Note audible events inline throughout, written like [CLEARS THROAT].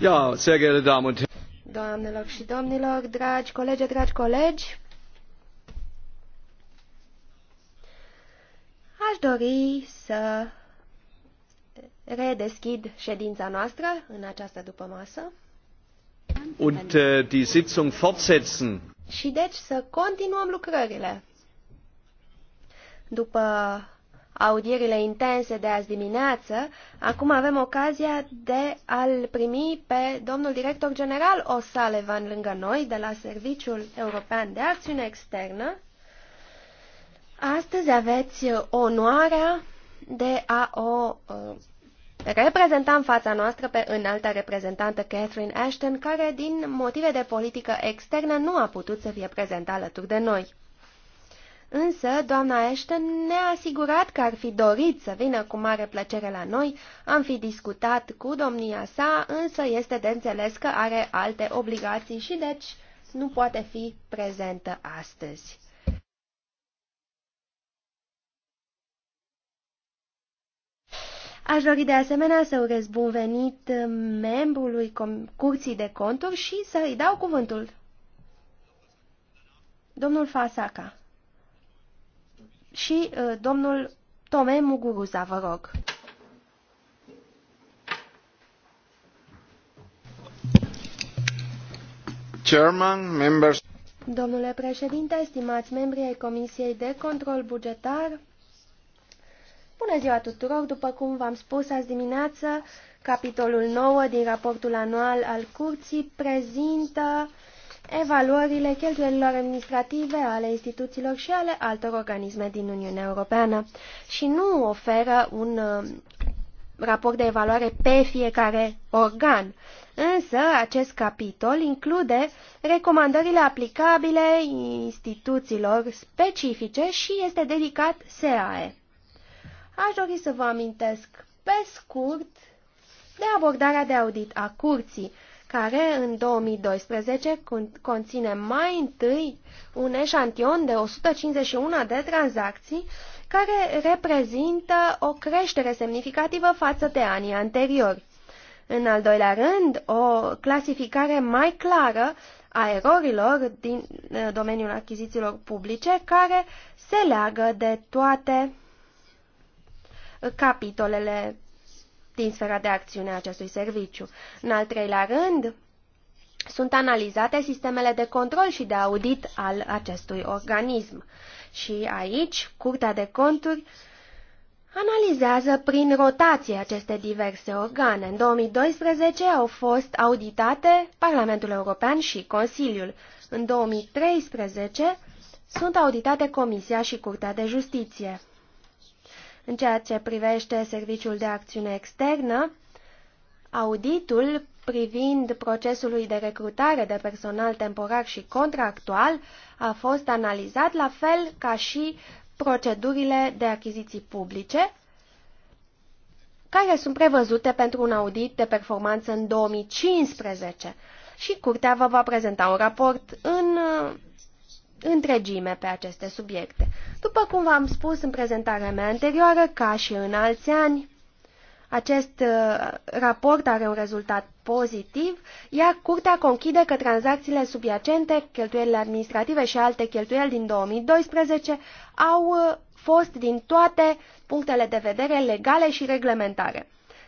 Doamnelor și domnilor, dragi colegi, dragi colegi, aș dori să redeschid ședința noastră în această dupămasă. Und uh, die Sitzung fortsetzen. Și deci să continuăm lucrările. După audierile intense de azi dimineață, acum avem ocazia de a-l primi pe domnul director general O'Sullivan lângă noi de la Serviciul European de Acțiune Externă. Astăzi aveți onoarea de a o uh, reprezenta în fața noastră pe înalta reprezentantă Catherine Ashton, care din motive de politică externă nu a putut să fie prezentă alături de noi. Însă, doamna Ashton ne-a asigurat că ar fi dorit să vină cu mare plăcere la noi, am fi discutat cu domnia sa, însă este de înțeles că are alte obligații și deci nu poate fi prezentă astăzi. Aș dori de asemenea să urez bun venit membrului Curții de Conturi și să îi dau cuvântul. Domnul Fasaca. Și uh, domnul Tome Muguruza, vă rog. Chairman, members... Domnule președinte, stimați membri ai Comisiei de Control Bugetar, bună ziua tuturor! După cum v-am spus azi dimineață, capitolul 9 din raportul anual al Curții prezintă uh, evaluările cheltuielilor administrative ale instituțiilor și ale altor organisme din Uniunea Europeană și nu oferă un uh, raport de evaluare pe fiecare organ. Însă, acest capitol include recomandările aplicabile instituțiilor specifice și este dedicat SAE. Aș dori să vă amintesc pe scurt de abordarea de audit a curții, care în 2012 conține mai întâi un eșantion de 151 de tranzacții care reprezintă o creștere semnificativă față de anii anteriori. În al doilea rând, o clasificare mai clară a erorilor din uh, domeniul achizițiilor publice care se leagă de toate capitolele din sfera de acțiune a acestui serviciu. În al treilea rând, sunt analizate sistemele de control și de audit al acestui organism. Și aici, Curtea de Conturi analizează prin rotație aceste diverse organe. În 2012 au fost auditate Parlamentul European și Consiliul. În 2013 sunt auditate Comisia și Curtea de Justiție. În ceea ce privește Serviciul de Acțiune Externă, auditul privind procesului de recrutare de personal temporar și contractual a fost analizat la fel ca și procedurile de achiziții publice, care sunt prevăzute pentru un audit de performanță în 2015 și Curtea vă va prezenta un raport în întregime pe aceste subiecte. După cum v-am spus în prezentarea mea anterioară, ca și în alți ani, acest uh, raport are un rezultat pozitiv, iar curtea conchide că tranzacțiile subiacente, cheltuielile administrative și alte cheltuieli din 2012 au uh, fost din toate punctele de vedere legale și reglementare.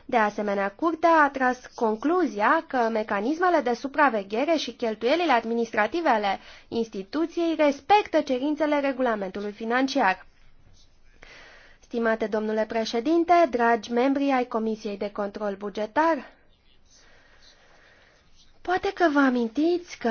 De asemenea, Curtea a tras concluzia că mecanismele de supraveghere și cheltuielile administrative ale instituției respectă cerințele regulamentului financiar. Stimate domnule președinte, dragi membri ai Comisiei de Control Bugetar, Poate că vă amintiți că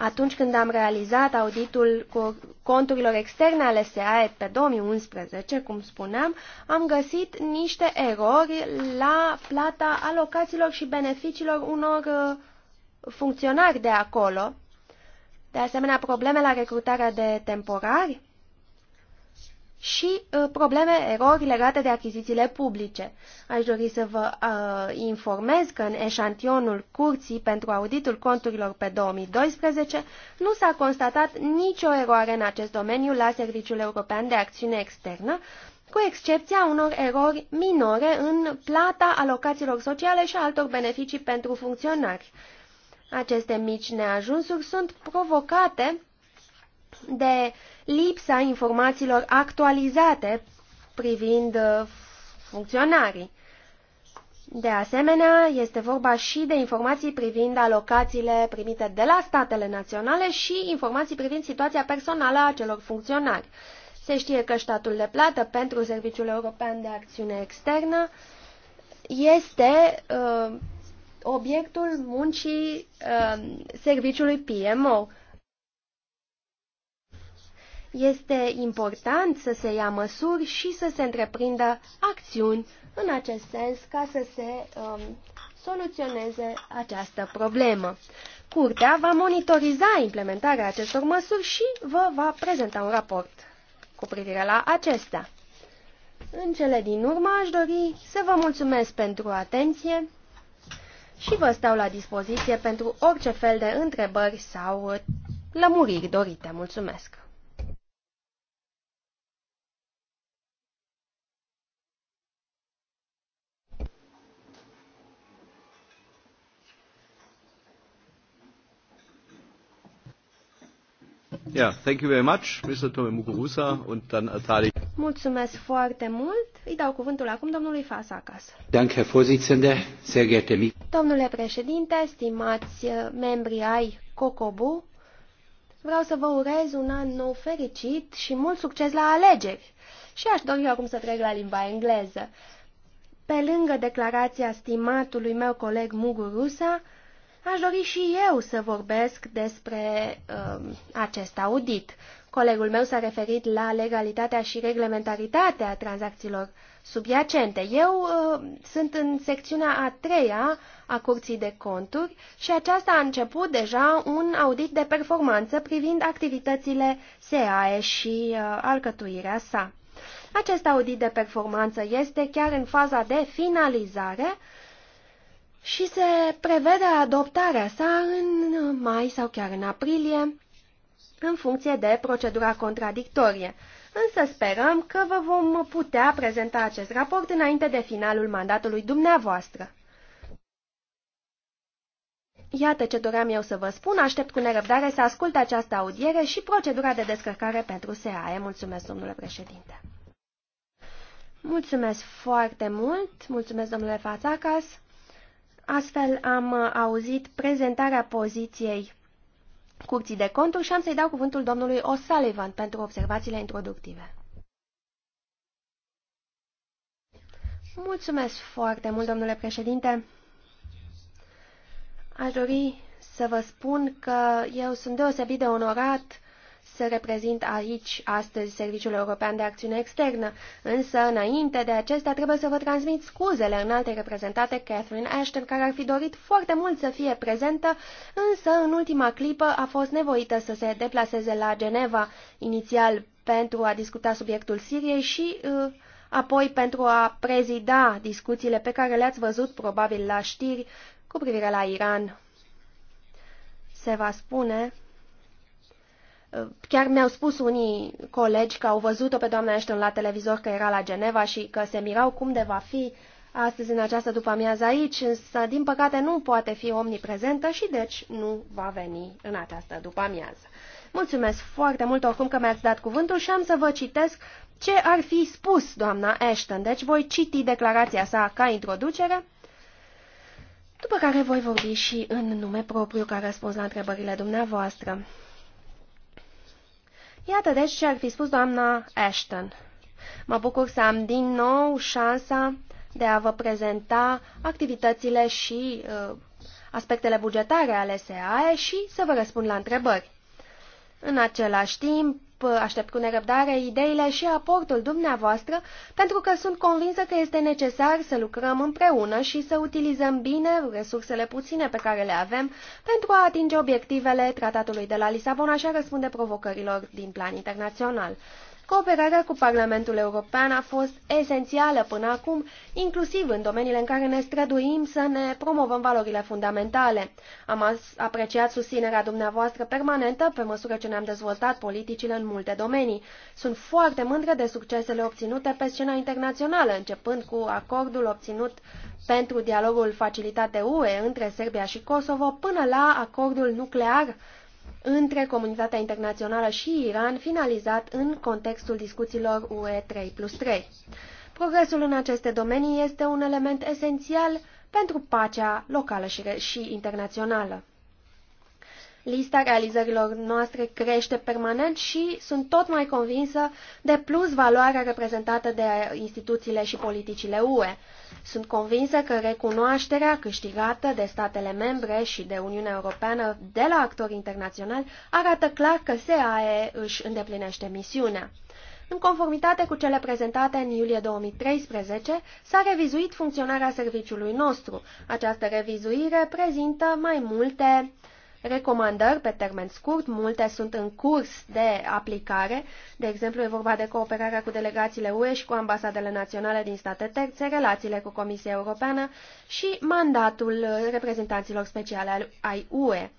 atunci când am realizat auditul cu conturilor externe ale SEAE pe 2011, cum spuneam, am găsit niște erori la plata alocațiilor și beneficiilor unor uh, funcționari de acolo, de asemenea probleme la recrutarea de temporari și uh, probleme, erori legate de achizițiile publice. Aș dori să vă uh, informez că în eșantionul curții pentru auditul conturilor pe 2012 nu s-a constatat nicio eroare în acest domeniu la Serviciul European de Acțiune Externă, cu excepția unor erori minore în plata alocațiilor sociale și altor beneficii pentru funcționari. Aceste mici neajunsuri sunt provocate de lipsa informațiilor actualizate privind uh, funcționarii. De asemenea, este vorba și de informații privind alocațiile primite de la statele naționale și informații privind situația personală a celor funcționari. Se știe că statul de plată pentru Serviciul European de Acțiune Externă este uh, obiectul muncii uh, serviciului PMO, este important să se ia măsuri și să se întreprindă acțiuni în acest sens ca să se um, soluționeze această problemă. Curtea va monitoriza implementarea acestor măsuri și vă va prezenta un raport cu privire la acestea. În cele din urmă aș dori să vă mulțumesc pentru atenție și vă stau la dispoziție pentru orice fel de întrebări sau lămuriri dorite. Mulțumesc! Mulțumesc foarte mult. Îi dau cuvântul acum domnului Fasakas. Domnule președinte, stimați eh, membri ai COCOBU, vreau să vă urez un an nou fericit și mult succes la alegeri. Și aș dori acum să trec la limba engleză. Pe lângă declarația stimatului meu coleg Mugurusa, Aș dori și eu să vorbesc despre uh, acest audit. Colegul meu s-a referit la legalitatea și reglementaritatea tranzacțiilor subiacente. Eu uh, sunt în secțiunea a treia a Curții de Conturi și aceasta a început deja un audit de performanță privind activitățile SEAE și uh, alcătuirea sa. Acest audit de performanță este chiar în faza de finalizare și se prevede adoptarea sa în mai sau chiar în aprilie, în funcție de procedura contradictorie. Însă sperăm că vă vom putea prezenta acest raport înainte de finalul mandatului dumneavoastră. Iată ce doream eu să vă spun, aștept cu nerăbdare să ascult această audiere și procedura de descărcare pentru SAE. Mulțumesc, domnule președinte! Mulțumesc foarte mult, mulțumesc, domnule Fațacas! Astfel am uh, auzit prezentarea poziției Curții de Conturi și am să-i dau cuvântul domnului O'Sullivan pentru observațiile introductive. Mulțumesc foarte mult, domnule președinte. Aș dori să vă spun că eu sunt deosebit de onorat să reprezint aici astăzi Serviciul European de Acțiune Externă, însă înainte de acestea trebuie să vă transmit scuzele în alte reprezentate Catherine Ashton, care ar fi dorit foarte mult să fie prezentă, însă în ultima clipă a fost nevoită să se deplaseze la Geneva, inițial pentru a discuta subiectul Siriei și uh, apoi pentru a prezida discuțiile pe care le-ați văzut probabil la știri cu privire la Iran. Se va spune Chiar mi-au spus unii colegi că au văzut-o pe doamna Ashton la televizor că era la Geneva și că se mirau cum de va fi astăzi în această după-amiază aici, însă din păcate nu poate fi omniprezentă și deci nu va veni în această după-amiază. Mulțumesc foarte mult oricum că mi-ați dat cuvântul și am să vă citesc ce ar fi spus doamna Ashton. Deci voi citi declarația sa ca introducere, după care voi vorbi și în nume propriu ca răspuns la întrebările dumneavoastră. Iată deci ce ar fi spus doamna Ashton. Mă bucur să am din nou șansa de a vă prezenta activitățile și uh, aspectele bugetare ale SAE și să vă răspund la întrebări. În același timp, aștept cu nerăbdare ideile și aportul dumneavoastră, pentru că sunt convinsă că este necesar să lucrăm împreună și să utilizăm bine resursele puține pe care le avem pentru a atinge obiectivele tratatului de la Lisabona și a răspunde provocărilor din plan internațional. Cooperarea cu Parlamentul European a fost esențială până acum, inclusiv în domeniile în care ne străduim să ne promovăm valorile fundamentale. Am apreciat susținerea dumneavoastră permanentă pe măsură ce ne-am dezvoltat politicile în multe domenii. Sunt foarte mândră de succesele obținute pe scena internațională, începând cu acordul obținut pentru dialogul facilitate UE între Serbia și Kosovo până la acordul nuclear între comunitatea internațională și Iran, finalizat în contextul discuțiilor UE 3 plus 3. Progresul în aceste domenii este un element esențial pentru pacea locală și, și internațională. Lista realizărilor noastre crește permanent și sunt tot mai convinsă de plus valoarea reprezentată de instituțiile și politicile UE. Sunt convinsă că recunoașterea câștigată de statele membre și de Uniunea Europeană de la actori internaționali arată clar că SAE își îndeplinește misiunea. În conformitate cu cele prezentate în iulie 2013, s-a revizuit funcționarea serviciului nostru. Această revizuire prezintă mai multe recomandări pe termen scurt, multe sunt în curs de aplicare, de exemplu e vorba de cooperarea cu delegațiile UE și cu ambasadele naționale din state terțe, relațiile cu Comisia Europeană și mandatul reprezentanților speciale ai UE.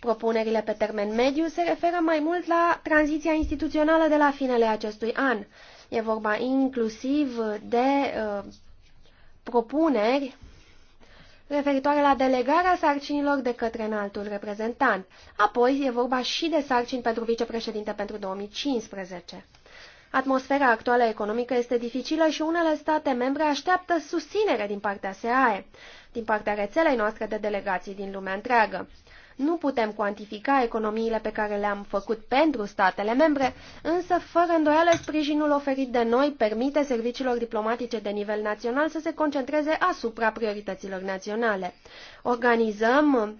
Propunerile pe termen mediu se referă mai mult la tranziția instituțională de la finele acestui an. E vorba inclusiv de uh, propuneri referitoare la delegarea sarcinilor de către înaltul reprezentant. Apoi e vorba și de sarcini pentru vicepreședinte pentru 2015. Atmosfera actuală economică este dificilă și unele state membre așteaptă susținere din partea SEAE, din partea rețelei noastre de delegații din lumea întreagă. Nu putem cuantifica economiile pe care le-am făcut pentru statele membre, însă, fără îndoială, sprijinul oferit de noi permite serviciilor diplomatice de nivel național să se concentreze asupra priorităților naționale. Organizăm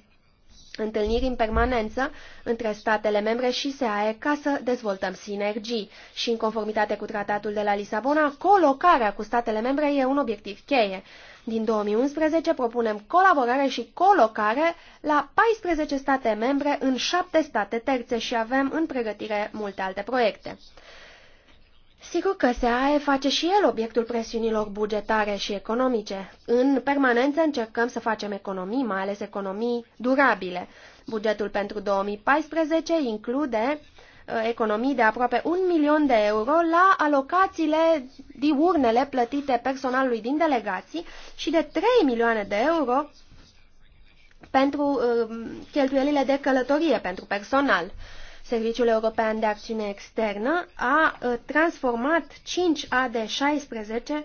întâlniri în permanență între statele membre și SEAE ca să dezvoltăm sinergii și în conformitate cu tratatul de la Lisabona, colocarea cu statele membre e un obiectiv cheie. Din 2011 propunem colaborare și colocare la 14 state membre în 7 state terțe și avem în pregătire multe alte proiecte. Sigur că SAE face și el obiectul presiunilor bugetare și economice. În permanență încercăm să facem economii, mai ales economii durabile. Bugetul pentru 2014 include Uh, economii de aproape un milion de euro la alocațiile diurnele plătite personalului din delegații și de 3 milioane de euro pentru uh, cheltuielile de călătorie pentru personal. Serviciul European de Acțiune Externă a uh, transformat 5 AD 16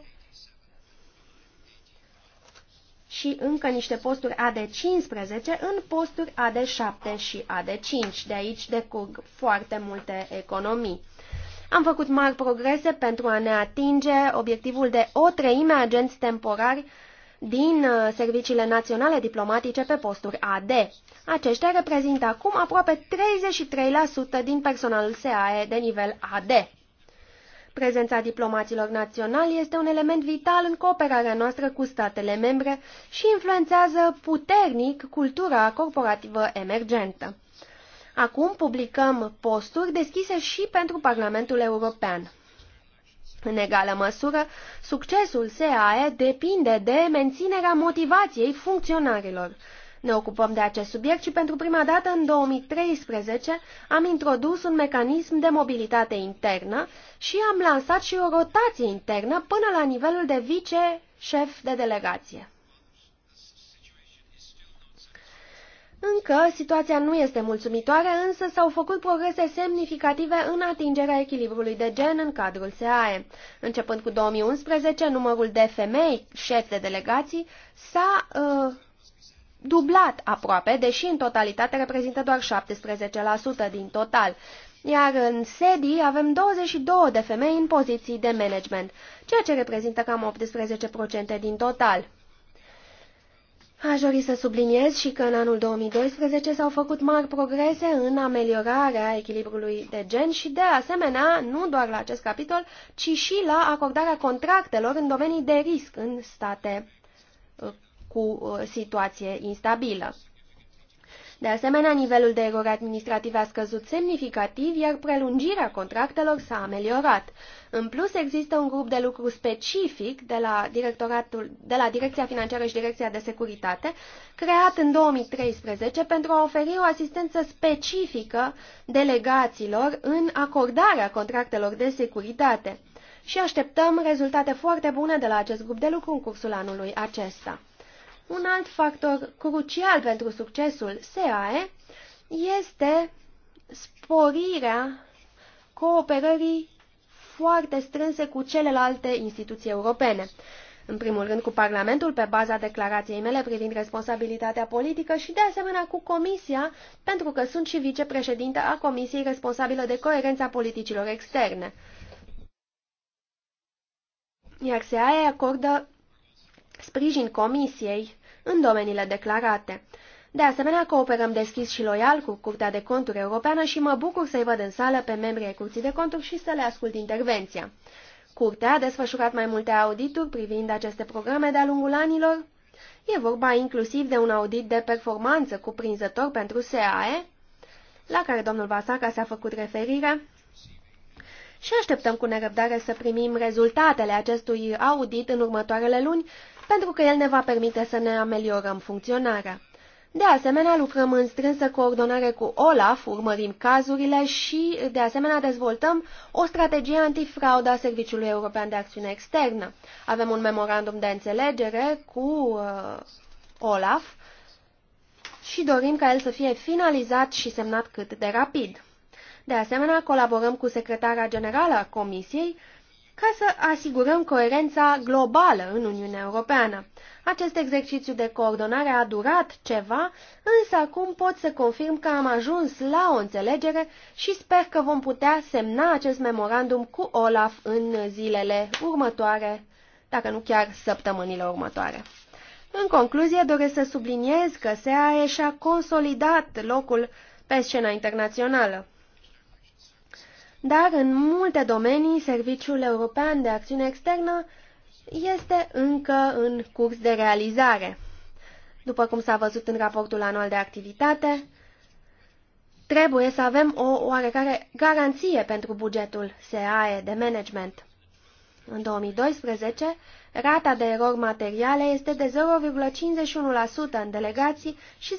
și încă niște posturi AD15 în posturi AD7 și AD5. De aici decurg foarte multe economii. Am făcut mari progrese pentru a ne atinge obiectivul de o treime agenți temporari din uh, serviciile naționale diplomatice pe posturi AD. Aceștia reprezintă acum aproape 33% din personalul SAE de nivel AD. Prezența diplomaților naționali este un element vital în cooperarea noastră cu statele membre și influențează puternic cultura corporativă emergentă. Acum publicăm posturi deschise și pentru Parlamentul European. În egală măsură, succesul SAE depinde de menținerea motivației funcționarilor. Ne ocupăm de acest subiect și pentru prima dată în 2013 am introdus un mecanism de mobilitate internă și am lansat și o rotație internă până la nivelul de vice-șef de delegație. Încă, situația nu este mulțumitoare, însă s-au făcut progrese semnificative în atingerea echilibrului de gen în cadrul SAE. Începând cu 2011, numărul de femei șef de delegații s-a uh, dublat aproape, deși în totalitate reprezintă doar 17% din total. Iar în sedii avem 22 de femei în poziții de management, ceea ce reprezintă cam 18% din total. Aș dori să subliniez și că în anul 2012 s-au făcut mari progrese în ameliorarea echilibrului de gen și, de asemenea, nu doar la acest capitol, ci și la acordarea contractelor în domenii de risc în state uh, cu uh, situație instabilă. De asemenea, nivelul de erori administrative a scăzut semnificativ, iar prelungirea contractelor s-a ameliorat. În plus, există un grup de lucru specific de la, directoratul, de la Direcția Financiară și Direcția de Securitate, creat în 2013 pentru a oferi o asistență specifică delegațiilor în acordarea contractelor de securitate. Și așteptăm rezultate foarte bune de la acest grup de lucru în cursul anului acesta. Un alt factor crucial pentru succesul SAE este sporirea cooperării foarte strânse cu celelalte instituții europene. În primul rând cu Parlamentul, pe baza declarației mele privind responsabilitatea politică și de asemenea cu Comisia, pentru că sunt și vicepreședintă a Comisiei responsabilă de coerența politicilor externe. Iar SEAE acordă sprijin Comisiei în domeniile declarate. De asemenea, cooperăm deschis și loial cu Curtea de Conturi Europeană și mă bucur să-i văd în sală pe membrii ai Curții de Conturi și să le ascult intervenția. Curtea a desfășurat mai multe audituri privind aceste programe de-a lungul anilor. E vorba inclusiv de un audit de performanță cuprinzător pentru SAE, la care domnul Vasaca s-a făcut referire, și așteptăm cu nerăbdare să primim rezultatele acestui audit în următoarele luni pentru că el ne va permite să ne ameliorăm funcționarea. De asemenea, lucrăm în strânsă coordonare cu OLAF, urmărim cazurile și, de asemenea, dezvoltăm o strategie antifraudă a Serviciului European de Acțiune Externă. Avem un memorandum de înțelegere cu uh, OLAF și dorim ca el să fie finalizat și semnat cât de rapid. De asemenea, colaborăm cu secretara generală a Comisiei ca să asigurăm coerența globală în Uniunea Europeană. Acest exercițiu de coordonare a durat ceva, însă acum pot să confirm că am ajuns la o înțelegere și sper că vom putea semna acest memorandum cu Olaf în zilele următoare, dacă nu chiar săptămânile următoare. În concluzie, doresc să subliniez că SEAE și-a consolidat locul pe scena internațională dar în multe domenii Serviciul European de Acțiune Externă este încă în curs de realizare. După cum s-a văzut în raportul anual de activitate, trebuie să avem o oarecare garanție pentru bugetul SAE de management. În 2012, rata de erori materiale este de 0,51% în delegații și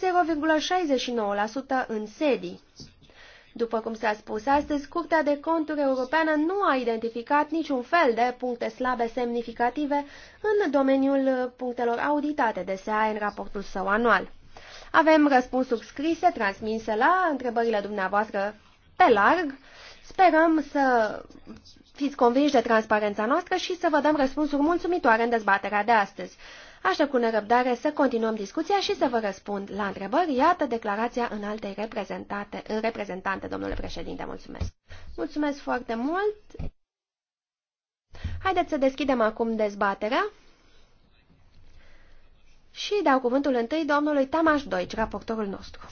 0,69% în sedii. După cum s-a spus astăzi, Curtea de Conturi Europeană nu a identificat niciun fel de puncte slabe semnificative în domeniul punctelor auditate de SEA în raportul său anual. Avem răspunsuri scrise, transmise la întrebările dumneavoastră pe larg. Sperăm să fiți convinși de transparența noastră și să vă dăm răspunsuri mulțumitoare în dezbaterea de astăzi. Aștept cu nerăbdare să continuăm discuția și să vă răspund la întrebări. Iată declarația în alte reprezentante, reprezentante, domnule președinte. Mulțumesc. Mulțumesc foarte mult. Haideți să deschidem acum dezbaterea. Și dau cuvântul întâi domnului Tamaș Doici, raportorul nostru.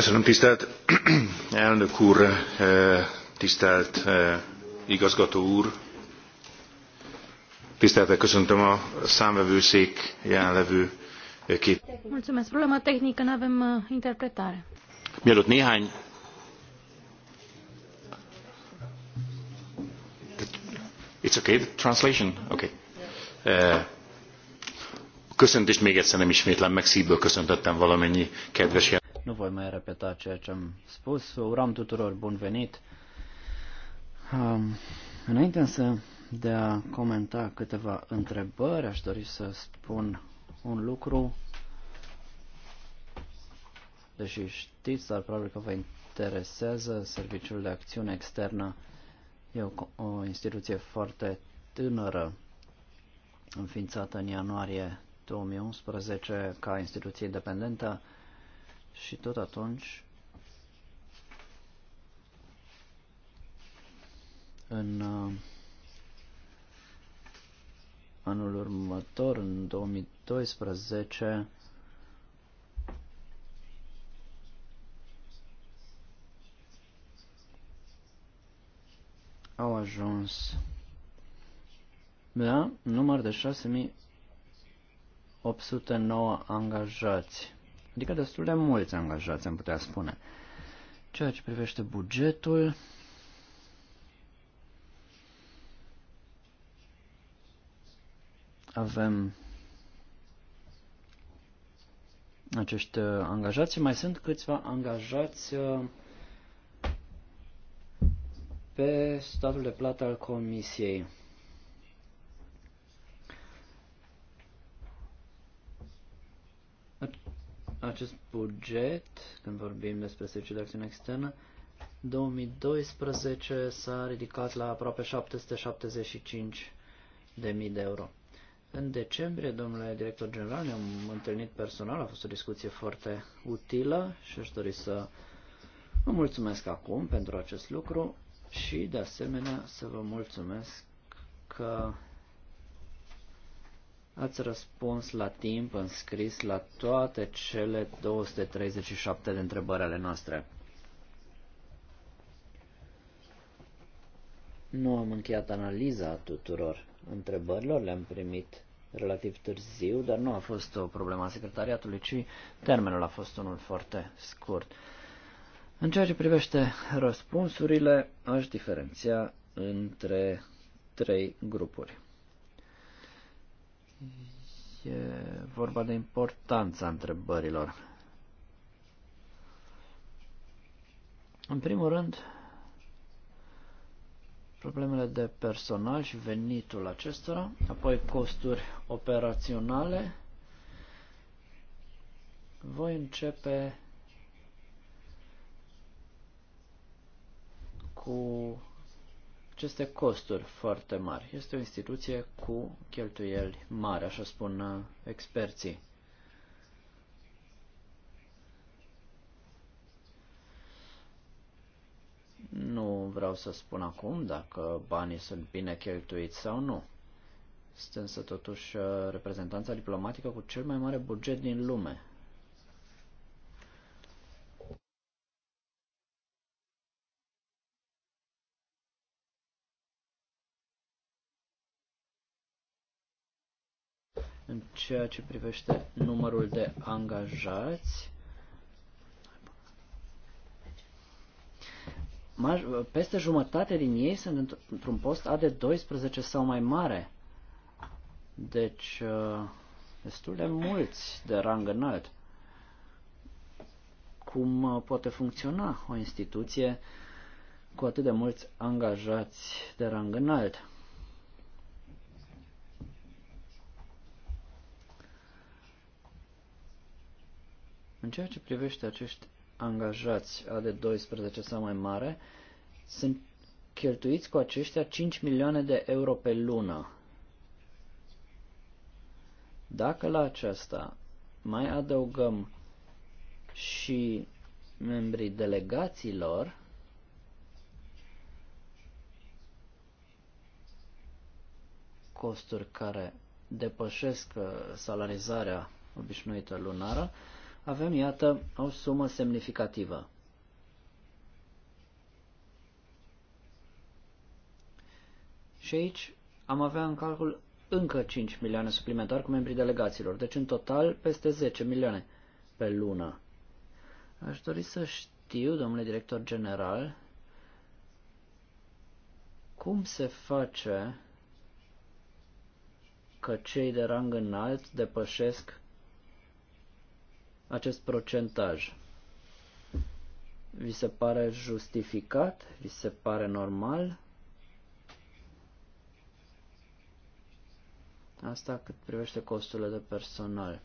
Köszönöm, tisztelt elnök úr, tisztelt eh, igazgató úr, Tisztelettel köszöntöm a számvevőszék jelenlevő két. Mulțumesc. Problema tehnică, nu avem uh, interpretare. Mielőtt néhány It's okay, the translation? Okay. Uh, köszöntést még egyszer nem ismétlem, meg szívből köszöntettem valamennyi kedves jel. Nu voi mai repeta ceea ce am spus. Uram tuturor bun venit. Um, înainte să de a comenta câteva întrebări, aș dori să spun un lucru. Deși știți, dar probabil că vă interesează Serviciul de Acțiune Externă. E o, o instituție foarte tânără, înființată în ianuarie 2011 ca instituție independentă și tot atunci în uh, anul următor, în 2012, au ajuns la număr de 6809 angajați, adică destul de mulți angajați, am putea spune. Ceea ce privește bugetul, Avem acești uh, angajați, mai sunt câțiva angajați uh, pe statul de plată al Comisiei. Acest buget, când vorbim despre serviciul de acțiune externă, 2012 s-a ridicat la aproape 775 de mii de euro. În decembrie, domnule director general, ne-am întâlnit personal, a fost o discuție foarte utilă și aș dori să vă mulțumesc acum pentru acest lucru și, de asemenea, să vă mulțumesc că ați răspuns la timp, în scris, la toate cele 237 de întrebări ale noastre. Nu am încheiat analiza tuturor întrebărilor, le-am primit relativ târziu, dar nu a fost o problemă a secretariatului, ci termenul a fost unul foarte scurt. În ceea ce privește răspunsurile, aș diferenția între trei grupuri. E vorba de importanța întrebărilor. În primul rând, problemele de personal și venitul acestora, apoi costuri operaționale. Voi începe cu aceste costuri foarte mari. Este o instituție cu cheltuieli mari, așa spun uh, experții. Nu vreau să spun acum dacă banii sunt bine cheltuiți sau nu. Sunt însă totuși uh, reprezentanța diplomatică cu cel mai mare buget din lume. În ceea ce privește numărul de angajați, peste jumătate din ei sunt într-un post ad 12 sau mai mare. Deci, uh, destul de mulți de rang înalt. Cum uh, poate funcționa o instituție cu atât de mulți angajați de rang înalt? În ceea ce privește acești angajați ale 12 sau mai mare, sunt cheltuiți cu aceștia 5 milioane de euro pe lună. Dacă la aceasta mai adăugăm și membrii delegațiilor, costuri care depășesc uh, salarizarea obișnuită lunară, avem, iată, o sumă semnificativă. Și aici am avea în calcul încă 5 milioane suplimentar cu membrii delegaților, deci în total peste 10 milioane pe lună. Aș dori să știu, domnule director general, cum se face că cei de rang înalt depășesc acest procentaj? Vi se pare justificat? Vi se pare normal? Asta cât privește costurile de personal.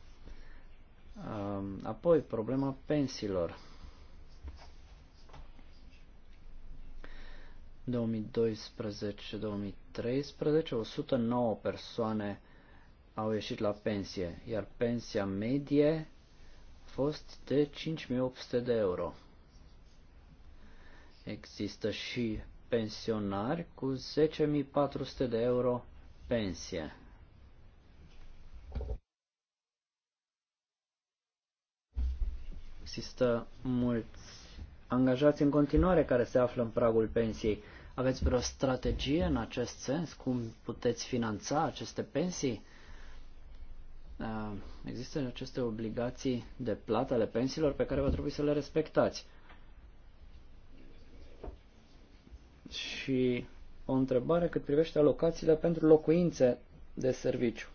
Apoi, problema pensiilor. 2012-2013, 109 persoane au ieșit la pensie, iar pensia medie fost de 5800 de euro. Există și pensionari cu 10400 de euro pensie. Există mulți angajați în continuare care se află în pragul pensiei. Aveți vreo strategie în acest sens? Cum puteți finanța aceste pensii? Uh, există aceste obligații de plată ale pensiilor pe care va trebui să le respectați. Și o întrebare cât privește alocațiile pentru locuințe de serviciu.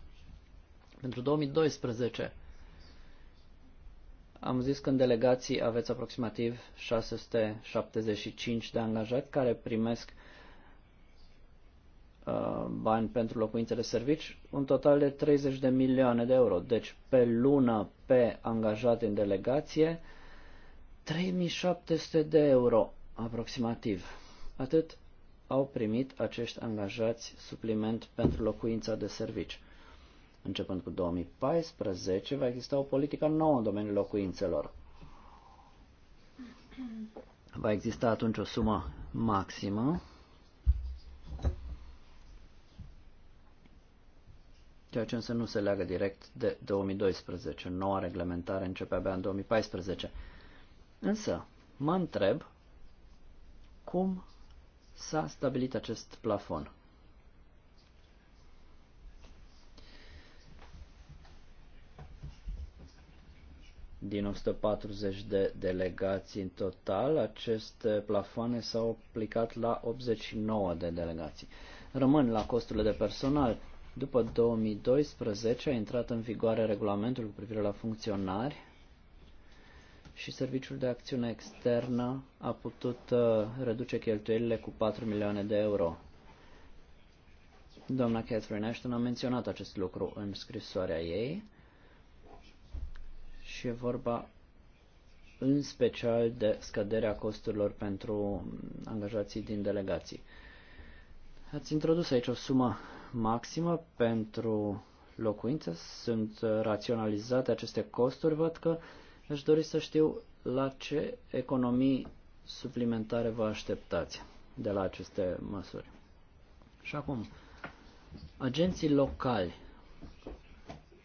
Pentru 2012 am zis că în delegații aveți aproximativ 675 de angajați care primesc Uh, bani pentru locuințele servici, un total de 30 de milioane de euro. Deci pe lună pe angajat în delegație, 3700 de euro aproximativ. Atât au primit acești angajați supliment pentru locuința de servici. Începând cu 2014, va exista o politică nouă în domeniul locuințelor. Va exista atunci o sumă maximă ceea ce însă nu se leagă direct de 2012. Noua reglementare începe abia în 2014. Însă, mă întreb cum s-a stabilit acest plafon. Din 140 de delegații în total, aceste plafoane s-au aplicat la 89 de delegații. Rămân la costurile de personal. După 2012 a intrat în vigoare regulamentul cu privire la funcționari și Serviciul de Acțiune Externă a putut uh, reduce cheltuielile cu 4 milioane de euro. Doamna Catherine Ashton a menționat acest lucru în scrisoarea ei și e vorba în special de scăderea costurilor pentru angajații din delegații. Ați introdus aici o sumă maximă pentru locuință? Sunt raționalizate aceste costuri? Văd că aș dori să știu la ce economii suplimentare vă așteptați de la aceste măsuri. Și acum, agenții locali.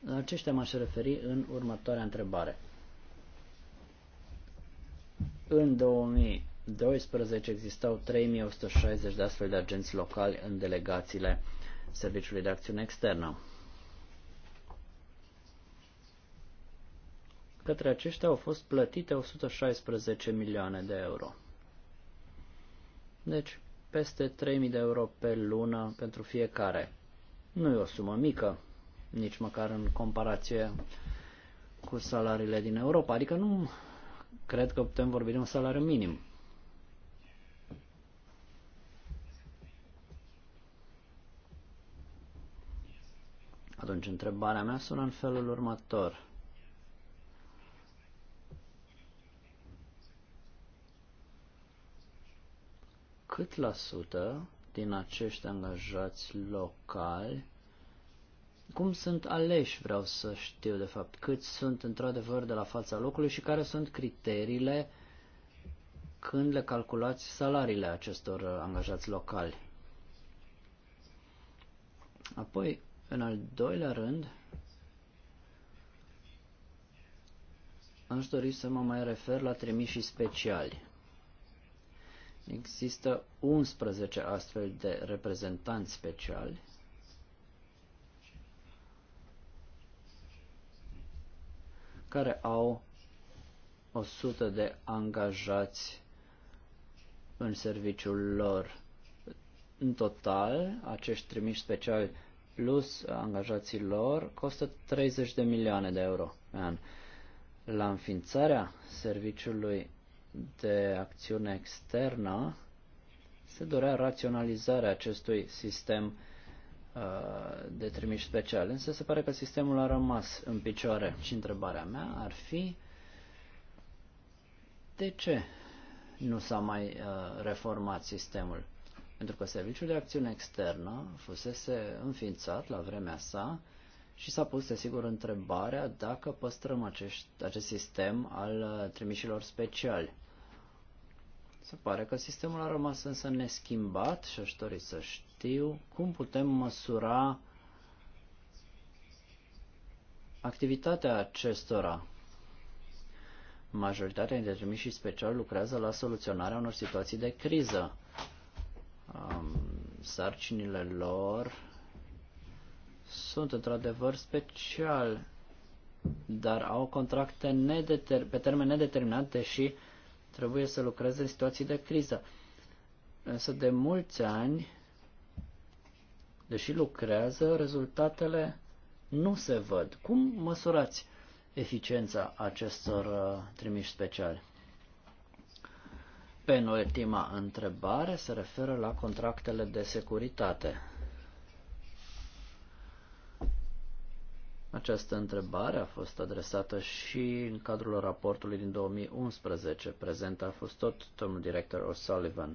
La aceștia m-aș referi în următoarea întrebare. În 2012 existau 3160 de astfel de agenți locali în delegațiile Serviciului de Acțiune Externă. Către aceștia au fost plătite 116 milioane de euro. Deci, peste 3000 de euro pe lună pentru fiecare. Nu e o sumă mică, nici măcar în comparație cu salariile din Europa. Adică nu cred că putem vorbi de un salariu minim. Atunci, întrebarea mea sună în felul următor. Cât la sută din acești angajați locali cum sunt aleși, vreau să știu de fapt, câți sunt într-adevăr de la fața locului și care sunt criteriile când le calculați salariile acestor angajați locali. Apoi, în al doilea rând, aș dori să mă mai refer la trimișii speciali. Există 11 astfel de reprezentanți speciali care au 100 de angajați în serviciul lor. În total, acești trimiși speciali plus angajații lor costă 30 de milioane de euro pe an. La înființarea serviciului de acțiune externă se dorea raționalizarea acestui sistem uh, de trimiși special, însă se pare că sistemul a rămas în picioare. Și întrebarea mea ar fi de ce nu s-a mai uh, reformat sistemul? pentru că Serviciul de Acțiune Externă fusese înființat la vremea sa și s-a pus, desigur, întrebarea dacă păstrăm acești, acest sistem al trimișilor speciali. Se pare că sistemul a rămas însă neschimbat și aș dori să știu cum putem măsura activitatea acestora. Majoritatea dintre trimișii speciali lucrează la soluționarea unor situații de criză um, sarcinile lor sunt într-adevăr special, dar au contracte nedeter- pe termen nedeterminat, deși trebuie să lucreze în situații de criză. Însă de mulți ani, deși lucrează, rezultatele nu se văd. Cum măsurați eficiența acestor uh, trimiși speciali? Penultima întrebare se referă la contractele de securitate. Această întrebare a fost adresată și în cadrul raportului din 2011. Prezent a fost tot domnul director O'Sullivan.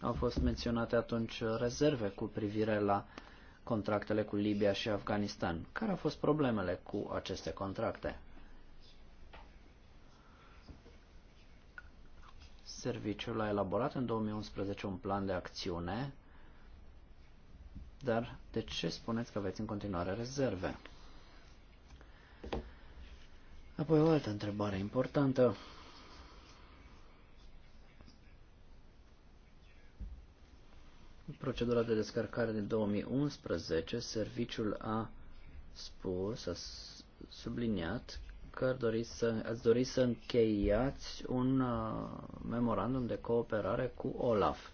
Au fost menționate atunci rezerve cu privire la contractele cu Libia și Afganistan. Care au fost problemele cu aceste contracte? Serviciul a elaborat în 2011 un plan de acțiune, dar de ce spuneți că aveți în continuare rezerve? Apoi o altă întrebare importantă. În procedura de descărcare din 2011, serviciul a spus, a subliniat dacă dori să, ați dori să încheiați un uh, memorandum de cooperare cu OLAF.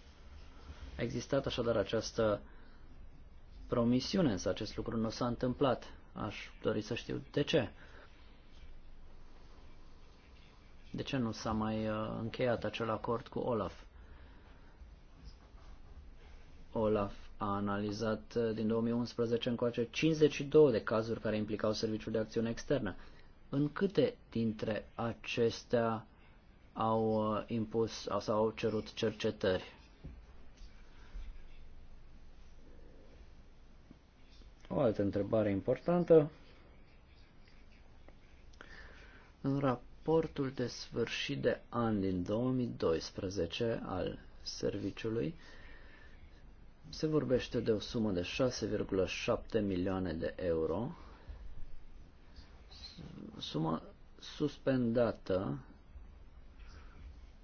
A existat așadar această promisiune, însă acest lucru nu s-a întâmplat. Aș dori să știu de ce. De ce nu s-a mai uh, încheiat acel acord cu Olaf? Olaf a analizat uh, din 2011 încoace 52 de cazuri care implicau Serviciul de Acțiune Externă. În câte dintre acestea au uh, impus sau au cerut cercetări? O altă întrebare importantă. În raportul de sfârșit de an din 2012 al serviciului se vorbește de o sumă de 6,7 milioane de euro suma suspendată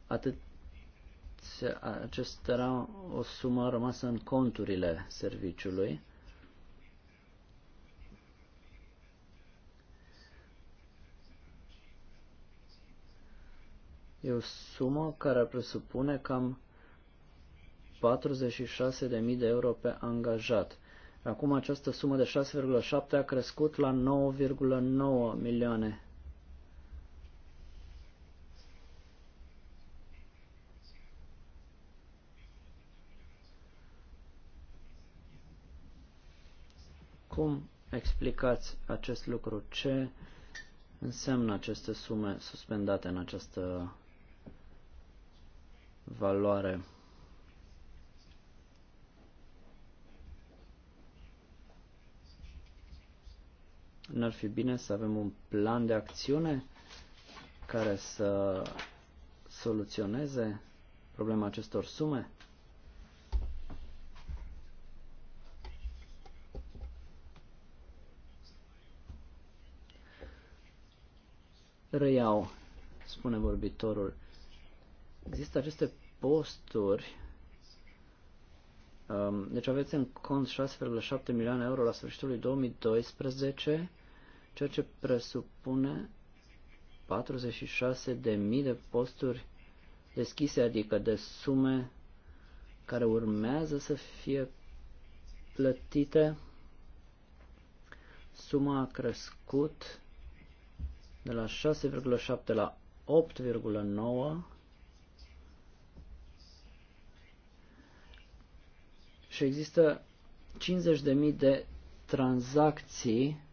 atât acesta era o sumă rămasă în conturile serviciului. E o sumă care presupune cam 46.000 de euro pe angajat. Acum această sumă de 6,7 a crescut la 9,9 milioane. Cum explicați acest lucru? Ce înseamnă aceste sume suspendate în această valoare? N-ar fi bine să avem un plan de acțiune care să soluționeze problema acestor sume? Reiau, spune vorbitorul. Există aceste posturi. Um, deci aveți în cont 6,7 milioane euro la sfârșitul lui 2012 ceea ce presupune 46.000 de posturi deschise, adică de sume care urmează să fie plătite. Suma a crescut de la 6,7 la 8,9 și există 50.000 de tranzacții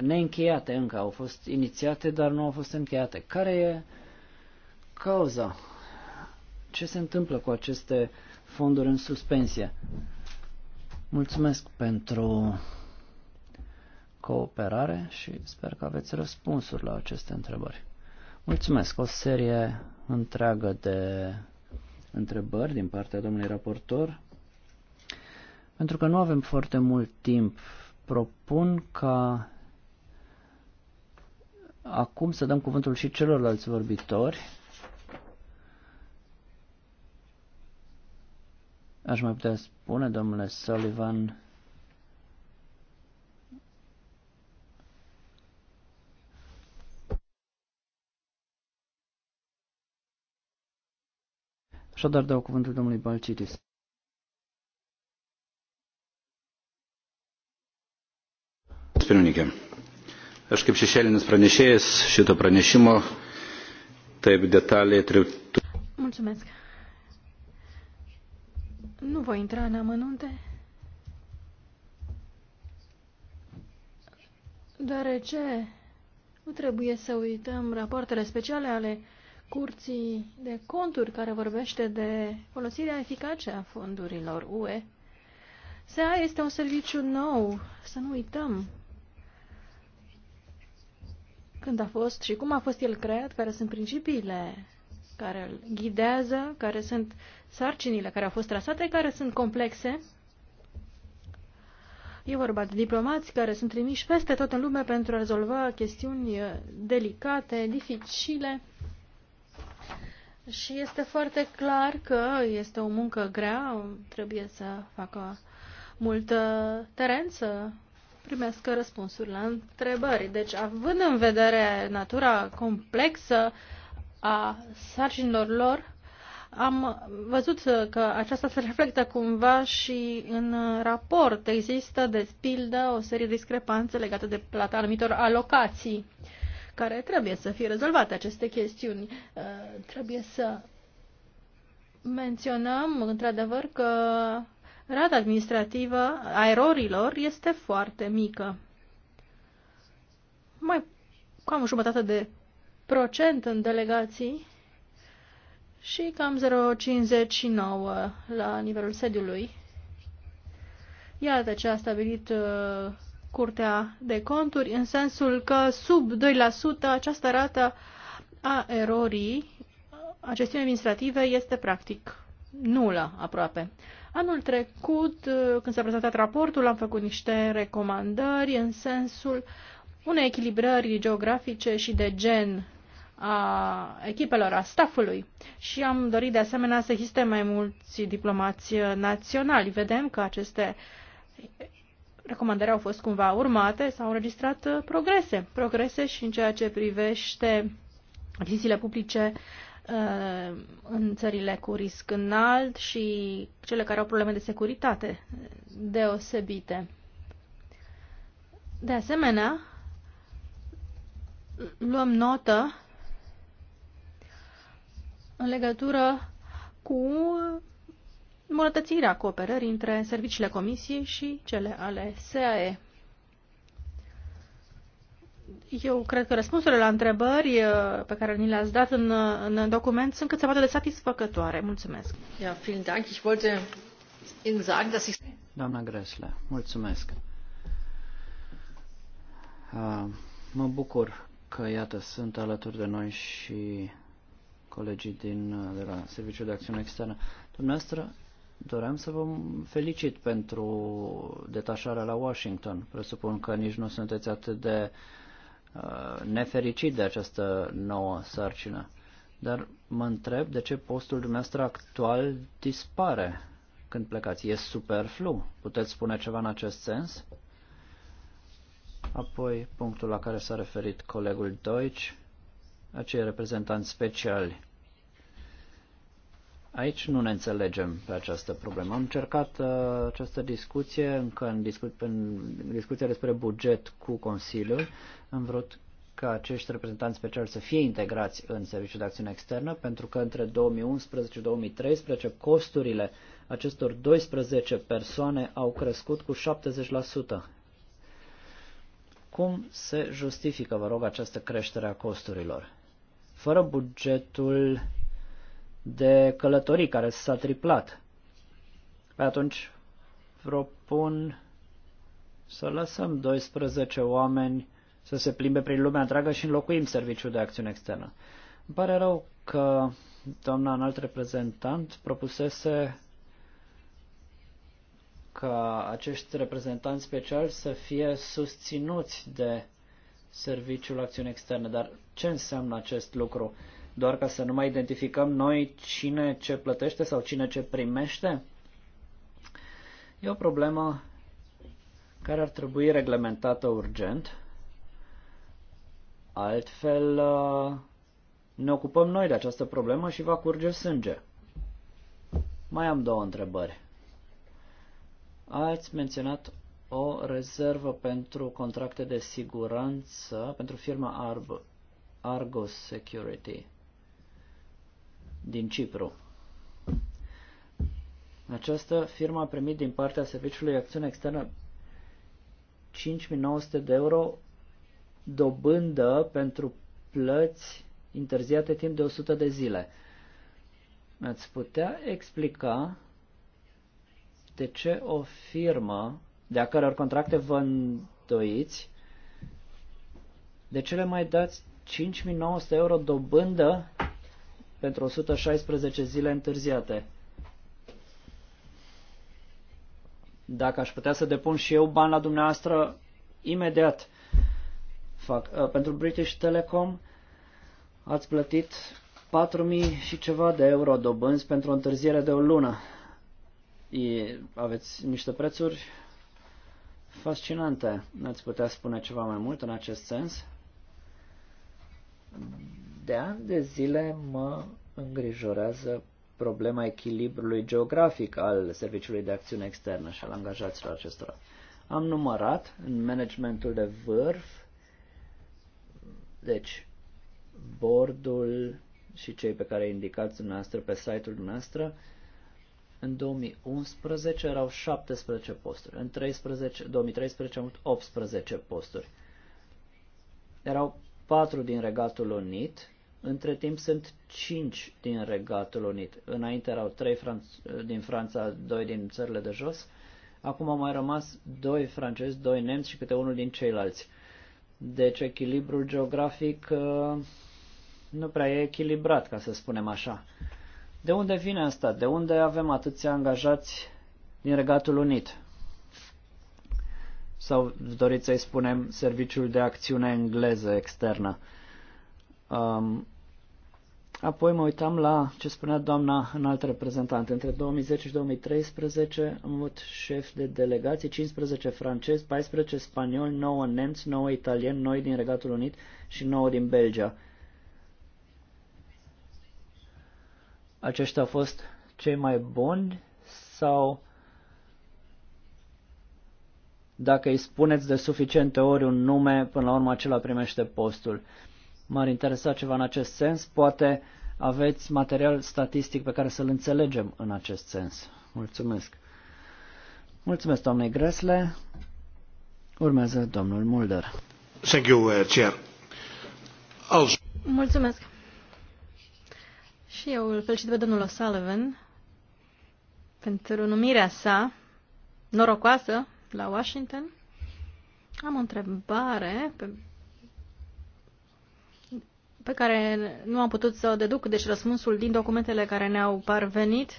neîncheiate încă, au fost inițiate, dar nu au fost încheiate. Care e cauza? Ce se întâmplă cu aceste fonduri în suspensie? Mulțumesc pentru cooperare și sper că aveți răspunsuri la aceste întrebări. Mulțumesc! O serie întreagă de întrebări din partea domnului raportor. Pentru că nu avem foarte mult timp, propun ca Acum să dăm cuvântul și celorlalți vorbitori. Aș mai putea spune, domnule Sullivan, Așadar dau cuvântul domnului Balcitis. Spune Aš kaip šešėlinis pranešėjas šito pranešimo taip detaliai triuktų. Mulțumesc. Nu voi intra în amănunte, deoarece nu trebuie să uităm rapoartele speciale ale Curții de Conturi care vorbește de folosirea eficace a fondurilor UE. SEA este un serviciu nou, să nu uităm când a fost și cum a fost el creat, care sunt principiile care îl ghidează, care sunt sarcinile care au fost trasate, care sunt complexe. E vorba de diplomați care sunt trimiși peste tot în lume pentru a rezolva chestiuni delicate, dificile. Și este foarte clar că este o muncă grea, trebuie să facă mult teren, să primească răspunsuri la întrebări. Deci, având în vedere natura complexă a sarcinilor lor, am văzut că aceasta se reflectă cumva și în raport. Există, de pildă, o serie de discrepanțe legate de plata anumitor alocații care trebuie să fie rezolvate aceste chestiuni. Uh, trebuie să menționăm, într-adevăr, că rata administrativă a erorilor este foarte mică. Mai cam jumătate de procent în delegații și cam 0,59 la nivelul sediului. Iată ce a stabilit uh, Curtea de Conturi, în sensul că sub 2% această rată a erorii a gestiunii administrative este practic nulă aproape. Anul trecut, uh, când s-a prezentat raportul, am făcut niște recomandări în sensul unei echilibrări geografice și de gen a echipelor, a staffului și am dorit de asemenea să existe mai mulți diplomați naționali. Vedem că aceste recomandări au fost cumva urmate, s-au înregistrat uh, progrese, progrese și în ceea ce privește achizițiile publice Uh, în țările cu risc înalt și cele care au probleme de securitate deosebite. De asemenea, luăm notă în legătură cu îmbunătățirea cooperării între serviciile Comisiei și cele ale SAE eu cred că răspunsurile la întrebări uh, pe care ni le-ați dat în, uh, în document sunt cât se poate de satisfăcătoare. Mulțumesc. Ja, vielen Dank. Ich wollte Ihnen sagen, dass ich... Doamna Gresle, mulțumesc. Uh, mă bucur că, iată, sunt alături de noi și colegii din, uh, de la Serviciul de Acțiune Externă. Dumneavoastră, doream să vă felicit pentru detașarea la Washington. Presupun că nici nu sunteți atât de uh, Uh, nefericit de această nouă sarcină. Dar mă întreb de ce postul dumneavoastră actual dispare când plecați. E superflu. Puteți spune ceva în acest sens? Apoi punctul la care s-a referit colegul Deutsch, acei reprezentanți speciali. Aici nu ne înțelegem pe această problemă. Am încercat uh, această discuție încă în, discu- în discuția despre buget cu Consiliul. Am vrut ca acești reprezentanți speciali să fie integrați în Serviciul de Acțiune Externă, pentru că între 2011 și 2013 costurile acestor 12 persoane au crescut cu 70%. Cum se justifică, vă rog, această creștere a costurilor? Fără bugetul de călătorii care s-a triplat. Pe păi atunci propun să lăsăm 12 oameni să se plimbe prin lumea întreagă și înlocuim serviciul de acțiune externă. Îmi pare rău că doamna înalt reprezentant propusese ca acești reprezentanți speciali să fie susținuți de Serviciul Acțiune externă, Dar ce înseamnă acest lucru? doar ca să nu mai identificăm noi cine ce plătește sau cine ce primește? E o problemă care ar trebui reglementată urgent. Altfel uh, ne ocupăm noi de această problemă și va curge sânge. Mai am două întrebări. Ați menționat o rezervă pentru contracte de siguranță pentru firma Argo Security din Cipru. Această firmă a primit din partea Serviciului Acțiune Externă 5900 de euro dobândă pentru plăți interziate timp de 100 de zile. ați putea explica de ce o firmă de-a căror contracte vă îndoiți, de ce le mai dați 5900 euro dobândă pentru 116 zile întârziate. Dacă aș putea să depun și eu bani la dumneavoastră, imediat fac. Uh, pentru British Telecom ați plătit 4.000 și ceva de euro dobânzi pentru o întârziere de o lună. E, aveți niște prețuri fascinante. Ați putea spune ceva mai mult în acest sens? De ani de zile mă îngrijorează problema echilibrului geografic al Serviciului de Acțiune Externă și al angajaților acestora. Am numărat în managementul de vârf, deci bordul și cei pe care indicați dumneavoastră pe site-ul dumneavoastră, în 2011 erau 17 posturi, în 13, 2013 am avut 18 posturi. Erau 4 din Regatul Unit, între timp sunt cinci din Regatul Unit. Înainte erau trei Franț- din Franța, doi din țările de jos. Acum au mai rămas doi francezi, doi nemți și câte unul din ceilalți. Deci echilibrul geografic uh, nu prea e echilibrat, ca să spunem așa. De unde vine asta? De unde avem atâția angajați din Regatul Unit? Sau doriți să-i spunem Serviciul de Acțiune Engleză Externă? Uh, Um, apoi mă uitam la ce spunea doamna alt reprezentant. Între 2010 și 2013 am avut șef de delegații, 15 francezi, 14 spanioli, 9 nemți, 9 italieni, noi din Regatul Unit și 9 din Belgia. Aceștia au fost cei mai buni sau dacă îi spuneți de suficiente ori un nume, până la urmă acela primește postul m-ar interesa ceva în acest sens. Poate aveți material statistic pe care să-l înțelegem în acest sens. Mulțumesc. Mulțumesc, doamne Gresle. Urmează domnul Mulder. Thank you, uh, Chair. Mulțumesc. Și eu îl felicit pe domnul O'Sullivan pentru numirea sa norocoasă la Washington. Am o întrebare pe pe care nu am putut să o deduc, deci răspunsul din documentele care ne-au parvenit.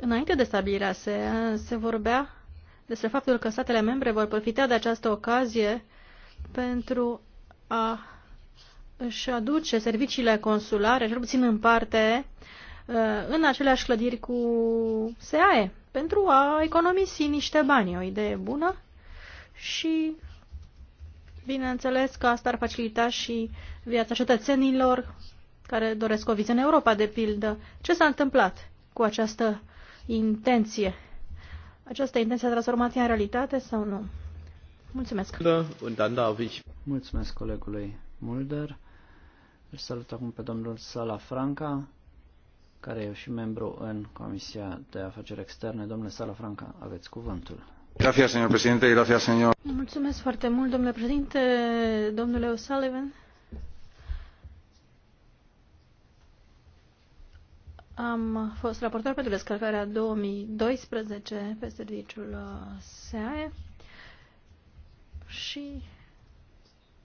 Înainte de stabilirea se, se vorbea despre faptul că statele membre vor profita de această ocazie pentru a își aduce serviciile consulare, cel puțin în parte, în aceleași clădiri cu SAE, pentru a economisi niște bani. O idee bună și Bineînțeles că asta ar facilita și viața cetățenilor care doresc o viză în Europa, de pildă. Ce s-a întâmplat cu această intenție? Această intenție a transformat în realitate sau nu? Mulțumesc. Mulțumesc colegului Mulder. Îl salut acum pe domnul Sala Franca, care e și membru în Comisia de Afaceri Externe. Domnule Sala Franca, aveți cuvântul. Mulțumesc foarte mult, domnule președinte, domnule O'Sullivan. Am fost raportor pentru descărcarea 2012 pe serviciul uh, SEAE și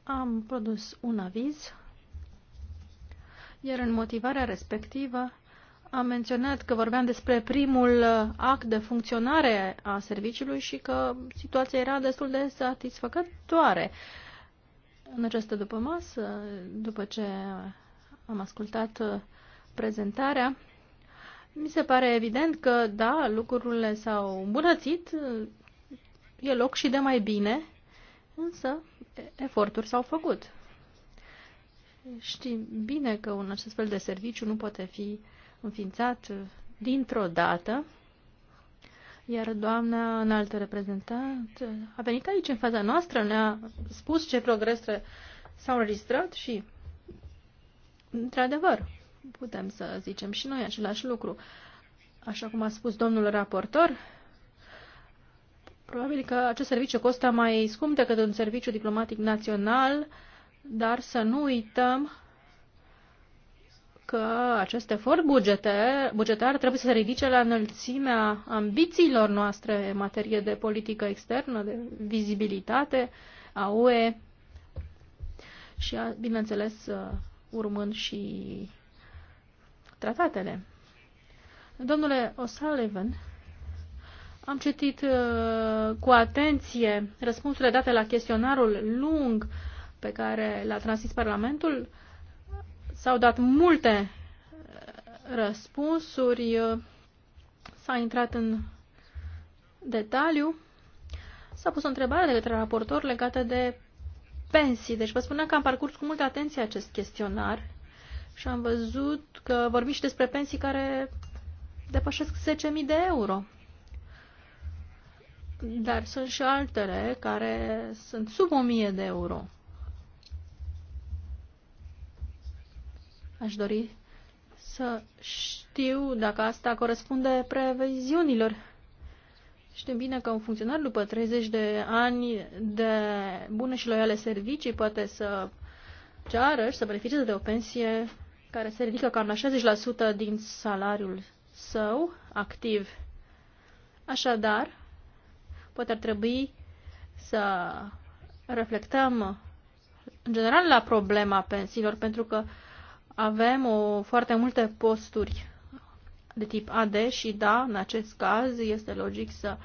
am produs un aviz, iar în motivarea respectivă am menționat că vorbeam despre primul uh, act de funcționare a serviciului și că situația era destul de satisfăcătoare. În această după masă, după ce am ascultat uh, prezentarea, mi se pare evident că, da, lucrurile s-au îmbunătățit, uh, e loc și de mai bine, însă eforturi s-au făcut. Știm bine că un acest fel de serviciu nu poate fi uh, înființat uh, dintr-o dată, iar doamna înaltă reprezentant uh, a venit aici în fața noastră, ne-a spus ce progrese s-au înregistrat și, într-adevăr, putem să zicem și noi același lucru. Așa cum a spus domnul raportor, probabil că acest serviciu costă mai scump decât un serviciu diplomatic național, dar să nu uităm că acest efort bugetar, bugetar trebuie să se ridice la înălțimea ambițiilor noastre în materie de politică externă, de vizibilitate a UE și, bineînțeles, uh, urmând și tratatele. Domnule O'Sullivan, am citit uh, cu atenție răspunsurile date la chestionarul lung pe care l-a transmis Parlamentul S-au dat multe uh, răspunsuri, uh, s-a intrat în detaliu. S-a pus o întrebare de către raportor legată de pensii. Deci vă spuneam că am parcurs cu multă atenție acest chestionar și am văzut că vorbim și despre pensii care depășesc 10.000 de euro. Dar sunt și altele care sunt sub 1.000 de euro. Aș dori să știu dacă asta corespunde previziunilor. Știm bine că un funcționar după 30 de ani de bune și loiale servicii poate să ceară și să beneficieze de o pensie care se ridică cam la 60% din salariul său activ. Așadar, poate ar trebui să reflectăm în general la problema pensiilor, pentru că uh, avem o, foarte multe posturi de tip AD și da, în acest caz este logic să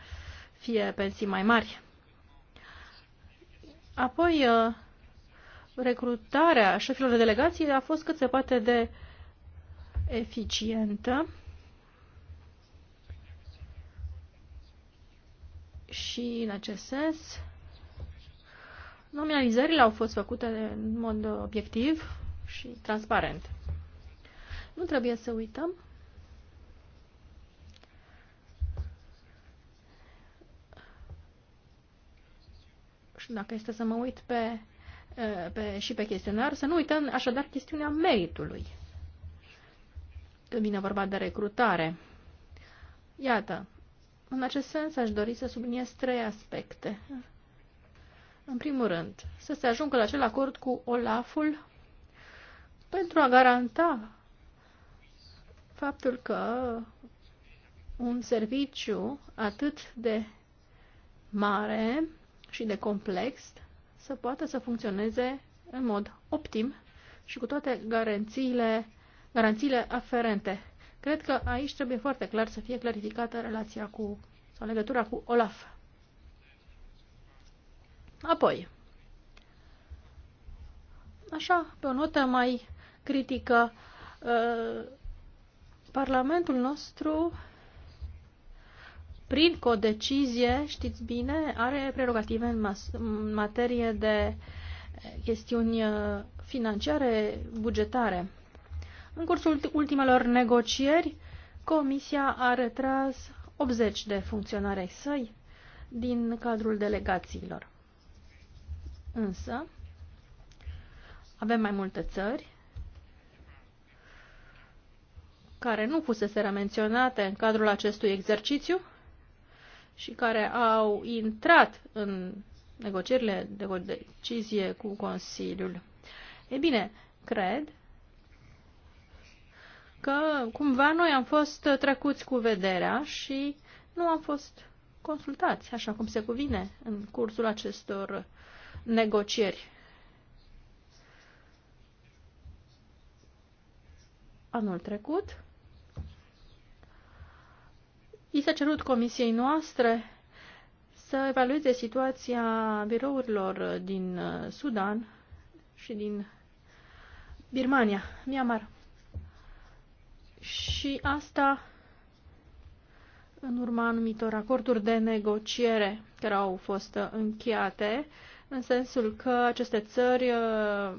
fie pensii mai mari. Apoi, uh, recrutarea șefilor de delegații a fost cât se poate de eficientă și, în acest sens, nominalizările au fost făcute în mod obiectiv, și transparent. Nu trebuie să uităm și dacă este să mă uit pe, pe, și pe chestionar, să nu uităm așadar chestiunea meritului. Când vine vorba de recrutare. Iată, în acest sens aș dori să subliniez trei aspecte. În primul rând, să se ajungă la acel acord cu Olaful pentru a garanta faptul că un serviciu atât de mare și de complex să poată să funcționeze în mod optim și cu toate garanțiile, garanțiile aferente. Cred că aici trebuie foarte clar să fie clarificată relația cu sau legătura cu Olaf. Apoi, așa, pe o notă mai critică. Uh, Parlamentul nostru, prin codecizie, știți bine, are prerogative în, în materie de chestiuni uh, financiare, bugetare. În cursul ultimelor negocieri, Comisia a retras 80 de funcționari ai săi din cadrul delegațiilor. Însă, avem mai multe țări care nu fusese menționate în cadrul acestui exercițiu și care au intrat în negocierile de decizie cu Consiliul. E bine, cred că cumva noi am fost trecuți cu vederea și nu am fost consultați, așa cum se cuvine, în cursul acestor negocieri. Anul trecut I s-a cerut comisiei noastre să evalueze situația birourilor din uh, Sudan și din Birmania, Myanmar. Și asta în urma anumitor acorduri de negociere care au fost uh, încheiate, în sensul că aceste țări uh,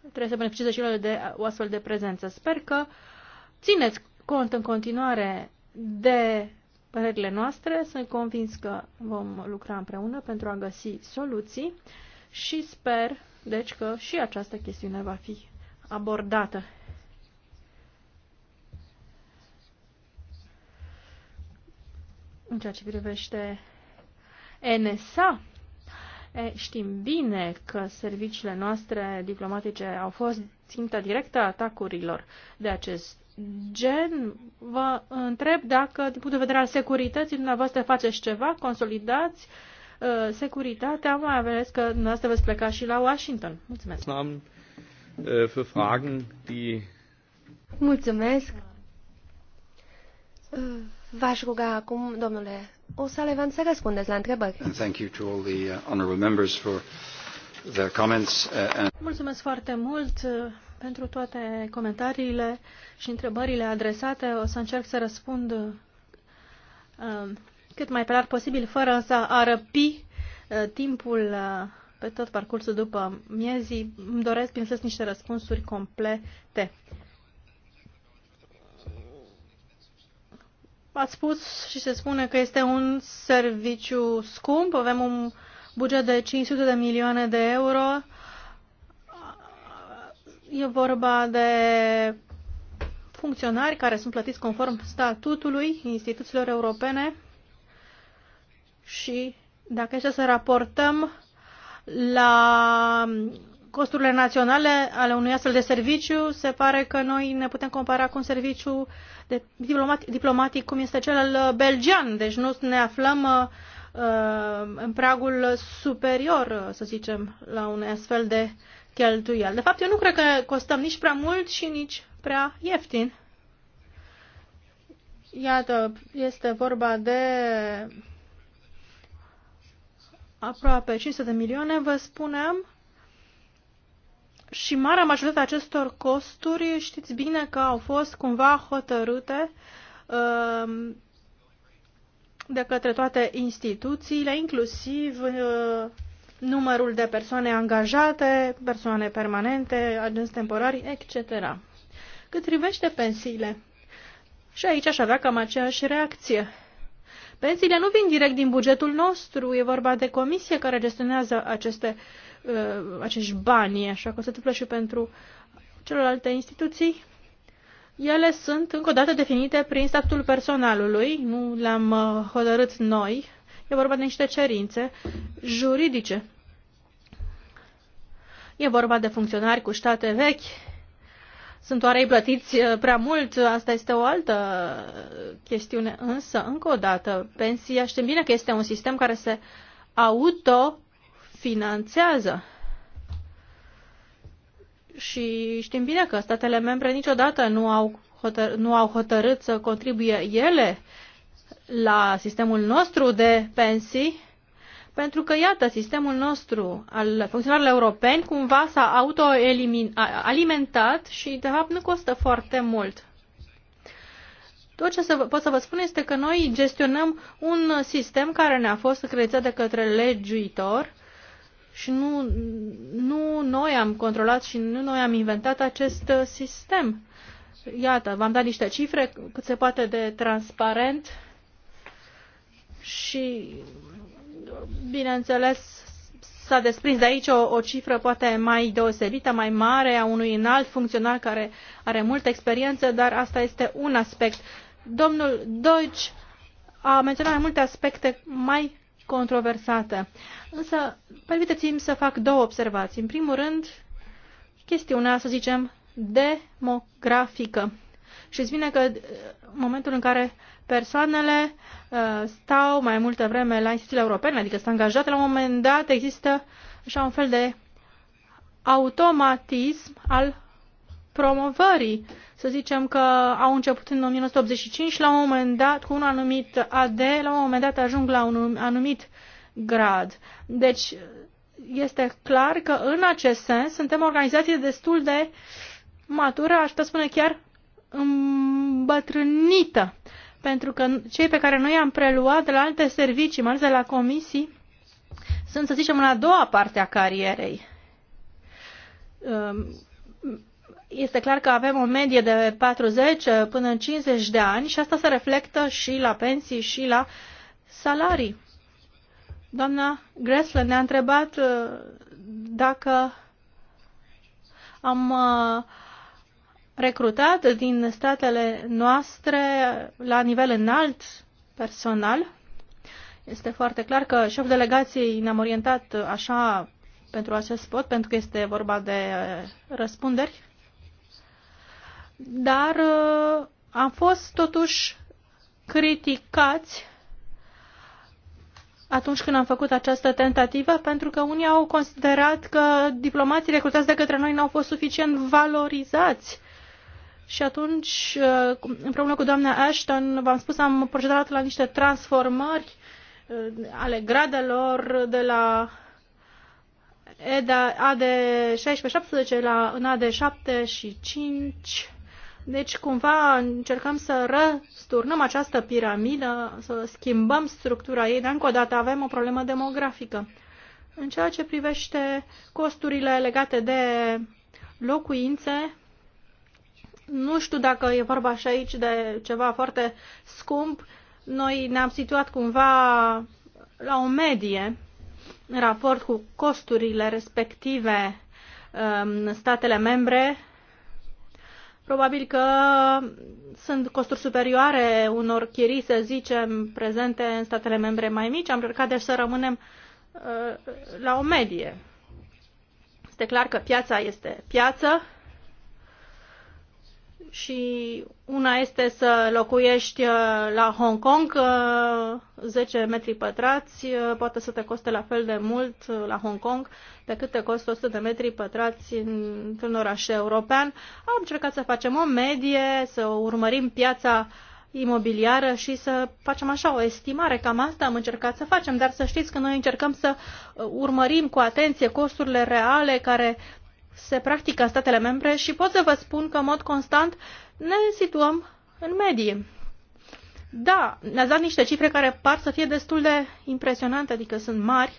trebuie să beneficieze și ele de o astfel de prezență. Sper că țineți cont în continuare de părerile noastre. Sunt convins că vom lucra împreună pentru a găsi soluții și sper, deci, că și această chestiune va fi abordată. În ceea ce privește NSA, e, știm bine că serviciile noastre diplomatice au fost ținta directă a atacurilor de acest gen, vă întreb dacă, din punct de vedere al securității, dumneavoastră faceți ceva, consolidați uh, securitatea, mai ales că dumneavoastră veți pleca și la Washington. Mulțumesc. Uh, Für Fragen, die... Mulțumesc. Uh, v-aș ruga acum, domnule O'Sullivan, să răspundeți la întrebări. Thank you to all the uh, honorable members for their comments. Mulțumesc foarte mult pentru toate comentariile și întrebările adresate. O să încerc să răspund um, cât mai clar posibil, fără să arăpi uh, timpul uh, pe tot parcursul după miezii. Îmi doresc, bineînțeles, niște răspunsuri complete. Ați spus și se spune că este un serviciu scump. Avem un buget de 500 de milioane de euro E vorba de funcționari care sunt plătiți conform statutului instituțiilor europene și dacă este să raportăm la costurile naționale ale unui astfel de serviciu, se pare că noi ne putem compara cu un serviciu de diplomat, diplomatic cum este cel al uh, belgian, deci nu ne aflăm uh, uh în pragul superior, uh, să zicem, la un astfel de cheltuiel. De fapt, eu nu cred că costăm nici prea mult și nici prea ieftin. Iată, este vorba de aproape 500 de milioane, vă spunem, și marea majoritate a acestor costuri, știți bine că au fost cumva hotărâte um, de către toate instituțiile, inclusiv uh, numărul de persoane angajate, persoane permanente, agenți temporari, etc. Cât privește pensiile, și aici aș avea cam aceeași reacție. Pensiile nu vin direct din bugetul nostru, e vorba de comisie care gestionează aceste, uh, acești bani, așa că se întâmplă și pentru celelalte instituții. Ele sunt încă o dată definite prin statutul personalului, nu le-am uh, hotărât noi, e vorba de niște cerințe juridice. E vorba de funcționari cu state vechi. Sunt oare ei plătiți uh, prea mult? Asta este o altă uh, chestiune. Însă, încă o dată, pensia, știm bine că este un sistem care se autofinanțează. Și știm bine că statele membre niciodată nu au, hotăr- nu au hotărât să contribuie ele la sistemul nostru de pensii pentru că, iată, sistemul nostru al funcționarilor europeni cumva s-a autoalimentat și, de fapt, nu costă foarte mult. Tot ce să, pot să vă spun este că noi gestionăm un sistem care ne-a fost crețat de către legiuitor și nu, nu noi am controlat și nu noi am inventat acest sistem. Iată, v-am dat niște cifre cât se poate de transparent și bineînțeles, s-a desprins de aici o, o cifră poate mai deosebită, mai mare, a unui înalt funcționar care are multă experiență, dar asta este un aspect. Domnul Deutsch a menționat mai multe aspecte mai controversate. Însă, permiteți-mi să fac două observații. În primul rând, chestiunea, să zicem, demografică. Și vine că în uh, momentul în care persoanele uh, stau mai multă vreme la instituțiile europene, adică sunt angajate, la un moment dat există așa un fel de automatism al promovării. Să zicem că au început în 1985 și la un moment dat cu un anumit AD, la un moment dat ajung la un anumit grad. Deci este clar că în acest sens suntem organizații destul de matură, aș putea spune chiar îmbătrânită pentru că cei pe care noi am preluat de la alte servicii, mai ales de la comisii, sunt, să zicem, în a doua parte a carierei. Um, este clar că avem o medie de 40 până în 50 de ani și asta se reflectă și la pensii și la salarii. Doamna Gresle ne-a întrebat uh, dacă am uh, recrutat din statele noastre la nivel înalt personal. Este foarte clar că șef delegației ne-am orientat așa pentru acest spot, pentru că este vorba de uh, răspunderi. Dar uh, am fost totuși criticați atunci când am făcut această tentativă, pentru că unii au considerat că diplomații recrutați de către noi n-au fost suficient valorizați și atunci, uh, împreună cu doamna Ashton, v-am spus, am procedat la niște transformări uh, ale gradelor de la AD16-17 la în AD7 și 5. Deci, cumva, încercăm să răsturnăm această piramidă, să schimbăm structura ei, dar încă o dată avem o problemă demografică. În ceea ce privește costurile legate de locuințe, nu știu dacă e vorba și aici de ceva foarte scump. Noi ne-am situat cumva la o medie în raport cu costurile respective în um, statele membre. Probabil că sunt costuri superioare unor chirii, să zicem, prezente în statele membre mai mici. Am încercat de deci, să rămânem uh, la o medie. Este clar că piața este piață și una este să locuiești uh, la Hong Kong, 10 uh, metri pătrați, uh, poate să te coste la fel de mult la Hong Kong pe cât te costă 100 de metri pătrați într-un oraș european. Am încercat să facem o medie, să urmărim piața imobiliară și să facem așa o estimare, cam asta am încercat să facem, dar să știți că noi încercăm să urmărim cu atenție costurile reale care se practică în statele membre și pot să vă spun că în mod constant ne situăm în medie. Da, ne-ați dat niște cifre care par să fie destul de impresionante, adică sunt mari,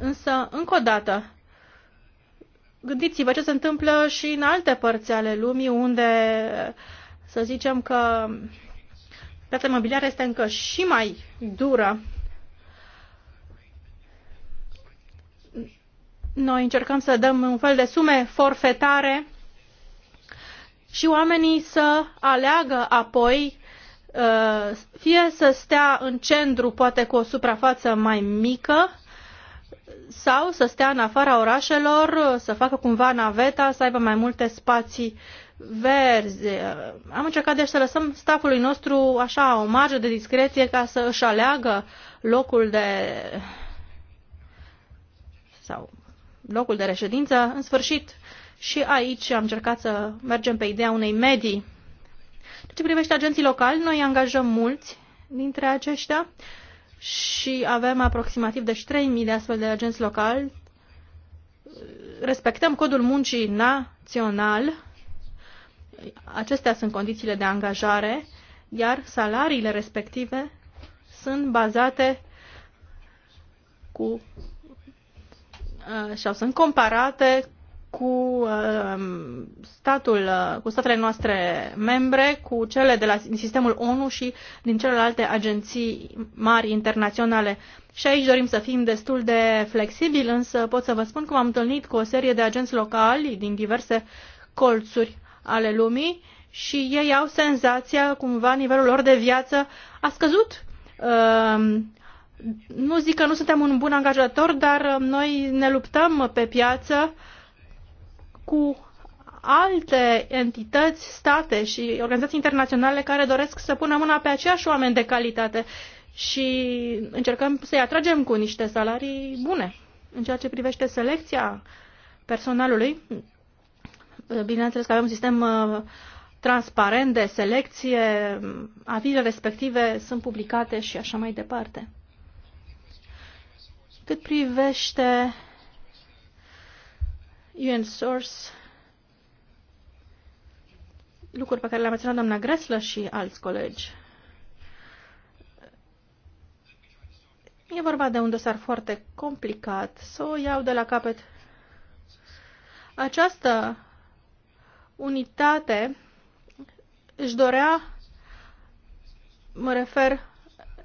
însă, încă o dată, gândiți-vă ce se întâmplă și în alte părți ale lumii, unde, să zicem că piața imobiliară este încă și mai dură noi încercăm să dăm un fel de sume forfetare și oamenii să aleagă apoi uh, fie să stea în centru, poate cu o suprafață mai mică, sau să stea în afara orașelor, să facă cumva naveta, să aibă mai multe spații verzi. Am încercat deci să lăsăm stafului nostru așa o marjă de discreție ca să își aleagă locul de sau locul de reședință. În sfârșit, și aici am încercat să mergem pe ideea unei medii. În ce privește agenții locali, noi angajăm mulți dintre aceștia și avem aproximativ de deci 3.000 de astfel de agenți locali. Respectăm codul muncii național. Acestea sunt condițiile de angajare, iar salariile respective sunt bazate cu sau uh, sunt comparate cu uh, statul, uh, cu statele noastre membre, cu cele de la sistemul ONU și din celelalte agenții mari internaționale. Și aici dorim să fim destul de flexibili, însă pot să vă spun că am întâlnit cu o serie de agenți locali din diverse colțuri ale lumii și ei au senzația cumva nivelul lor de viață a scăzut nu zic că nu suntem un bun angajator, dar uh, noi ne luptăm pe piață cu alte entități, state și organizații internaționale care doresc să pună mâna pe aceiași oameni de calitate și încercăm să-i atragem cu niște salarii bune. În ceea ce privește selecția personalului, uh, bineînțeles că avem un sistem uh, transparent de selecție, avizele respective sunt publicate și așa mai departe. Cât privește UN Source, lucruri pe care le-a menționat doamna Gresla și alți colegi, E vorba de un dosar foarte complicat, să o iau de la capăt. Această unitate își dorea, mă refer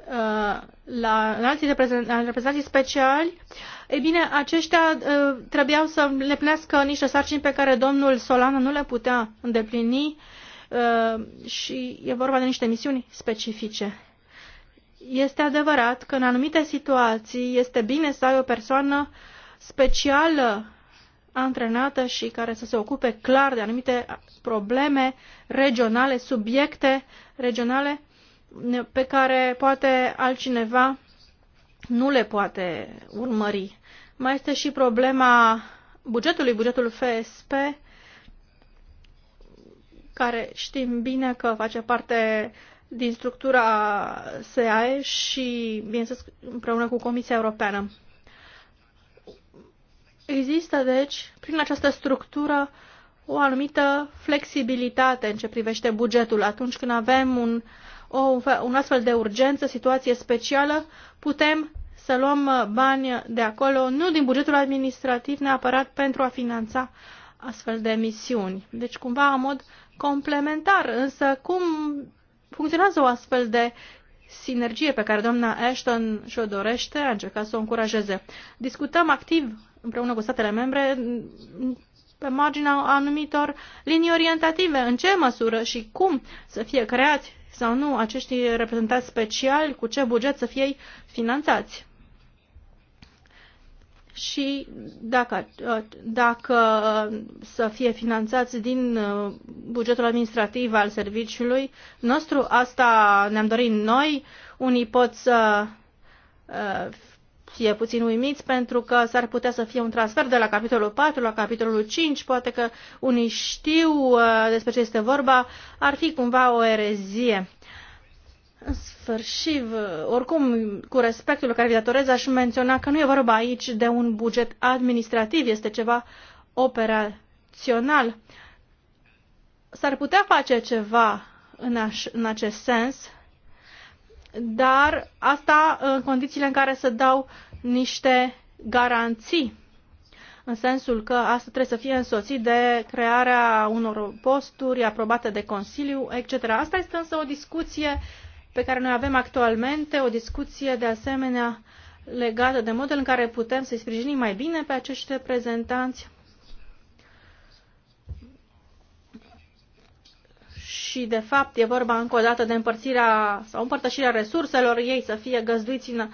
Uh, la înalții reprezentanții speciali, ei bine, aceștia uh, trebuiau să le plească niște sarcini pe care domnul Solana nu le putea îndeplini uh, și e vorba de niște misiuni specifice. Este adevărat că în anumite situații este bine să ai o persoană specială antrenată și care să se ocupe clar de anumite probleme regionale, subiecte regionale, pe care poate altcineva nu le poate urmări. Mai este și problema bugetului, bugetul FSP, care știm bine că face parte din structura SAE și, bineînțeles, împreună cu Comisia Europeană. Există, deci, prin această structură, o anumită flexibilitate în ce privește bugetul atunci când avem un uh, o, un astfel de urgență, situație specială, putem să luăm uh, bani de acolo, nu din bugetul administrativ neapărat pentru a finanța astfel de misiuni. Deci cumva în mod complementar, însă cum funcționează o astfel de sinergie pe care doamna Ashton și-o dorește, a încercat să o încurajeze. Discutăm activ împreună cu statele membre pe marginea anumitor linii orientative, în ce măsură și cum să fie creați sau nu acești reprezentanți speciali, cu ce buget să fie finanțați. Și dacă, dacă să fie finanțați din bugetul administrativ al serviciului nostru, asta ne-am dorit noi, unii pot să fie puțin uimiți pentru că s-ar putea să fie un transfer de la capitolul 4 la capitolul 5, poate că unii știu uh, despre ce este vorba, ar fi cumva o erezie. În sfârșit, uh, oricum, cu respectul care vi datorez, aș menționa că nu e vorba aici de un buget administrativ, este ceva operațional. S-ar putea face ceva în, aș, în acest sens, dar asta în condițiile în care să dau niște garanții, în sensul că asta trebuie să fie însoțit de crearea unor posturi aprobate de Consiliu, etc. Asta este însă o discuție pe care noi avem actualmente, o discuție de asemenea legată de modul în care putem să-i sprijinim mai bine pe acești reprezentanți și, de fapt, e vorba încă o dată de împărțirea sau împărtășirea resurselor ei să fie găzduiți în uh,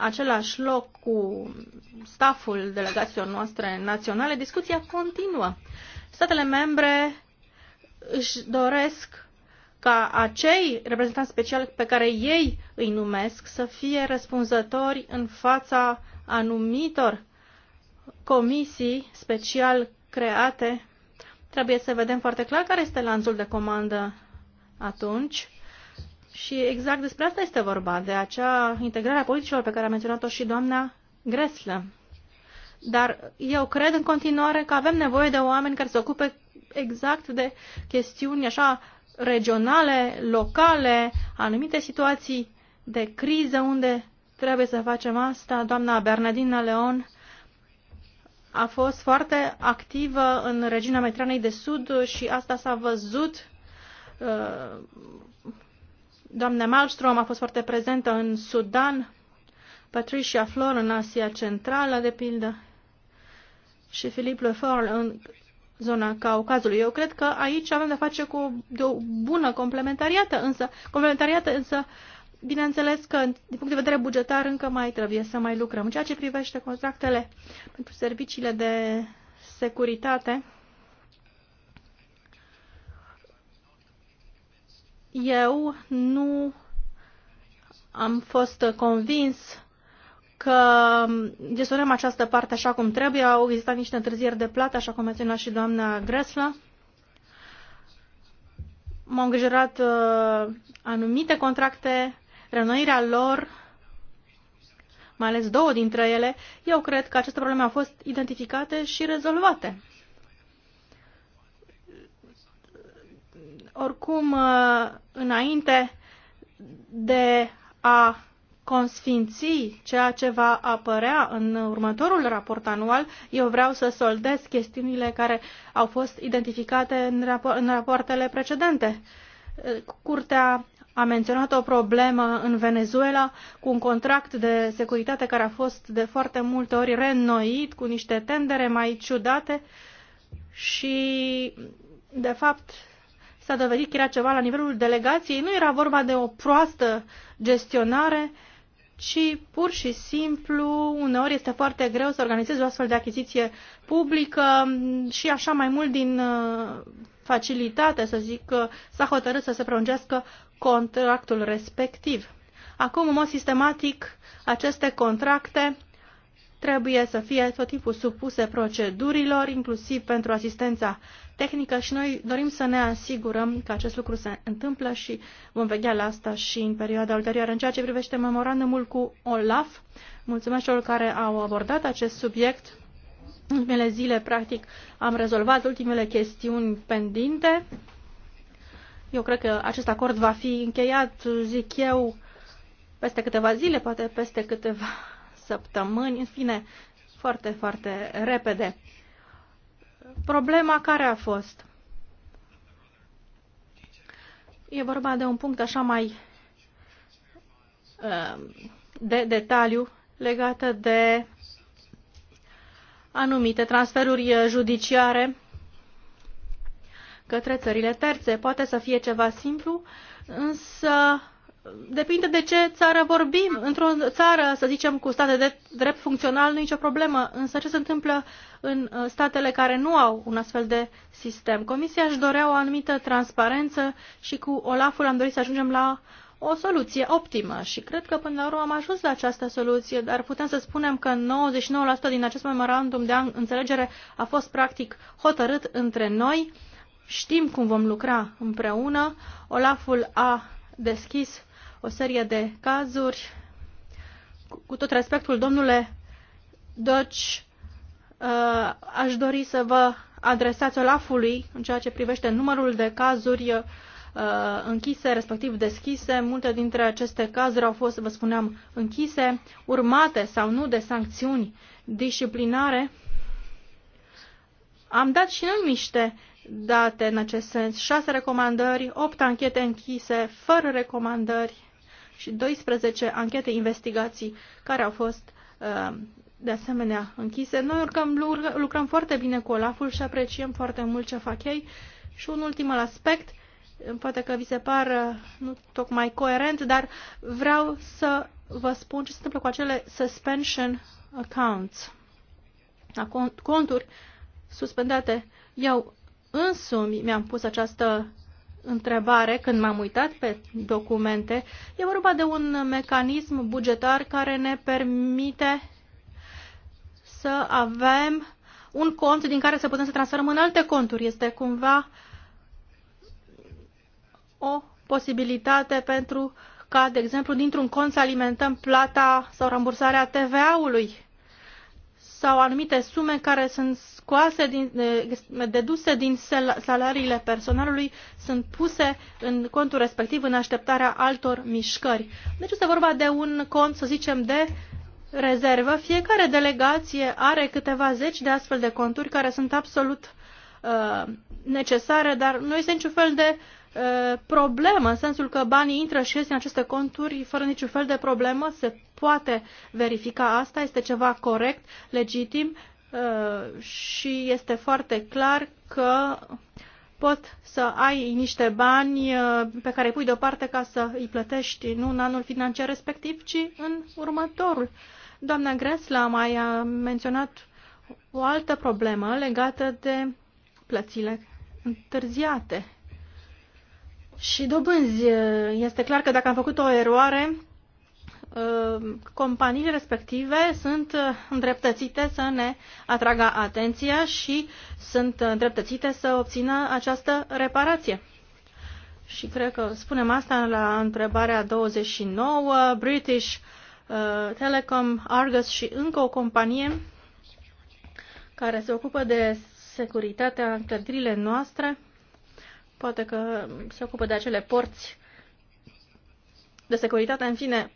același loc cu staful delegațiilor noastre naționale, discuția continuă. Statele membre își doresc ca acei reprezentanți speciali pe care ei îi numesc să fie răspunzători în fața anumitor comisii special create Trebuie să vedem foarte clar care este lanțul de comandă atunci și exact despre asta este vorba, de acea integrare a politicilor pe care a menționat-o și doamna Gresle. Dar eu cred în continuare că avem nevoie de oameni care se ocupe exact de chestiuni așa regionale, locale, anumite situații de criză unde trebuie să facem asta. Doamna Bernadina Leon a fost foarte activă în regiunea Mediteranei de Sud și asta s-a văzut. Uh, doamna Malmström a fost foarte prezentă în Sudan, Patricia Flor în Asia Centrală, de pildă, și Philippe Lefort în zona Caucazului. Eu cred că aici avem de face cu o bună complementariată, însă, complementariată, însă uh, Bineînțeles că, din punct de vedere bugetar, încă mai trebuie să mai lucrăm. În ceea ce privește contractele pentru serviciile de securitate, eu nu am fost convins că gestionăm această parte așa cum trebuie. Au existat niște întârzieri de plată, așa cum menționa și doamna Gresla. M-au îngrijorat uh, anumite contracte reînnoirea lor, mai ales două dintre ele, eu cred că aceste probleme au fost identificate și rezolvate. Oricum, uh, înainte de a consfinți ceea ce va apărea în următorul raport anual, eu vreau să soldez chestiunile care au fost identificate în, rapo- în rapoartele precedente. Uh, Curtea a menționat o problemă în Venezuela cu un contract de securitate care a fost de foarte multe ori reînnoit cu niște tendere mai ciudate și de fapt s-a dovedit că era ceva la nivelul delegației. Nu era vorba de o proastă gestionare, ci pur și simplu uneori este foarte greu să organizezi o astfel de achiziție publică și așa mai mult din uh, facilitate, să zic, s-a hotărât să se prelungească contractul respectiv. Acum, în mod sistematic, aceste contracte trebuie să fie tot timpul supuse procedurilor, inclusiv pentru asistența tehnică și noi dorim să ne asigurăm că acest lucru se întâmplă și vom veghea la asta și în perioada ulterioară. În ceea ce privește memorandumul cu OLAF, mulțumesc celor care au abordat acest subiect. În ultimele zile, practic, am rezolvat ultimele chestiuni pendinte eu cred că acest acord va fi încheiat, zic eu, peste câteva zile, poate peste câteva [LAUGHS] săptămâni, în fine, foarte, foarte repede. Problema care a fost? E vorba de un punct așa mai um, de detaliu legată de anumite transferuri uh, judiciare către țările terțe. Poate să fie ceva simplu, însă depinde de ce țară vorbim. Într-o țară, să zicem, cu state de drept funcțional, nu e nicio problemă. Însă ce se întâmplă în uh, statele care nu au un astfel de sistem? Comisia își dorea o anumită transparență și cu Olaful am dorit să ajungem la o soluție optimă și cred că până la urmă am ajuns la această soluție, dar putem să spunem că 99% din acest memorandum de înțelegere a fost practic hotărât între noi Știm cum vom lucra împreună. Olaful a deschis o serie de cazuri. Cu tot respectul, domnule Doci, uh, aș dori să vă adresați Olafului în ceea ce privește numărul de cazuri uh, închise, respectiv deschise. Multe dintre aceste cazuri au fost, vă spuneam, închise, urmate sau nu de sancțiuni disciplinare. Am dat și noi niște date în acest sens, 6 recomandări, 8 anchete închise fără recomandări și 12 anchete investigații care au fost uh, de asemenea închise. Noi urcăm, lucrăm foarte bine cu Olaful și apreciem foarte mult ce fac ei. Și un ultim aspect, uh, poate că vi se par uh, nu tocmai coerent, dar vreau să vă spun ce se întâmplă cu acele suspension accounts, conturi suspendate. Eu însumi mi-am pus această întrebare când m-am uitat pe documente. E vorba de un mecanism bugetar care ne permite să avem un cont din care să putem să transferăm în alte conturi. Este cumva o posibilitate pentru ca, de exemplu, dintr-un cont să alimentăm plata sau rambursarea TVA-ului sau anumite sume care sunt scoase din, deduse din salariile personalului sunt puse în contul respectiv în așteptarea altor mișcări. Deci este vorba de un cont, să zicem, de rezervă. Fiecare delegație are câteva zeci de astfel de conturi care sunt absolut uh, necesare, dar nu este niciun fel de uh, problemă, în sensul că banii intră și ies în aceste conturi fără niciun fel de problemă, se poate verifica asta, este ceva corect, legitim Uh, și este foarte clar că pot să ai niște bani uh, pe care îi pui deoparte ca să îi plătești nu în anul financiar respectiv, ci în următorul. Doamna Gresla a mai a uh, menționat o altă problemă legată de plățile întârziate. Și dobânzi, este clar că dacă am făcut o eroare, Uh, companiile respective sunt uh, îndreptățite să ne atragă atenția și sunt uh, îndreptățite să obțină această reparație. Și cred că spunem asta la întrebarea 29, British Telecom, Argus și încă o companie care se ocupă de securitatea în clădirile noastre, poate că se ocupă de acele porți de securitate, în fine,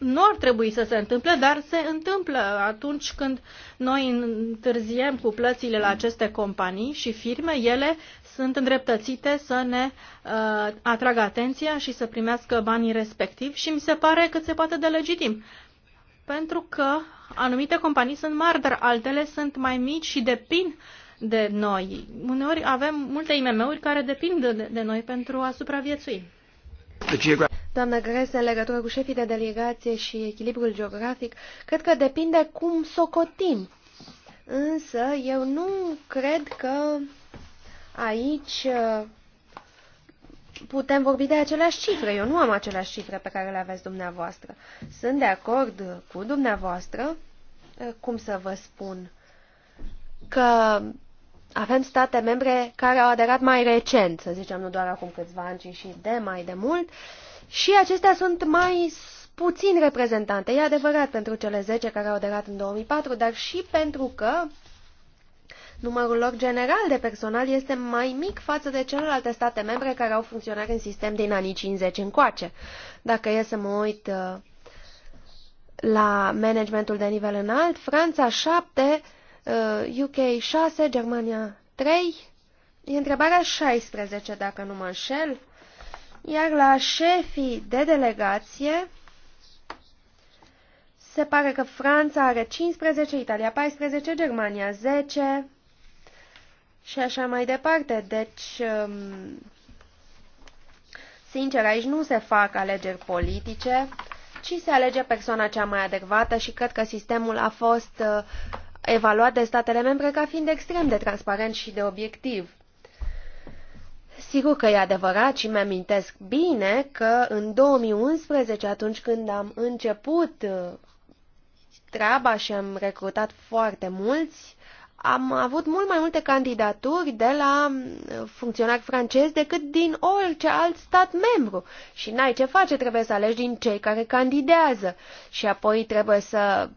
nu ar trebui să se întâmple, dar se întâmplă atunci când noi întârziem cu plățile la aceste companii și firme, ele sunt îndreptățite să ne uh, atragă atenția și să primească banii respectiv și mi se pare cât se poate de legitim. Pentru că anumite companii sunt mari, dar altele sunt mai mici și depind de noi. Uneori avem multe IMM-uri care depind de, de noi pentru a supraviețui doamnă Gres, în legătură cu șefii de delegație și echilibrul geografic, cred că depinde cum socotim. Însă eu nu cred că aici uh, putem vorbi de aceleași cifre. Eu nu am aceleași cifre pe care le aveți dumneavoastră. Sunt de acord cu dumneavoastră, uh, cum să vă spun, că avem state membre care au aderat mai recent, să zicem, nu doar acum câțiva ani, ci și de mai de mult, uh, și acestea sunt mai puțin reprezentante, e adevărat, pentru cele 10 care au aderat în 2004, dar și pentru că numărul lor general de personal este mai mic față de celelalte state membre care au funcționat în sistem din anii 50 încoace. Dacă e să mă uit uh, la managementul de nivel înalt, Franța 7, UK 6, Germania 3, e întrebarea 16 dacă nu mă înșel, iar la șefii de delegație, se pare că Franța are 15, Italia 14, Germania 10 și așa mai departe. Deci, um, sincer, aici nu se fac alegeri politice, ci se alege persoana cea mai adecvată și cred că sistemul a fost uh, evaluat de statele membre ca fiind extrem de transparent și de obiectiv. Sigur că e adevărat și mi-amintesc bine că în 2011, atunci când am început uh, treaba și am recrutat foarte mulți, am avut mult mai multe candidaturi de la uh, funcționari francezi decât din orice alt stat membru. Și n-ai ce face, trebuie să alegi din cei care candidează. Și apoi trebuie să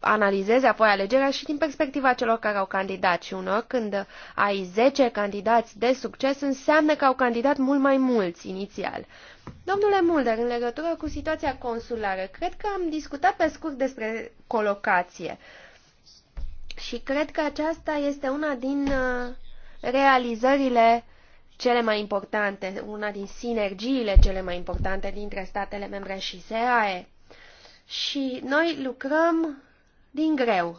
analizeze apoi alegerea și din perspectiva celor care au candidat. Și unor când ai 10 candidați de succes, înseamnă că au candidat mult mai mulți inițial. Domnule Mulder, în legătură cu situația consulară, cred că am discutat pe scurt despre colocație. Și cred că aceasta este una din uh, realizările cele mai importante, una din sinergiile cele mai importante dintre statele membre și SEAE. Și noi lucrăm din greu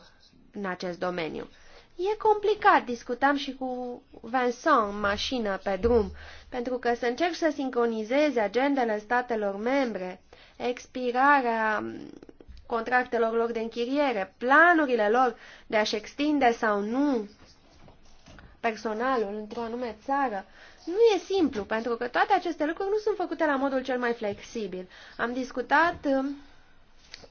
în acest domeniu. E complicat, discutam și cu Vincent în mașină pe drum, pentru că să încerci să sincronizezi agendele statelor membre, expirarea contractelor lor de închiriere, planurile lor de a-și extinde sau nu personalul într-o anume țară, nu e simplu, pentru că toate aceste lucruri nu sunt făcute la modul cel mai flexibil. Am discutat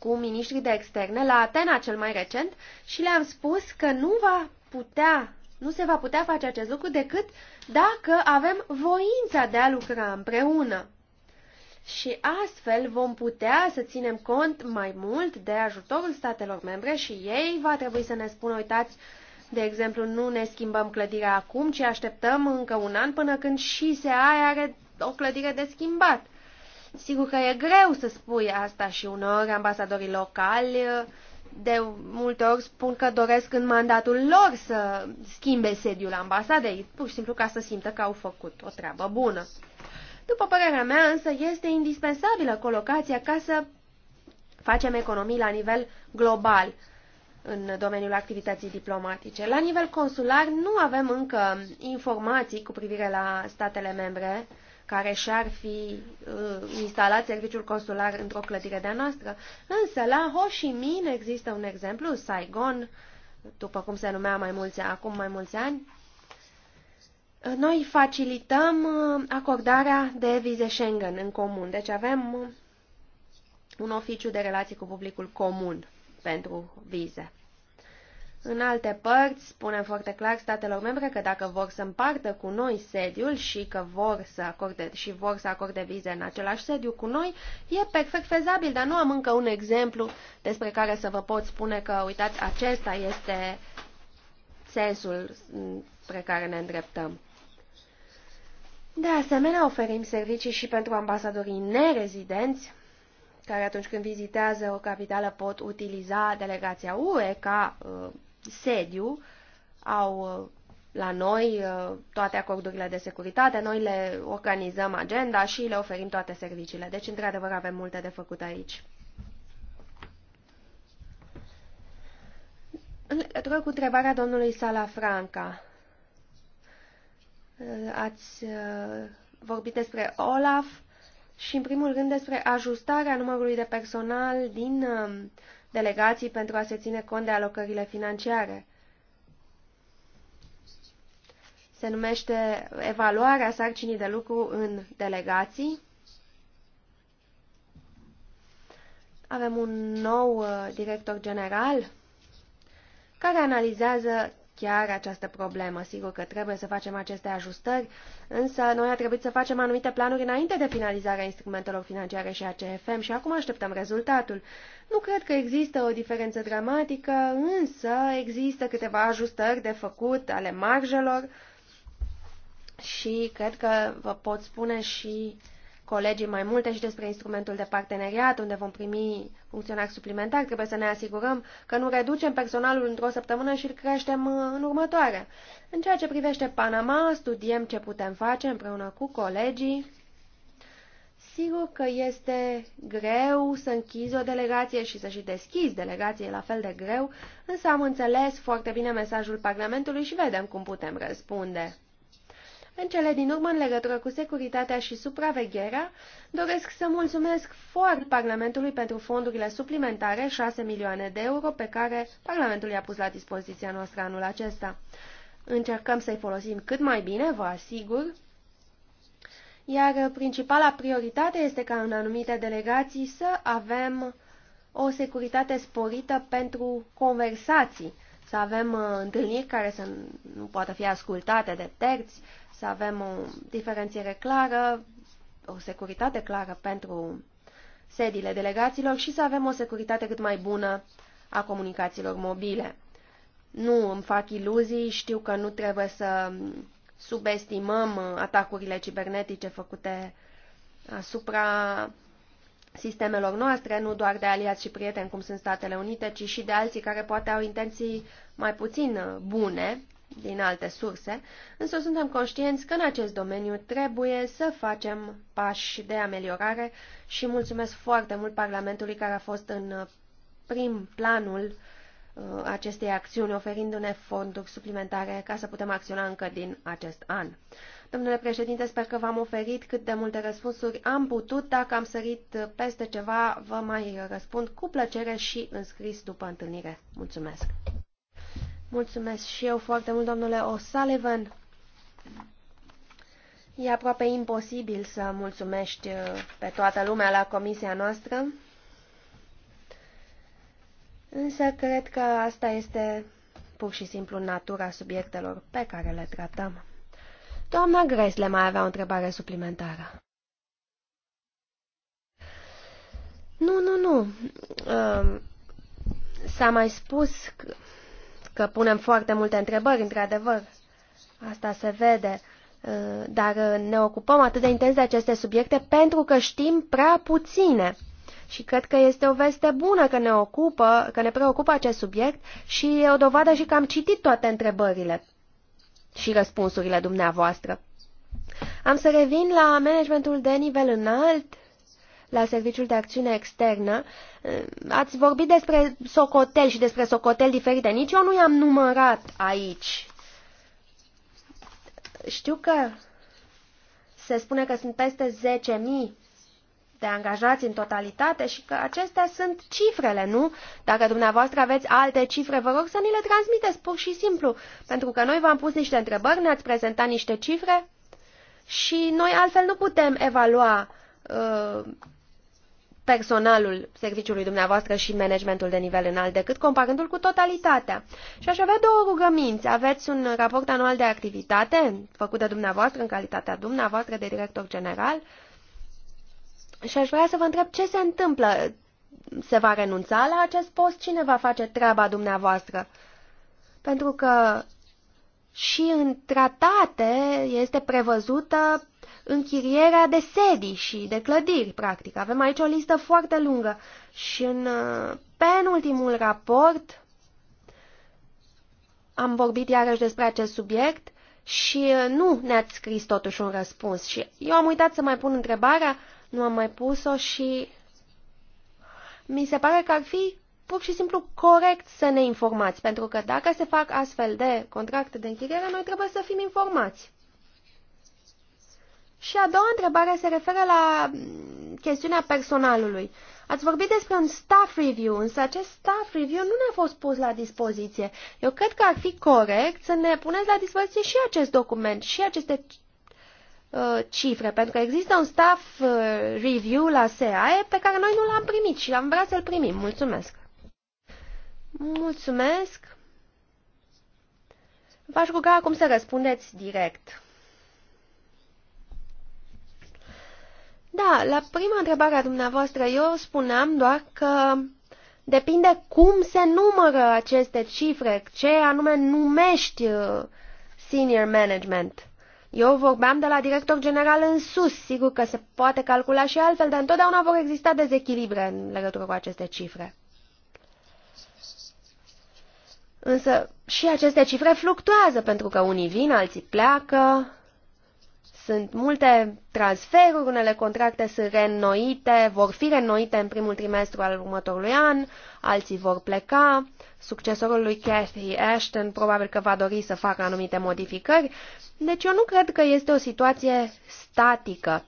cu ministrii de externe la Atena cel mai recent și le-am spus că nu va putea, nu se va putea face acest lucru decât dacă avem voința de a lucra împreună. Și astfel vom putea să ținem cont mai mult de ajutorul statelor membre și ei va trebui să ne spună, uitați, de exemplu, nu ne schimbăm clădirea acum, ci așteptăm încă un an până când și aia are o clădire de schimbat. Sigur că e greu să spui asta și unor ambasadorii locali de multe ori spun că doresc în mandatul lor să schimbe sediul ambasadei, pur și simplu ca să simtă că au făcut o treabă bună. După părerea mea, însă, este indispensabilă colocația ca să facem economii la nivel global în domeniul activității diplomatice. La nivel consular nu avem încă informații cu privire la statele membre uh, care și-ar fi uh, instalat serviciul consular într-o clădire de-a noastră. Însă la Ho Chi Minh există un exemplu, Saigon, după cum se numea mai mulți, acum mai mulți ani, noi facilităm uh, acordarea de vize Schengen în comun. Deci avem uh, un oficiu de relații cu publicul comun pentru vize. În alte părți, spune foarte clar statelor membre că dacă vor să împartă cu noi sediul și că vor să acorde, și vor să acorde vize în același sediu cu noi, e perfect fezabil, dar nu am încă un exemplu despre care să vă pot spune că, uitați, acesta este sensul spre care ne îndreptăm. De asemenea, oferim servicii și pentru ambasadorii nerezidenți, care atunci când vizitează o capitală pot utiliza delegația UE ca uh, sediu, au uh, la noi uh, toate acordurile de securitate, noi le organizăm agenda și le oferim toate serviciile. Deci, într-adevăr, avem multe de făcut aici. În legătură cu întrebarea domnului Sala Franca, uh, ați vorbit despre OLAF și, în primul rând, despre ajustarea numărului de personal din delegații pentru a se ține cont de alocările financiare. Se numește evaluarea sarcinii de lucru în delegații. Avem un nou uh, director general care analizează chiar această problemă. Sigur că trebuie să facem aceste ajustări, însă noi a trebuit să facem anumite planuri înainte de finalizarea instrumentelor financiare și a CFM și acum așteptăm rezultatul. Nu cred că există o diferență dramatică, însă există câteva ajustări de făcut ale marjelor și cred că vă pot spune și uh, colegii mai multe și despre instrumentul de parteneriat, unde vom primi funcționari suplimentari. Trebuie să ne asigurăm că nu reducem personalul într-o săptămână și îl creștem uh, în următoare. În ceea ce privește Panama, studiem ce putem face împreună cu colegii. Sigur că este greu să închizi o delegație și să și deschizi delegație la fel de greu, însă am înțeles foarte bine mesajul Parlamentului și vedem cum putem răspunde. În cele din urmă, în legătură cu securitatea și supravegherea, doresc să mulțumesc foarte Parlamentului pentru fondurile suplimentare, 6 milioane de euro, pe care Parlamentul i-a pus la dispoziția noastră anul acesta. Încercăm să-i folosim cât mai bine, vă asigur, iar principala prioritate este ca în anumite delegații să avem o securitate sporită pentru conversații, să avem uh, întâlniri care să nu poată fi ascultate de terți, să avem o diferențiere clară, o securitate clară pentru sediile delegațiilor și să avem o securitate cât mai bună a comunicațiilor mobile. Nu îmi fac iluzii, știu că nu trebuie să subestimăm atacurile cibernetice făcute asupra sistemelor noastre, nu doar de aliați și prieteni cum sunt Statele Unite, ci și de alții care poate au intenții mai puțin bune din alte surse, însă suntem conștienți că în acest domeniu trebuie să facem pași de ameliorare și mulțumesc foarte mult Parlamentului care a fost în uh, prim planul uh, acestei acțiuni, oferindu-ne fonduri suplimentare ca să putem acționa încă din acest an. Domnule președinte, sper că v-am oferit cât de multe răspunsuri am putut. Dacă am sărit uh, peste ceva, vă mai răspund cu plăcere și înscris după întâlnire. Mulțumesc! Mulțumesc și eu foarte mult, domnule O'Sullivan. E aproape imposibil să mulțumești uh, pe toată lumea la comisia noastră, însă cred că asta este pur și simplu natura subiectelor pe care le tratăm. Doamna Gresle mai avea o întrebare suplimentară. Nu, nu, nu. Uh, s-a mai spus... Că că punem foarte multe întrebări, într-adevăr. Asta se vede. Uh, dar uh, ne ocupăm atât de intens de aceste subiecte pentru că știm prea puține. Și cred că este o veste bună că ne ocupă, că ne preocupă acest subiect și e o dovadă și că am citit toate întrebările și răspunsurile dumneavoastră. Am să revin la managementul de nivel înalt la Serviciul de Acțiune Externă. Ați vorbit despre socotel și despre socotel diferite. Nici eu nu i-am numărat aici. Știu că se spune că sunt peste 10.000 de angajați în totalitate și că acestea sunt cifrele, nu? Dacă dumneavoastră aveți alte cifre, vă rog să ni le transmiteți pur și simplu, pentru că noi v-am pus niște întrebări, ne-ați prezentat niște cifre și noi altfel nu putem evalua uh, personalul serviciului dumneavoastră și managementul de nivel înalt, decât comparându-l cu totalitatea. Și aș avea două rugăminți. Aveți un raport anual de activitate făcut de dumneavoastră în calitatea dumneavoastră de director general și aș vrea să vă întreb ce se întâmplă. Se va renunța la acest post? Cine va face treaba dumneavoastră? Pentru că și în tratate este prevăzută închirierea de sedii și de clădiri, practic. Avem aici o listă foarte lungă și în uh, penultimul raport am vorbit iarăși despre acest subiect și uh, nu ne-ați scris totuși un răspuns. Și eu am uitat să mai pun întrebarea, nu am mai pus-o și mi se pare că ar fi pur și simplu corect să ne informați, pentru că dacă se fac astfel de contracte de închiriere, noi trebuie să fim informați. Și a doua întrebare se referă la chestiunea personalului. Ați vorbit despre un staff review, însă acest staff review nu ne-a fost pus la dispoziție. Eu cred că ar fi corect să ne puneți la dispoziție și acest document, și aceste uh, cifre, pentru că există un staff uh, review la SEAE pe care noi nu l-am primit și am vrea să-l primim. Mulțumesc! Mulțumesc. V-aș ruga acum să răspundeți direct. Da, la prima întrebare a dumneavoastră eu spuneam doar că depinde cum se numără aceste cifre, ce anume numești uh, senior management. Eu vorbeam de la director general în sus, sigur că se poate calcula și altfel, dar întotdeauna vor exista dezechilibre în legătură cu aceste cifre. Însă și aceste cifre fluctuează pentru că unii vin, alții pleacă. Sunt multe transferuri, unele contracte sunt reînnoite, vor fi reînnoite în primul trimestru al următorului an, alții vor pleca. Succesorul lui Cathy Ashton probabil că va dori să facă anumite modificări. Deci eu nu cred că este o situație statică.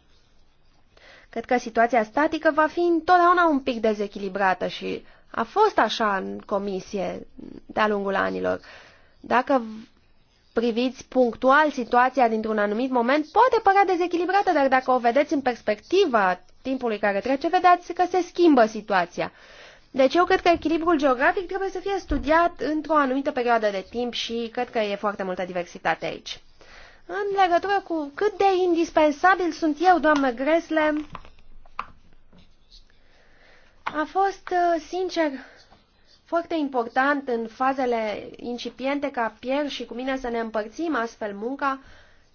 Cred că situația statică va fi întotdeauna un pic dezechilibrată și a fost așa în comisie de-a lungul anilor. Dacă priviți punctual situația dintr-un anumit moment, poate părea dezechilibrată, dar dacă o vedeți în perspectiva timpului care trece, vedeți că se schimbă situația. Deci eu cred că echilibrul geografic trebuie să fie studiat într-o anumită perioadă de timp și cred că e foarte multă diversitate aici. În legătură cu cât de indispensabil sunt eu, doamnă Gresle, a fost, uh, sincer, foarte important în fazele incipiente ca Pierre și cu mine să ne împărțim astfel munca.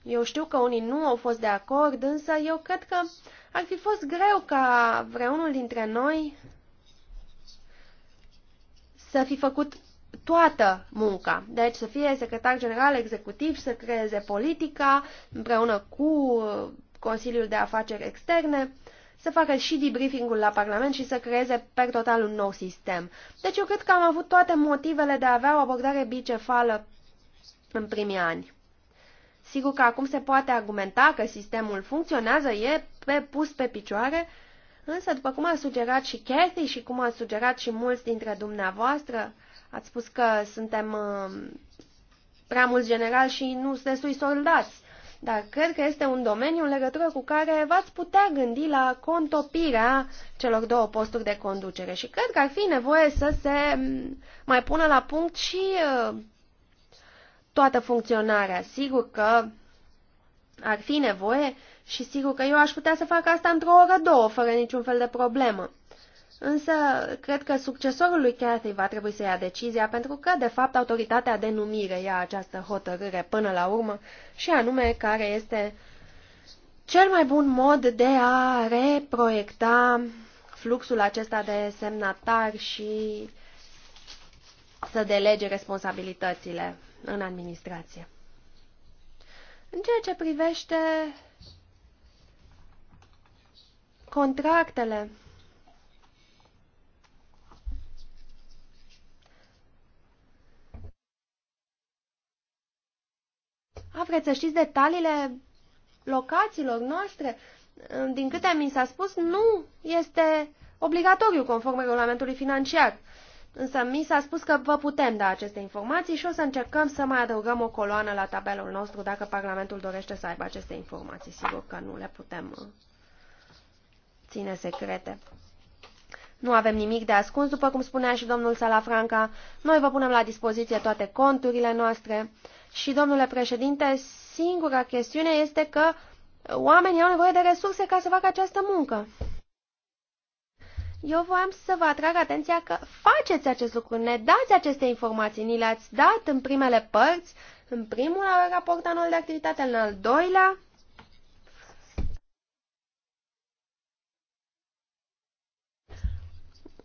Eu știu că unii nu au fost de acord, însă eu cred că ar fi fost greu ca vreunul dintre noi să fi făcut toată munca. Deci să fie secretar general executiv, să creeze politica împreună cu uh, Consiliul de Afaceri Externe să facă și debriefing-ul la Parlament și să creeze per total un nou sistem. Deci eu cred că am avut toate motivele de a avea o abordare bicefală în primii ani. Sigur că acum se poate argumenta că sistemul funcționează, e pe, pus pe picioare, însă după cum a sugerat și Cathy și cum a sugerat și mulți dintre dumneavoastră, ați spus că suntem uh, prea mulți generali și nu destui soldați dar cred că este un domeniu în legătură cu care v-ați putea gândi la contopirea celor două posturi de conducere și cred că ar fi nevoie să se mai pună la punct și uh, toată funcționarea. Sigur că ar fi nevoie și sigur că eu aș putea să fac asta într-o oră, două, fără niciun fel de problemă. Însă, cred că succesorul lui Cathy va trebui să ia decizia, pentru că, de fapt, autoritatea de numire ia această hotărâre până la urmă, și anume care este cel mai bun mod de a reproiecta fluxul acesta de semnatari și să delege responsabilitățile în administrație. În ceea ce privește contractele A, ah, vreți să știți detaliile locațiilor noastre? Din câte mi s-a spus, nu este obligatoriu conform regulamentului financiar. Însă mi s-a spus că vă putem da aceste informații și o să încercăm să mai adăugăm o coloană la tabelul nostru dacă Parlamentul dorește să aibă aceste informații. Sigur că nu le putem uh, ține secrete. Nu avem nimic de ascuns, după cum spunea și domnul Salafranca. Noi vă punem la dispoziție toate conturile noastre și, domnule președinte, singura chestiune este că oamenii au nevoie de resurse ca să facă această muncă. Eu voiam să vă atrag atenția că faceți acest lucru, ne dați aceste informații, ni le-ați dat în primele părți, în primul raport anual de activitate, în al doilea.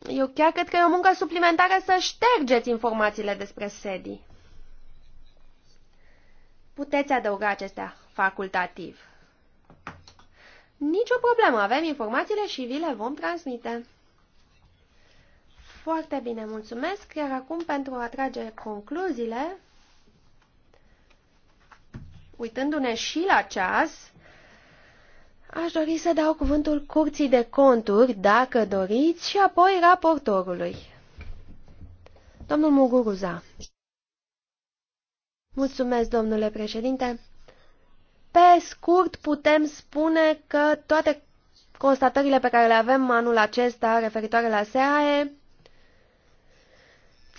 Eu chiar cred că e o muncă suplimentară să ștergeți informațiile despre sedii. Puteți adăuga acestea facultativ. Nicio problemă, avem informațiile și vi le vom transmite. Foarte bine, mulțumesc. Iar acum, pentru a trage concluziile, uitându-ne și la ceas, aș dori să dau cuvântul curții de conturi, dacă doriți, și apoi raportorului. Domnul Muguruza. Mulțumesc, domnule președinte. Pe scurt, putem spune că toate constatările pe care le avem anul acesta referitoare la SEAE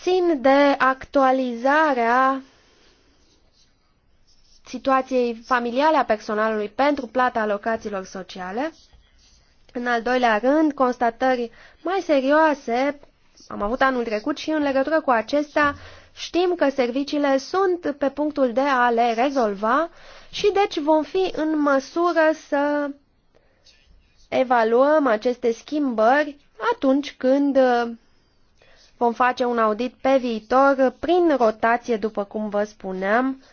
țin de actualizarea situației familiale a personalului pentru plata alocațiilor sociale. În al doilea rând, constatări mai serioase am avut anul trecut și în legătură cu acestea Știm că serviciile sunt pe punctul de a le rezolva și deci vom fi în măsură să evaluăm aceste schimbări atunci când uh, vom face un audit pe viitor prin rotație, după cum vă spuneam,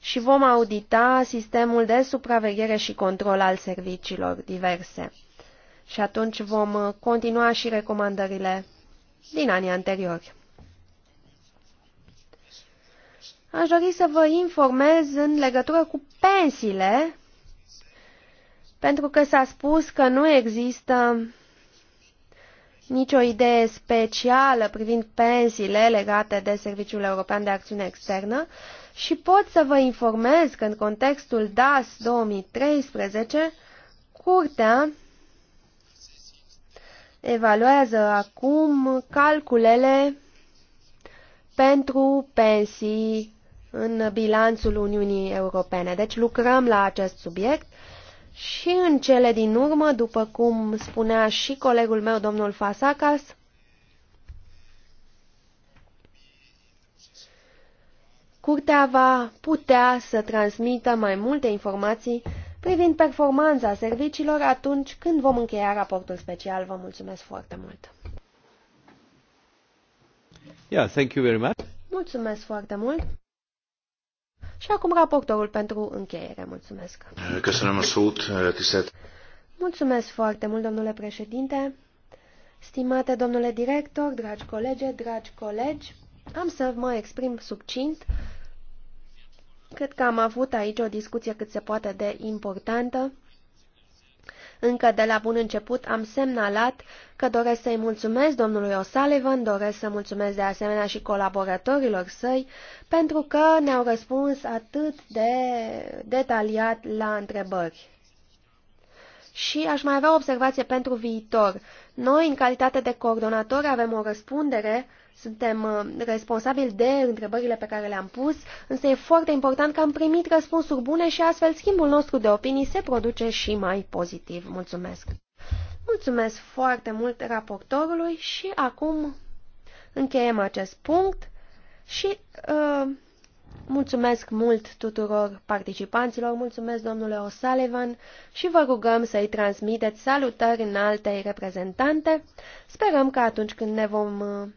și vom audita sistemul de supraveghere și control al serviciilor diverse. Și atunci vom uh, continua și recomandările din anii anteriori. Aș dori să vă informez în legătură cu pensiile, pentru că s-a spus că nu există nicio idee specială privind pensiile legate de Serviciul European de Acțiune Externă și pot să vă informez că în contextul DAS 2013, Curtea evaluează acum calculele pentru pensii în bilanțul Uniunii Europene. Deci lucrăm la acest subiect și în cele din urmă, după cum spunea și colegul meu, domnul Fasacas, Curtea va putea să transmită mai multe informații privind performanța serviciilor atunci când vom încheia raportul special. Vă mulțumesc foarte mult! Yeah, thank you very much. Mulțumesc foarte mult! Și acum raportorul pentru încheiere. Mulțumesc. Mulțumesc foarte mult, domnule președinte. Stimate domnule director, dragi colege, dragi colegi, am să mă exprim subcint. Cred că am avut aici o discuție cât se poate de importantă încă de la bun început am semnalat că doresc să-i mulțumesc domnului O'Sullivan, doresc să mulțumesc de asemenea și colaboratorilor săi, pentru că ne-au răspuns atât de detaliat la întrebări. Și aș mai avea o observație pentru viitor. Noi, în calitate de coordonatori, avem o răspundere suntem uh, responsabili de întrebările pe care le-am pus, însă e foarte important că am primit răspunsuri bune și astfel schimbul nostru de opinii se produce și mai pozitiv. Mulțumesc! Mulțumesc foarte mult raportorului și acum încheiem acest punct și uh, mulțumesc mult tuturor participanților, mulțumesc domnule O'Sullivan și vă rugăm să-i transmiteți salutări în altei reprezentante. Sperăm că atunci când ne vom uh,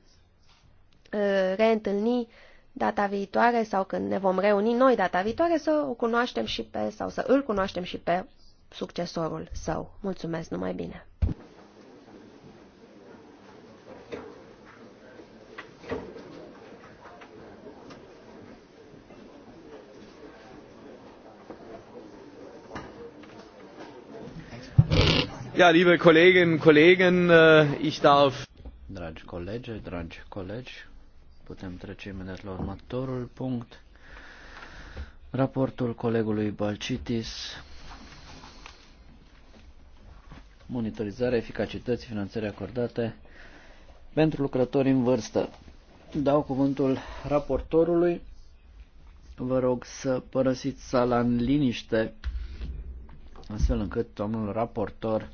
Uh, reîntâlni data viitoare sau când ne vom reuni noi data viitoare să o cunoaștem și pe, sau să îl cunoaștem și pe succesorul său. Mulțumesc, numai bine! Ja, liebe Kolleginnen und Kollegen, äh, ich darf. Dragi colegi, dragi colegi, Putem trece imediat la următorul punct. Raportul colegului Balcitis. Monitorizarea eficacității finanțării acordate pentru lucrători în vârstă. Dau cuvântul raportorului. Vă rog să părăsiți sala în liniște, astfel încât domnul raportor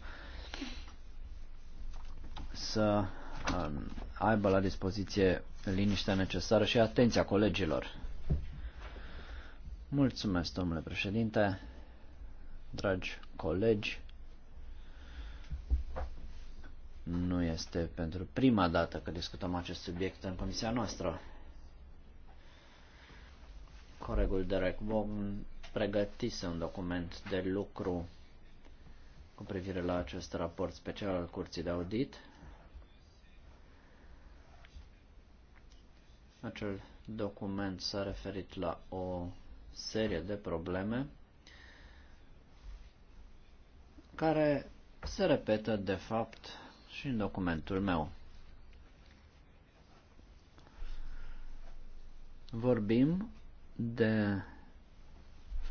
să uh, aibă la dispoziție liniștea necesară și atenția colegilor. Mulțumesc, domnule președinte, dragi colegi. Nu este pentru prima dată că discutăm acest subiect în comisia noastră. Coregul Derek Bogn pregătise un document de lucru cu privire la acest raport special al Curții de Audit Acel document s-a referit la o serie de probleme care se repetă de fapt și în documentul meu. Vorbim de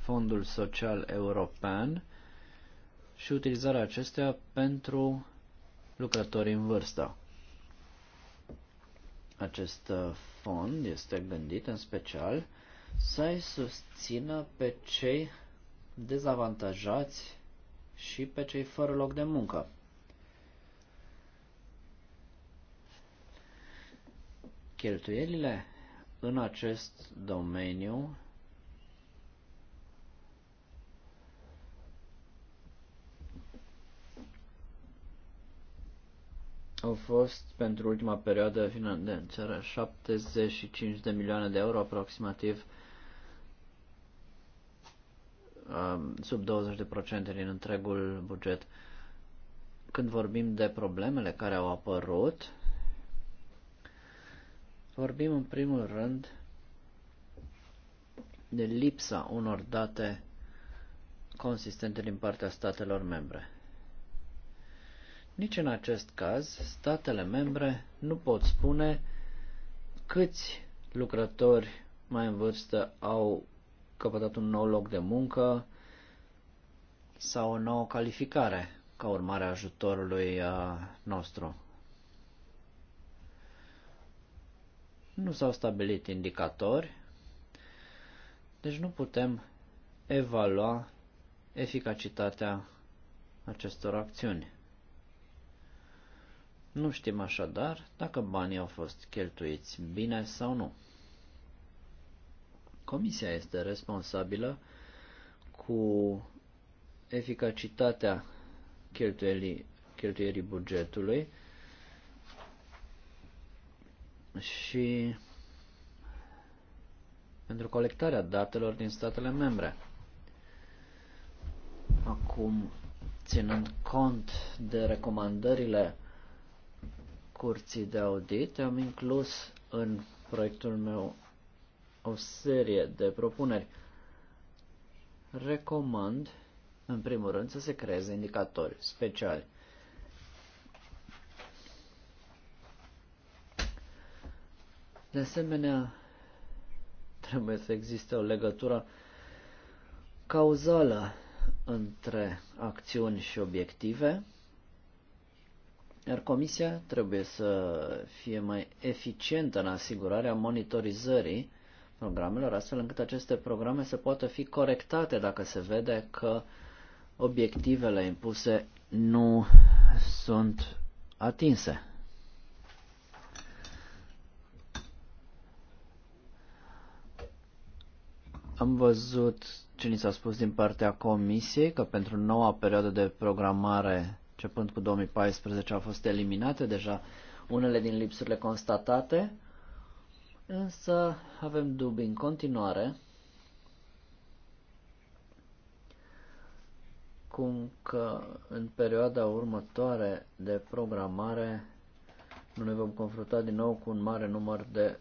Fondul Social European și utilizarea acestea pentru lucrătorii în vârstă. Acest uh, fond este gândit în special să-i susțină pe cei dezavantajați și pe cei fără loc de muncă. Cheltuielile în acest domeniu au fost pentru ultima perioadă financiară 75 de milioane de euro aproximativ sub 20% din întregul buget. Când vorbim de problemele care au apărut, vorbim în primul rând de lipsa unor date consistente din partea statelor membre. Nici în acest caz, statele membre nu pot spune câți lucrători mai în vârstă au căpătat un nou loc de muncă sau o nouă calificare ca urmare a ajutorului uh, nostru. Nu s-au stabilit indicatori, deci nu putem evalua eficacitatea acestor acțiuni. Nu știm așadar dacă banii au fost cheltuiți bine sau nu. Comisia este responsabilă cu eficacitatea cheltuielii, cheltuierii bugetului și pentru colectarea datelor din statele membre. Acum, ținând cont de recomandările curții de audit, am inclus în proiectul meu o serie de propuneri. Recomand, în primul rând, să se creeze indicatori speciali. De asemenea, trebuie să existe o legătură cauzală între acțiuni și obiective, iar comisia trebuie să fie mai eficientă în asigurarea monitorizării programelor, astfel încât aceste programe să poată fi corectate dacă se vede că obiectivele impuse nu sunt atinse. Am văzut ce ni s-a spus din partea Comisiei că pentru noua perioadă de programare începând cu 2014 au fost eliminate deja unele din lipsurile constatate, însă avem dubii în continuare cum că în perioada următoare de programare nu ne vom confrunta din nou cu un mare număr de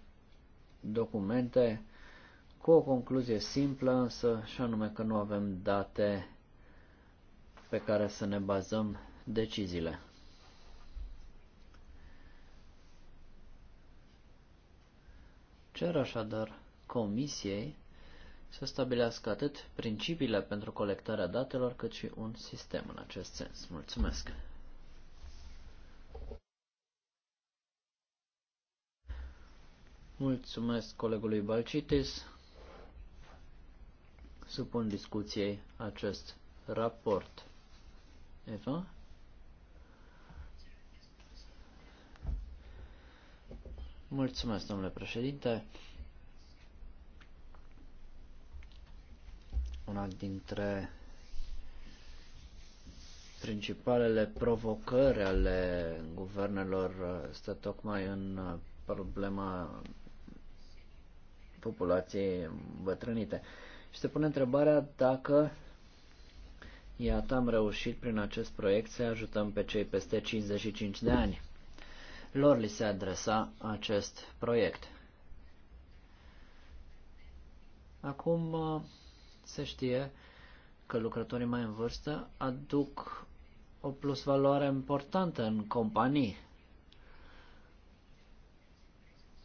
documente cu o concluzie simplă, însă și anume că nu avem date pe care să ne bazăm deciziile. Cer așadar Comisiei să stabilească atât principiile pentru colectarea datelor, cât și un sistem în acest sens. Mulțumesc! Mulțumesc colegului Balcitis. Supun discuției acest raport. Eva? Mulțumesc, domnule președinte. Una dintre principalele provocări ale guvernelor stă tocmai în problema populației bătrânite. Și se pune întrebarea dacă, iată, am reușit prin acest proiect să ajutăm pe cei peste 55 de ani lor li se adresa acest proiect. Acum uh, se știe că lucrătorii mai în vârstă aduc o plusvaloare importantă în companii.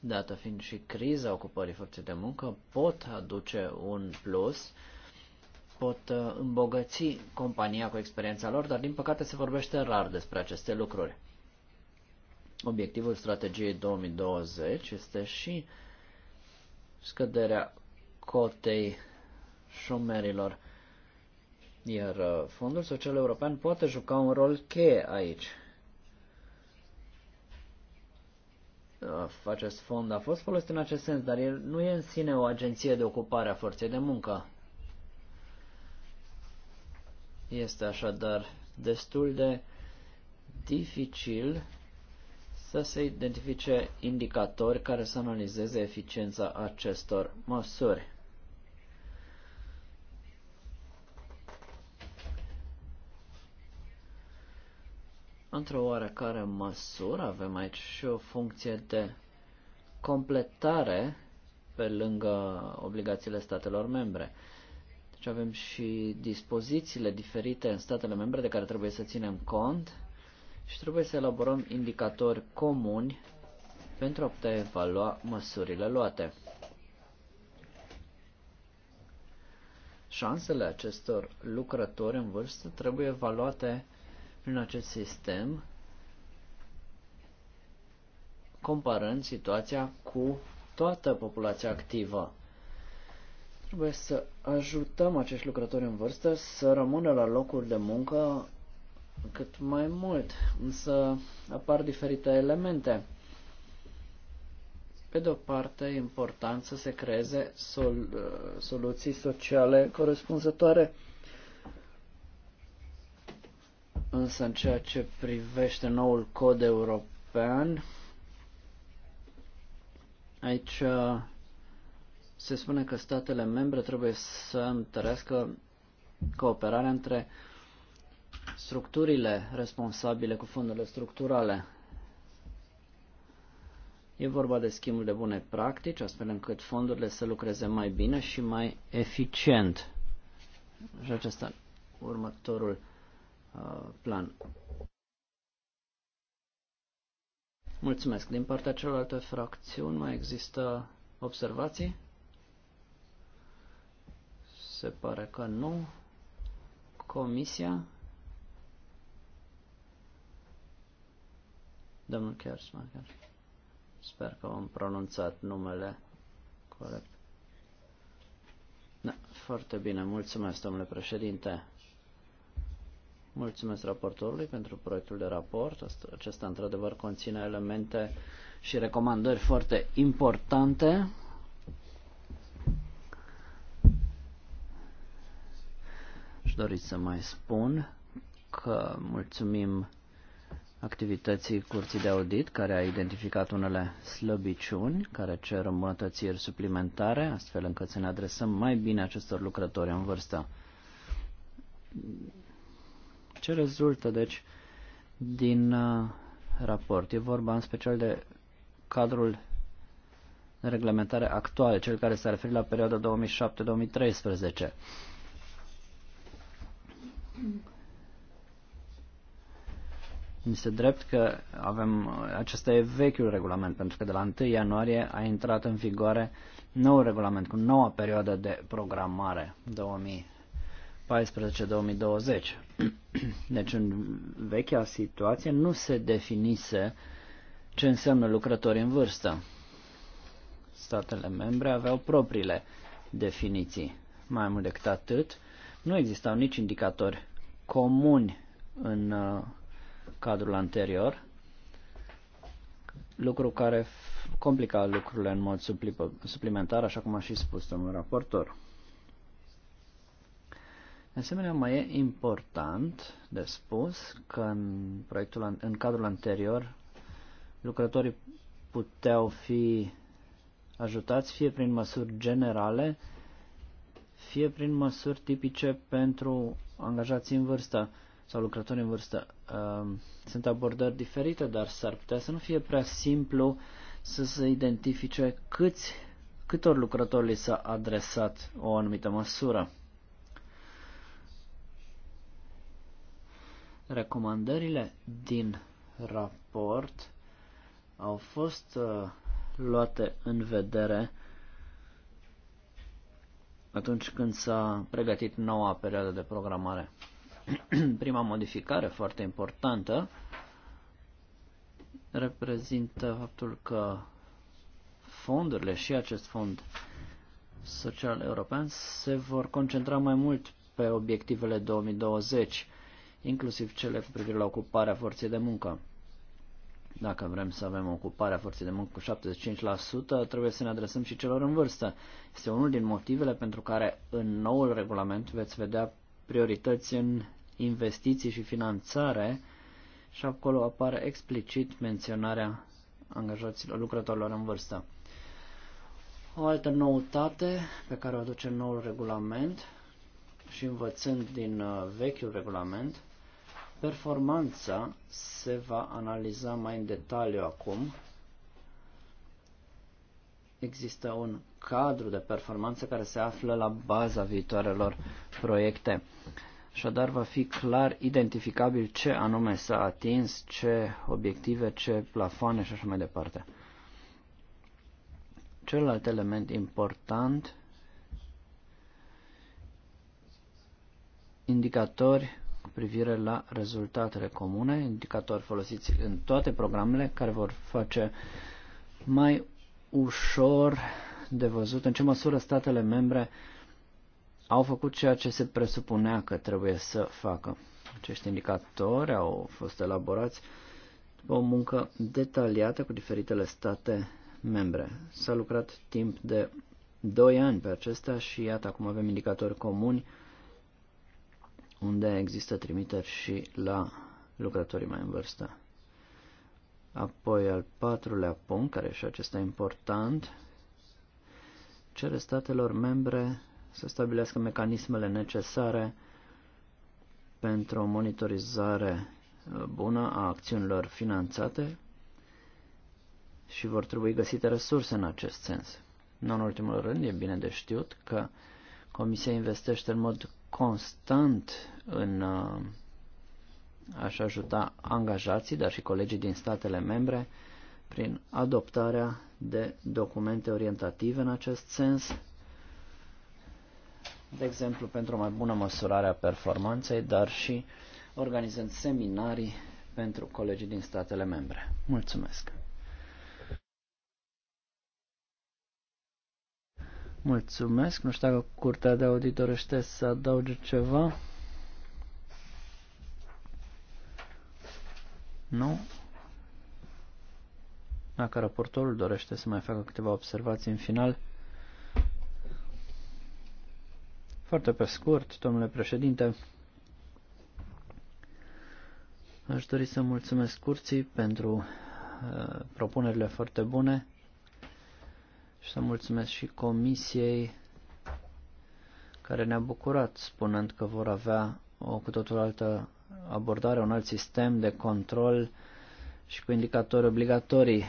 Dată fiind și criza ocupării forței de muncă, pot aduce un plus, pot uh, îmbogăți compania cu experiența lor, dar din păcate se vorbește rar despre aceste lucruri obiectivul strategiei 2020 este și scăderea cotei șomerilor. Iar uh, Fondul Social European poate juca un rol cheie aici. Uh, acest fond a fost folosit în acest sens, dar el nu e în sine o agenție de ocupare a forței de muncă. Este așadar destul de dificil să se identifice indicatori care să analizeze eficiența acestor măsuri. Într-o oarecare măsură avem aici și o funcție de completare pe lângă obligațiile statelor membre. Deci avem și dispozițiile diferite în statele membre de care trebuie să ținem cont și trebuie să elaborăm indicatori comuni pentru a putea evalua măsurile luate. Șansele acestor lucrători în vârstă trebuie evaluate prin acest sistem, comparând situația cu toată populația activă. Trebuie să ajutăm acești lucrători în vârstă să rămână la locuri de muncă cât mai mult, însă apar diferite elemente. Pe de o parte, e important să se creeze sol, uh, soluții sociale corespunzătoare, însă în ceea ce privește noul cod european, aici uh, se spune că statele membre trebuie să întărească cooperarea între uh, structurile responsabile cu fondurile structurale. E vorba de schimbul de bune practici, astfel încât fondurile să lucreze mai bine și mai eficient. Și acesta următorul uh, plan. Mulțumesc. Din partea celorlalte fracțiuni mai există observații? Se pare că nu. Comisia? Domnul Kersmacher. Sper că am pronunțat numele corect. Da, foarte bine. Mulțumesc, domnule președinte. Mulțumesc raportorului pentru proiectul de raport. Acesta, într-adevăr, conține elemente și recomandări foarte importante. Aș dori să mai spun că mulțumim activității Curții de Audit, care a identificat unele slăbiciuni, care cer îmbunătățiri suplimentare, astfel încât să ne adresăm mai bine acestor lucrători în vârstă. Ce rezultă, deci, din uh, raport? E vorba în special de cadrul de reglementare actual, cel care se referit la perioada 2007-2013 este drept că avem, uh, acesta e vechiul regulament, pentru că de la 1 ianuarie a intrat în vigoare nou regulament cu noua perioadă de programare 2014-2020. [CLEARS THROAT] Deci în vechea situație nu se definise ce înseamnă lucrători în vârstă. Statele membre aveau propriile definiții. Mai mult decât atât, nu existau nici indicatori comuni în uh, cadrul anterior, lucru care complica lucrurile în mod suplimentar, așa cum a și spus domnul raportor. De asemenea, mai e important de spus că în, proiectul, în cadrul anterior lucrătorii puteau fi ajutați fie prin măsuri generale, fie prin măsuri tipice pentru angajații în vârstă sau lucrători în vârstă. Ehm, sunt abordări diferite, dar s-ar putea să nu fie prea simplu să se identifice câți, câtor lucrători li s-a adresat o anumită măsură. Recomandările din raport au fost uh, luate în vedere atunci când s-a pregătit noua perioadă de programare. [CLEARS THROAT] Prima modificare foarte importantă reprezintă faptul că fondurile și acest fond social european se vor concentra mai mult pe obiectivele 2020, inclusiv cele cu privire la ocuparea forței de muncă. Dacă vrem să avem ocuparea forței de muncă cu 75%, trebuie să ne adresăm și celor în vârstă. Este unul din motivele pentru care în noul regulament veți vedea priorități în investiții și finanțare și acolo apare explicit menționarea angajaților, lucrătorilor în vârstă. O altă noutate pe care o aduce noul regulament și învățând din uh, vechiul regulament, performanța se va analiza mai în detaliu acum. Există un cadru de performanță care se află la baza viitoarelor proiecte. Așadar va fi clar identificabil ce anume s-a atins, ce obiective, ce plafoane și așa mai departe. Celălalt element important, indicatori cu privire la rezultatele comune, indicatori folosiți în toate programele care vor face mai ușor de văzut în ce măsură statele membre uh, au făcut ceea ce se presupunea că trebuie să facă. Acești indicatori au fost elaborați după o muncă detaliată cu diferitele state membre. S-a lucrat timp de 2 ani pe acestea și iată acum avem indicatori comuni unde există trimiteri și la lucrătorii mai în vârstă. Apoi al patrulea punct, care și acesta important, cere statelor membre să stabilească mecanismele necesare pentru o monitorizare uh, bună a acțiunilor finanțate și vor trebui găsite resurse în acest sens. Nu în ultimul rând, e bine de știut că Comisia investește în mod constant în uh, a-și ajuta angajații, dar și colegii din statele membre, prin adoptarea de documente orientative în acest sens, de exemplu, pentru o mai bună măsurare a performanței, dar și organizând seminarii pentru colegii din statele membre. Mulțumesc! Mulțumesc. Nu știu dacă Curtea de Auditorește să adauge ceva. Nu? Dacă raportorul dorește să mai facă câteva observații în final. Foarte pe scurt, domnule președinte, aș dori să mulțumesc curții pentru uh, propunerile foarte bune și să mulțumesc și comisiei care ne-a bucurat spunând că vor avea o cu totul altă abordare, un alt sistem de control și cu indicatori obligatorii.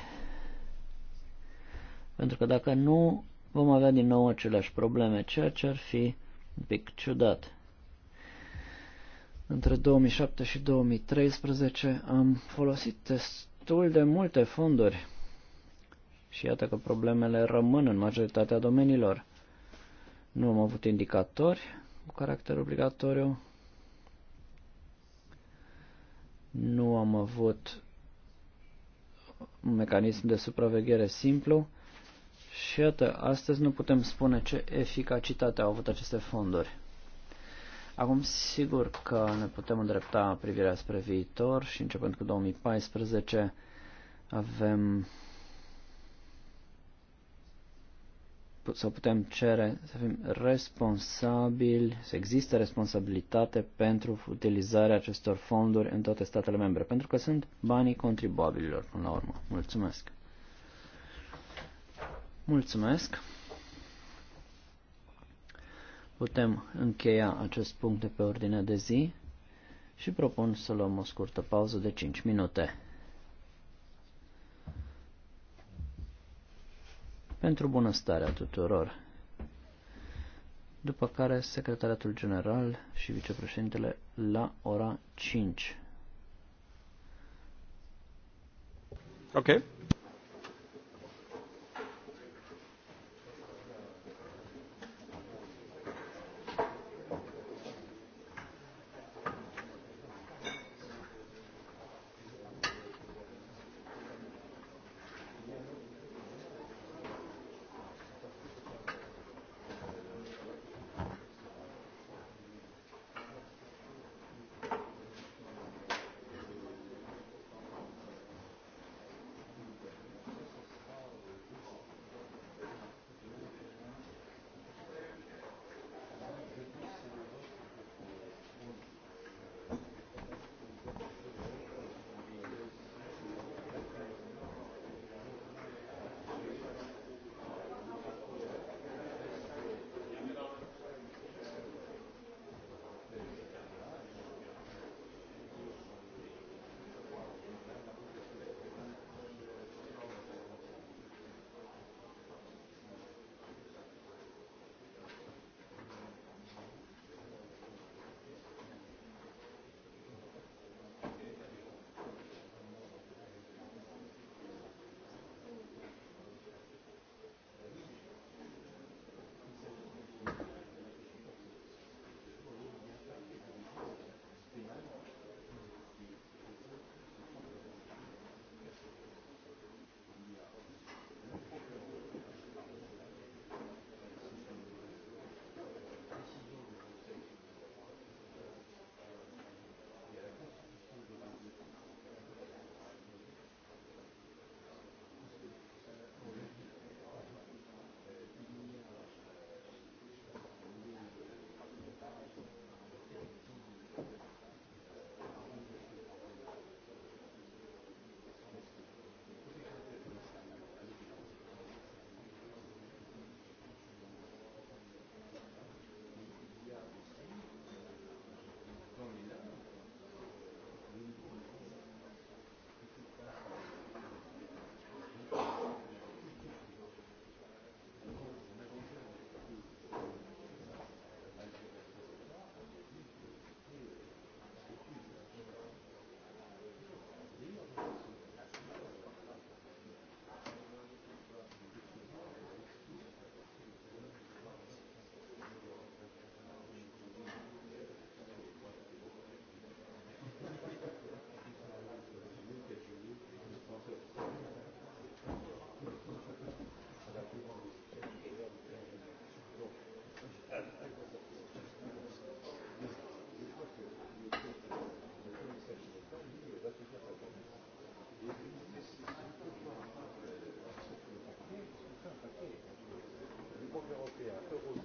Pentru că dacă nu, vom avea din nou aceleași probleme, ceea ce ar fi un pic ciudat. Între 2007 și 2013 am folosit destul de multe fonduri și iată că problemele rămân în majoritatea domeniilor. Nu am avut indicatori cu caracter obligatoriu, nu am avut un mecanism de supraveghere simplu și iată, astăzi nu putem spune ce eficacitate au avut aceste fonduri. Acum, sigur că ne putem îndrepta privirea spre viitor și începând cu 2014 avem sau putem cere să fim responsabili, să existe responsabilitate pentru utilizarea acestor fonduri în toate statele membre, pentru că sunt banii contribuabililor până la urmă. Mulțumesc! Mulțumesc. Putem încheia acest punct de pe ordinea de zi și propun să luăm o scurtă pauză de 5 minute. Pentru bunăstarea tuturor. După care secretariatul general și vicepreședintele la ora 5. Ok. européen, eurozone.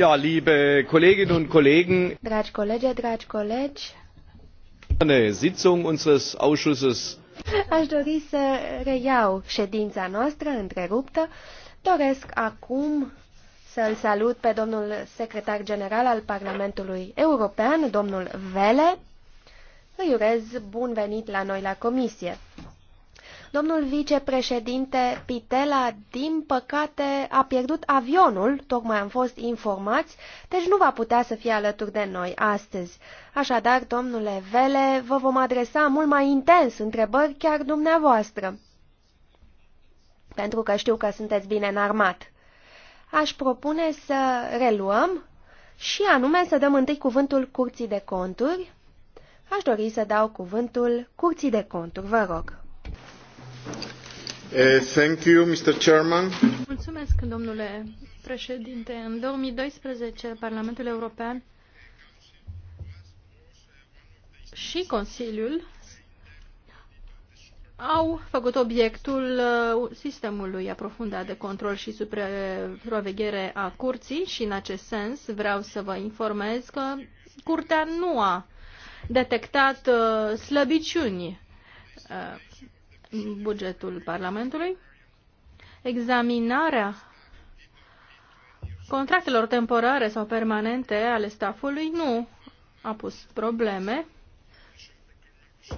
Ja, liebe Kolleginnen und Kollegen, dragi colegi, dragi colegi, eine Sitzung unseres Ausschusses. Aș dori să reiau ședința noastră întreruptă. Doresc acum să-l salut pe domnul secretar general al Parlamentului European, domnul Vele. Îi urez bun venit la noi la comisie. Domnul vicepreședinte Pitela, din păcate, a pierdut avionul, tocmai am fost informați, deci nu va putea să fie alături de noi astăzi. Așadar, domnule Vele, vă vom adresa mult mai intens întrebări chiar dumneavoastră, pentru că știu că sunteți bine înarmat. Aș propune să reluăm și anume să dăm întâi cuvântul Curții de Conturi. Aș dori să dau cuvântul Curții de Conturi, vă rog. Eh, thank you, Mr. Chairman. Mulțumesc, domnule președinte. În 2012, Parlamentul European și Consiliul au făcut obiectul uh, sistemului aprofundat de control și supraveghere a curții și în acest sens vreau să vă informez că curtea nu a detectat uh, slăbiciuni uh, bugetul Parlamentului, examinarea contractelor temporare sau permanente ale stafului nu a pus probleme,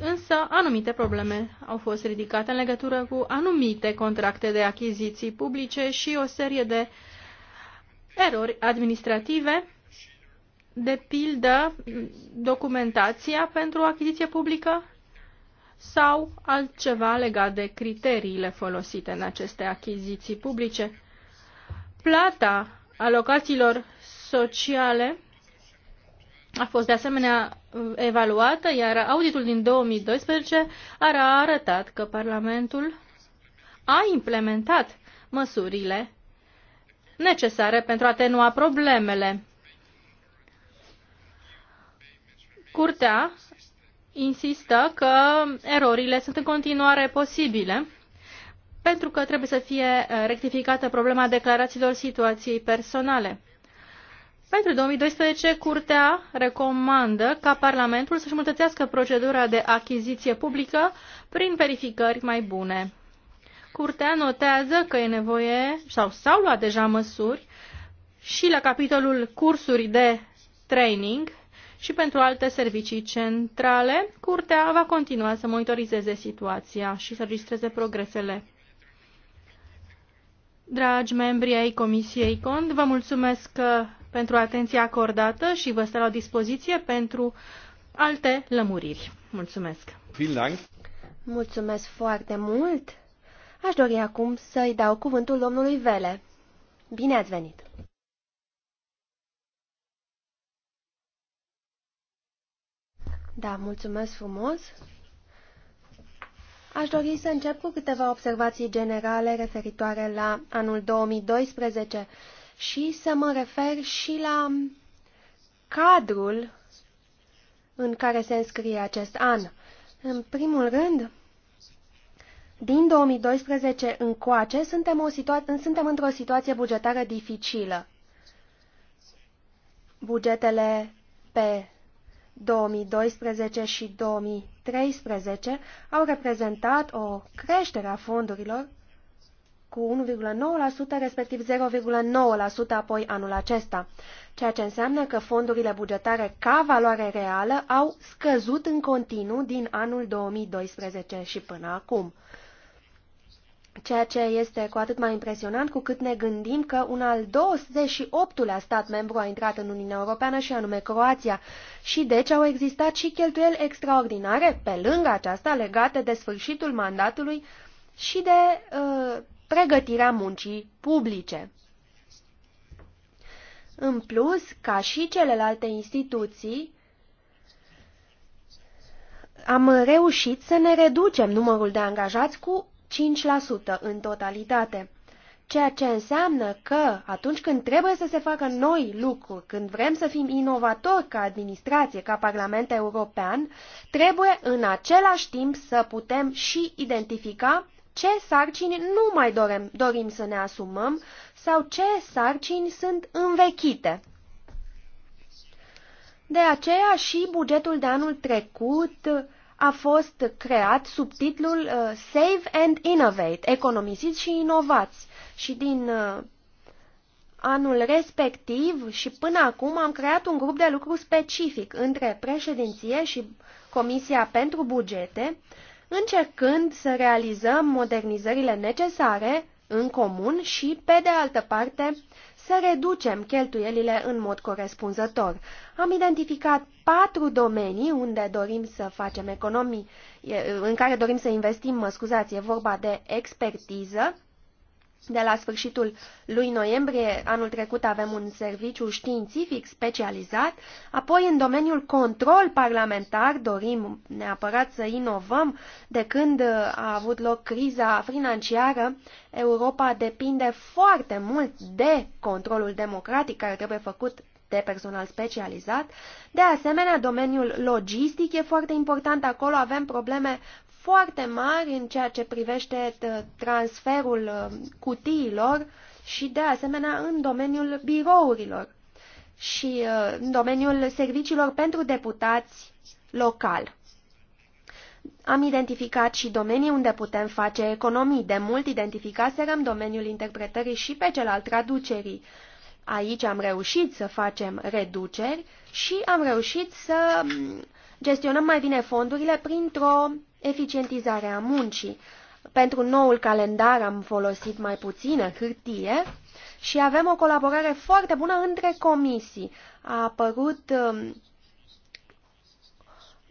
însă anumite probleme au fost ridicate în legătură cu anumite contracte de achiziții publice și o serie de erori administrative, de pildă documentația pentru achiziție publică sau altceva legat de criteriile folosite în aceste achiziții publice. Plata alocațiilor sociale a fost de asemenea uh, evaluată, iar auditul din 2012 a arătat că Parlamentul a implementat măsurile necesare pentru a atenua problemele. Curtea insistă că erorile sunt în continuare posibile pentru că trebuie să fie uh, rectificată problema declarațiilor situației personale. Pentru 2012, Curtea recomandă ca Parlamentul să-și îmbunătățească procedura de achiziție publică prin verificări mai bune. Curtea notează că e nevoie sau s-au luat deja măsuri și la capitolul cursuri de training și pentru alte servicii centrale, Curtea va continua să monitorizeze situația și să registreze progresele. Dragi membri ai Comisiei COND, vă mulțumesc pentru atenția acordată și vă stau la dispoziție pentru alte lămuriri. Mulțumesc! Mulțumesc foarte mult! Aș dori acum să-i dau cuvântul domnului Vele. Bine ați venit! Da, mulțumesc frumos. Aș dori să încep cu câteva observații generale referitoare la anul 2012 și să mă refer și la cadrul în care se înscrie acest an. În primul rând, din 2012 încoace, suntem, o suntem într-o situație bugetară dificilă. Bugetele pe 2012 și 2013 au reprezentat o creștere a fondurilor cu 1,9%, respectiv 0,9% apoi anul acesta, ceea ce înseamnă că fondurile bugetare ca valoare reală au scăzut în continuu din anul 2012 și până acum. Ceea ce este cu atât mai impresionant cu cât ne gândim că un al 28-lea stat membru a intrat în Uniunea Europeană și anume Croația și deci au existat și cheltuieli extraordinare pe lângă aceasta legate de sfârșitul mandatului și de uh, pregătirea muncii publice. În plus, ca și celelalte instituții, am reușit să ne reducem numărul de angajați cu 5% în totalitate. Ceea ce înseamnă că atunci când trebuie să se facă noi lucruri, când vrem să fim inovatori ca administrație, ca Parlament European, trebuie în același timp să putem și identifica ce sarcini nu mai dorem, dorim să ne asumăm sau ce sarcini sunt învechite. De aceea și bugetul de anul trecut a fost creat subtitlul uh, Save and Innovate, economisiți și inovați. Și din uh, anul respectiv și până acum am creat un grup de lucru specific între președinție și Comisia pentru Bugete, încercând să realizăm modernizările necesare în comun și, pe de altă parte, să reducem cheltuielile în mod corespunzător. Am identificat patru domenii unde dorim să facem economii, în care dorim să investim, mă scuzați, e vorba de expertiză, de la sfârșitul lui noiembrie anul trecut avem un serviciu științific specializat, apoi în domeniul control parlamentar dorim neapărat să inovăm. De când a avut loc criza financiară, Europa depinde foarte mult de controlul democratic care trebuie făcut de personal specializat. De asemenea, domeniul logistic e foarte important. Acolo avem probleme foarte mari în ceea ce privește ă, transferul ă, cutiilor și, de asemenea, în domeniul birourilor și ă, în domeniul serviciilor pentru deputați local. Am identificat și domenii unde putem face economii. De mult identificaserăm domeniul interpretării și pe cel al traducerii. Aici am reușit să facem reduceri și am reușit să mm, gestionăm mai bine fondurile printr-o eficientizarea muncii. Pentru noul calendar am folosit mai puțină hârtie și avem o colaborare foarte bună între comisii. A apărut um,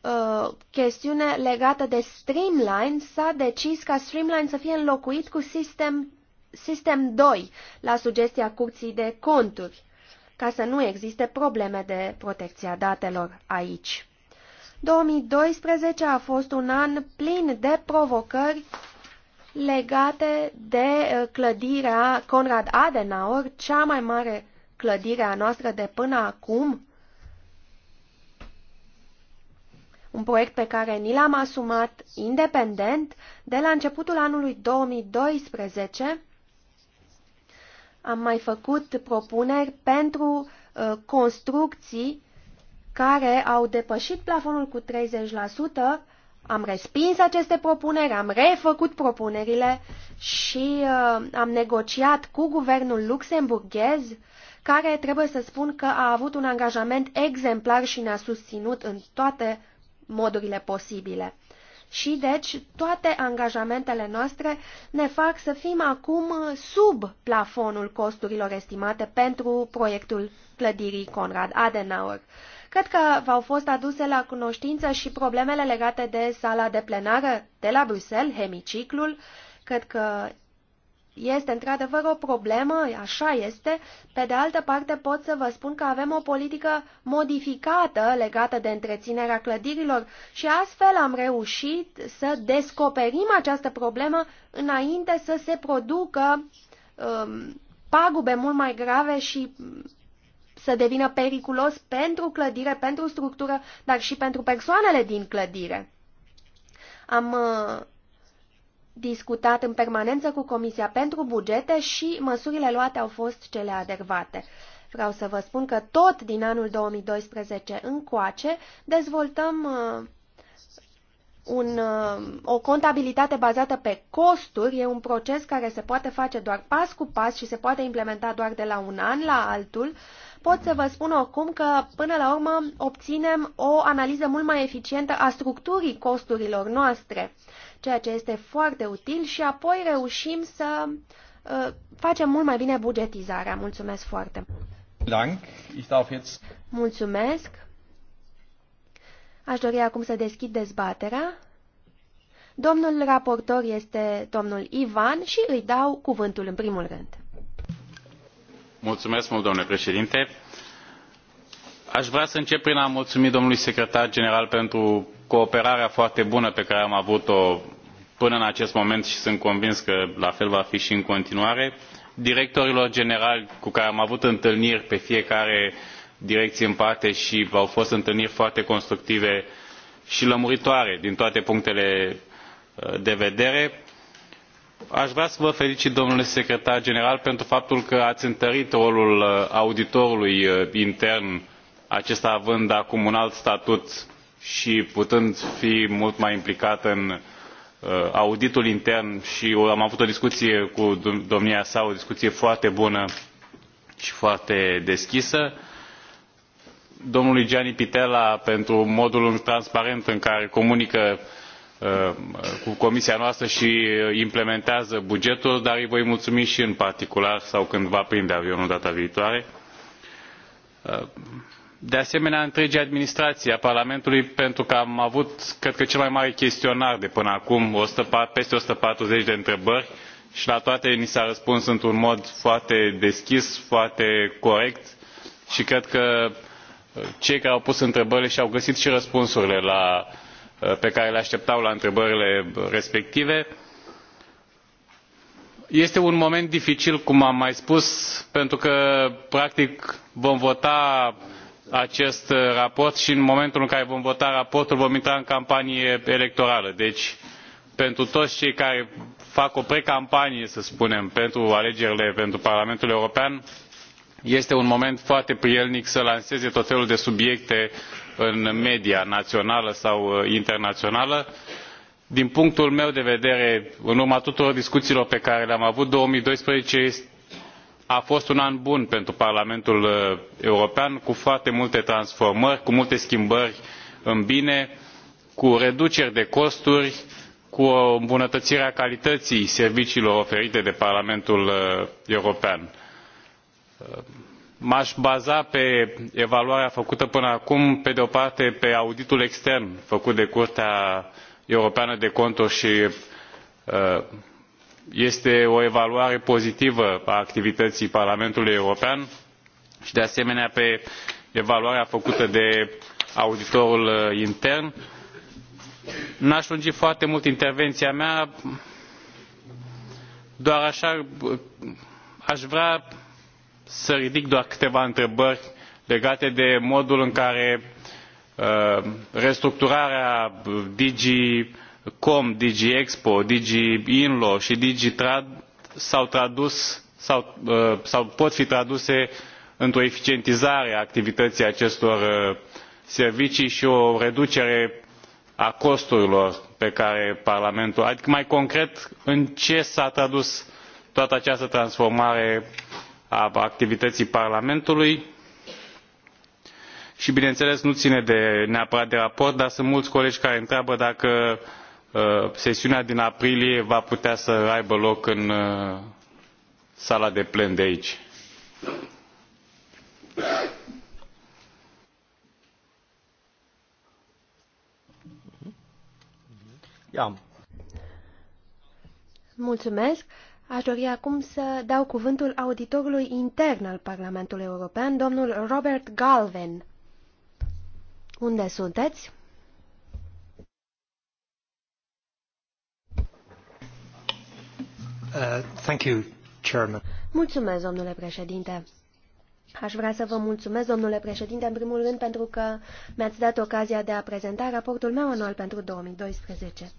uh, chestiune legată de Streamline. S-a decis ca Streamline să fie înlocuit cu System, System 2 la sugestia Curții de Conturi ca să nu existe probleme de protecția datelor aici. 2012 a fost un an plin de provocări legate de uh, clădirea Conrad Adenauer, cea mai mare clădire a noastră de până acum, un proiect pe care ni l-am asumat independent de la începutul anului 2012. Am mai făcut propuneri pentru uh, construcții care au depășit plafonul cu 30%, am respins aceste propuneri, am refăcut propunerile și uh, am negociat cu guvernul luxemburghez, care trebuie să spun că a avut un angajament exemplar și ne-a susținut în toate modurile posibile. Și deci toate angajamentele noastre ne fac să fim acum sub plafonul costurilor estimate pentru proiectul clădirii Conrad Adenauer. Cred că v-au fost aduse la cunoștință și problemele legate de sala de plenară de la Bruxelles, hemiciclul. Cred că este într-adevăr o problemă, așa este. Pe de altă parte pot să vă spun că avem o politică modificată legată de întreținerea clădirilor și astfel am reușit să descoperim această problemă înainte să se producă um, pagube mult mai grave și să devină periculos pentru clădire, pentru structură, dar și pentru persoanele din clădire. Am uh, discutat în permanență cu Comisia pentru Bugete și măsurile luate au fost cele adervate. Vreau să vă spun că tot din anul 2012 încoace dezvoltăm uh, un, uh, o contabilitate bazată pe costuri e un proces care se poate face doar pas cu pas și se poate implementa doar de la un an la altul, pot să vă spun oricum că până la urmă obținem o analiză mult mai eficientă a structurii costurilor noastre, ceea ce este foarte util și apoi reușim să uh, facem mult mai bine bugetizarea. Mulțumesc foarte mult! Mulțumesc! Aș dori acum să deschid dezbaterea. Domnul raportor este domnul Ivan și îi dau cuvântul în primul rând. Mulțumesc mult, domnule președinte. Aș vrea să încep prin a mulțumi domnului secretar general pentru cooperarea foarte bună pe care am avut-o până în acest moment și sunt convins că la fel va fi și în continuare directorilor generali cu care am avut întâlniri pe fiecare direcții în parte și au fost întâlniri foarte constructive și lămuritoare din toate punctele uh, de vedere. Aș vrea să vă felicit, domnule secretar general, pentru faptul că ați întărit rolul uh, auditorului uh, intern, acesta având acum un alt statut și putând fi mult mai implicat în auditul intern și am avut o discuție cu domnia sa, o discuție foarte bună și foarte deschisă domnului gianni pittella pentru modul transparent în care comunică uh, cu comisia noastră și implementează bugetul dar îi voi mulțumi și în particular sau când va prinde avionul data viitoare. Uh, de asemenea întregii administrații a parlamentului pentru că am avut cred că cel mai mare chestionar de până acum 100, peste o sută patruzeci de întrebări și la toate ni s a răspuns într un mod foarte deschis foarte corect și cred că cei care au pus întrebările și au găsit și răspunsurile la, uh, pe care le așteptau la întrebările respective. Este un moment dificil, cum am mai spus, pentru că, practic, vom vota acest raport și în momentul în care vom vota raportul vom intra în campanie electorală. Deci, pentru toți cei care fac o precampanie, să spunem, pentru alegerile pentru Parlamentul European, este un moment foarte prielnic să lanseze tot felul de subiecte în media națională sau uh, internațională. din punctul meu de vedere în urma tuturor discuțiilor pe care le am avut două mii doisprezece a fost un an bun pentru parlamentul uh, european cu foarte multe transformări cu multe schimbări în bine cu reduceri de costuri cu o îmbunătățire a calității serviciilor oferite de parlamentul uh, european m aș baza pe evaluarea făcută până acum pe de o parte pe auditul extern făcut de curtea europeană de conturi și uh, este o evaluare pozitivă a activității parlamentului european și de asemenea pe evaluarea făcută de auditorul uh, intern. n aș lungi foarte mult intervenția mea doar așa uh, aș vrea să ridic doar câteva întrebări legate de modul în care uh, restructurarea dg com dg expo dg inlo și dg trad s au tradus sau, uh, sau pot fi traduse într o eficientizare a activității acestor uh, servicii și o reducere a costurilor pe care parlamentul adică mai concret în ce s a tradus toată această transformare a activității Parlamentului și, bineînțeles, nu ține de, neapărat de raport, dar sunt mulți colegi care întreabă dacă uh, sesiunea din aprilie va putea să aibă loc în uh, sala de plen de aici. Mulțumesc. Aș dori acum să dau cuvântul auditorului intern al Parlamentului European, domnul Robert Galven. Unde sunteți? Uh, thank you, Chairman. Mulțumesc, domnule președinte. Aș vrea să vă mulțumesc, domnule președinte, în primul rând pentru că mi-ați dat ocazia de a prezenta raportul meu anual pentru 2012.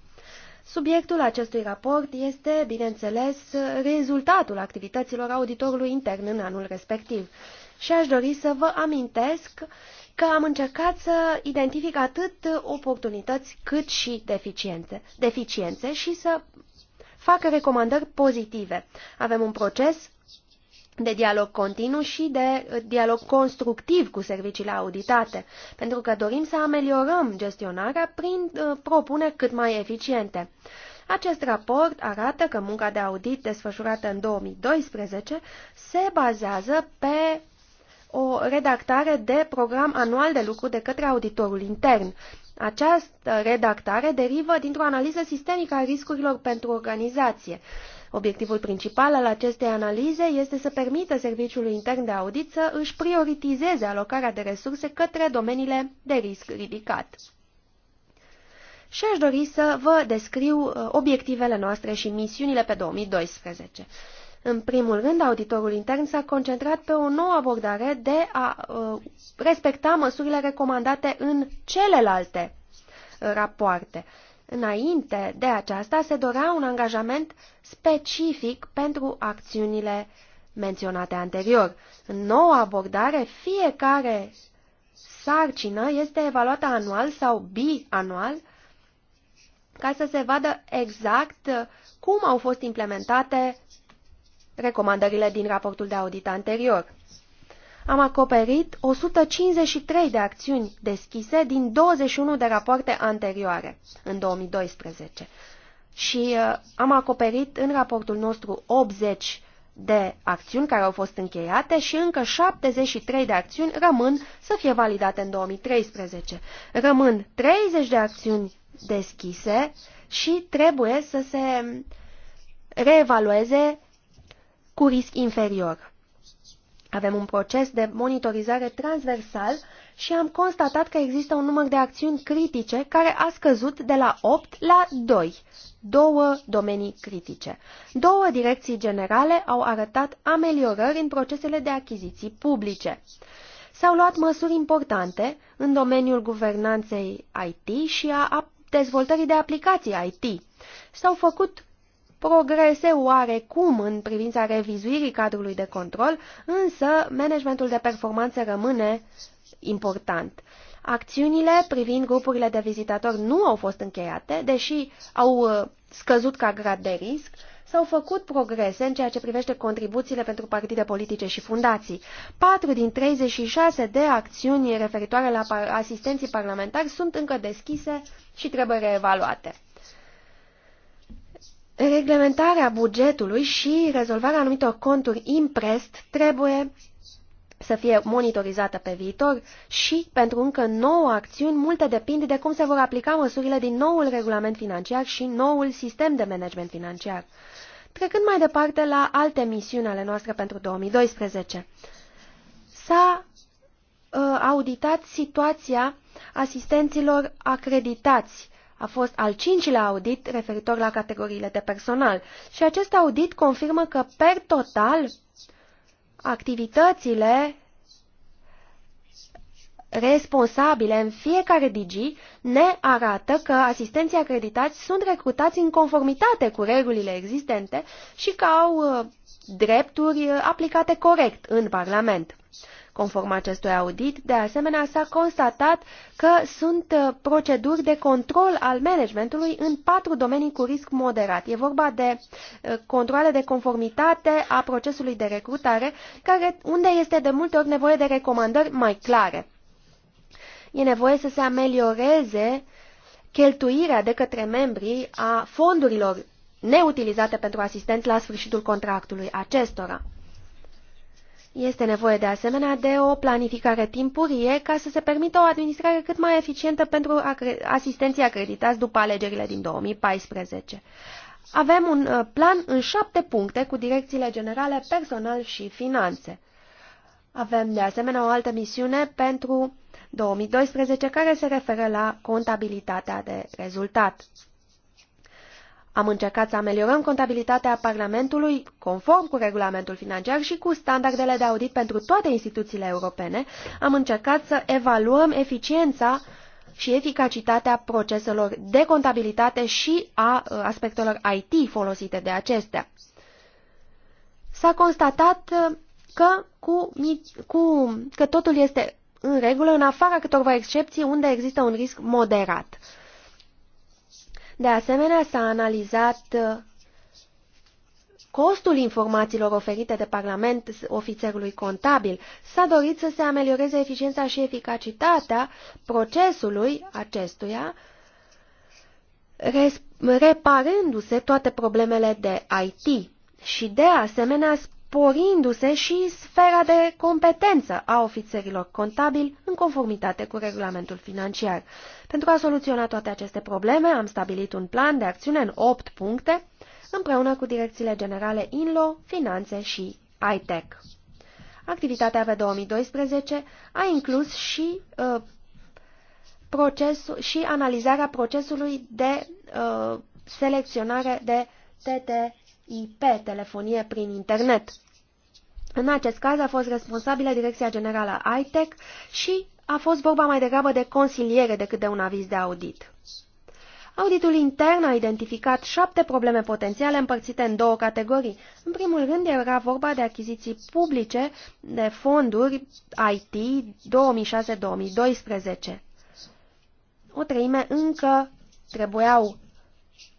Subiectul acestui raport este, bineînțeles, rezultatul activităților auditorului intern în anul respectiv. Și aș dori să vă amintesc că am încercat să identific atât oportunități cât și deficiențe, deficiențe și să facă recomandări pozitive. Avem un proces de dialog continuu și de uh, dialog constructiv cu serviciile auditate, pentru că dorim să ameliorăm gestionarea prin uh, propuneri cât mai eficiente. Acest raport arată că munca de audit desfășurată în 2012 se bazează pe o redactare de program anual de lucru de către auditorul intern. Această redactare derivă dintr-o analiză sistemică a riscurilor pentru organizație Obiectivul principal al acestei analize este să permită Serviciului Intern de Audit să își prioritizeze alocarea de resurse către domeniile de risc ridicat. Și aș dori să vă descriu uh, obiectivele noastre și misiunile pe 2012. În primul rând, auditorul intern s-a concentrat pe o nouă abordare de a uh, respecta măsurile recomandate în celelalte uh, rapoarte. Uh, Înainte de aceasta se dorea un angajament specific pentru acțiunile menționate anterior. În noua abordare, fiecare sarcină este evaluată anual sau bianual ca să se vadă exact cum au fost implementate recomandările din raportul de audit anterior am acoperit 153 de acțiuni deschise din 21 de rapoarte anterioare în 2012 și uh, am acoperit în raportul nostru 80 de acțiuni care au fost încheiate și încă 73 de acțiuni rămân să fie validate în 2013. Rămân 30 de acțiuni deschise și trebuie să se reevalueze cu risc inferior. Avem un proces de monitorizare transversal și am constatat că există un număr de acțiuni critice care a scăzut de la 8 la 2, două domenii critice. Două direcții generale au arătat ameliorări în procesele de achiziții publice. S-au luat măsuri importante în domeniul guvernanței IT și a dezvoltării de aplicații IT. S-au făcut progrese oarecum în privința revizuirii cadrului de control, însă managementul de performanță rămâne important. Acțiunile privind grupurile de vizitatori nu au fost încheiate, deși au uh, scăzut ca grad de risc, s-au făcut progrese în ceea ce privește contribuțiile pentru partide politice și fundații. Patru din 36 de acțiuni referitoare la asistenții parlamentari sunt încă deschise și trebuie reevaluate. Reglementarea bugetului și rezolvarea anumitor conturi imprest trebuie să fie monitorizată pe viitor și, pentru încă nouă acțiuni, multe depind de cum se vor aplica măsurile din noul regulament financiar și noul sistem de management financiar. Trecând mai departe la alte misiuni ale noastre pentru 2012, s-a uh, auditat situația asistenților acreditați a fost al cincilea audit referitor la categoriile de personal și acest audit confirmă că, per total, activitățile responsabile în fiecare DG ne arată că asistenții acreditați sunt recrutați în conformitate cu regulile existente și că au uh, drepturi uh, aplicate corect în Parlament. Conform acestui audit, de asemenea, s-a constatat că sunt uh, proceduri de control al managementului în patru domenii cu risc moderat. E vorba de uh, controle de conformitate a procesului de recrutare, care, unde este de multe ori nevoie de recomandări mai clare. E nevoie să se amelioreze cheltuirea de către membrii a fondurilor neutilizate pentru asistenți la sfârșitul contractului acestora. Este nevoie de asemenea de o planificare timpurie ca să se permită o administrare cât mai eficientă pentru asistenții acreditați după alegerile din 2014. Avem un uh, plan în șapte puncte cu direcțiile generale personal și finanțe. Avem de asemenea o altă misiune pentru 2012 care se referă la contabilitatea de rezultat. Am încercat să ameliorăm contabilitatea Parlamentului conform cu regulamentul financiar și cu standardele de audit pentru toate instituțiile europene. Am încercat să evaluăm eficiența și eficacitatea proceselor de contabilitate și a uh, aspectelor IT folosite de acestea. S-a constatat uh, că, cu, cu, că totul este în regulă, în afara câtorva excepții unde există un risc moderat. De asemenea, s-a analizat uh, costul informațiilor oferite de Parlament ofițerului contabil. S-a dorit să se amelioreze eficiența și eficacitatea procesului acestuia, reparându-se toate problemele de IT. Și de asemenea sporindu-se și sfera de competență a ofițerilor contabili în conformitate cu regulamentul financiar. Pentru a soluționa toate aceste probleme, am stabilit un plan de acțiune în 8 puncte, împreună cu direcțiile generale INLO, Finanțe și ITEC. Activitatea pe 2012 a inclus și, uh, procesul, și analizarea procesului de uh, selecționare de TT IP, telefonie prin internet. În acest caz a fost responsabilă Direcția Generală ITEC și a fost vorba mai degrabă de consiliere decât de un aviz de audit. Auditul intern a identificat șapte probleme potențiale împărțite în două categorii. În primul rând era vorba de achiziții publice de fonduri IT 2006-2012. O treime încă trebuiau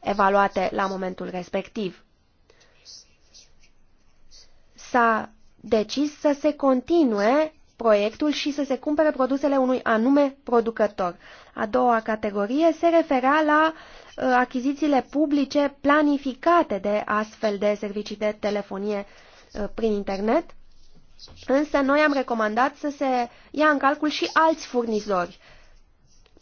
evaluate la momentul respectiv s-a decis să se continue proiectul și să se cumpere produsele unui anume producător. A doua categorie se referea la uh, achizițiile publice planificate de astfel de servicii de telefonie uh, prin internet, însă noi am recomandat să se ia în calcul și alți furnizori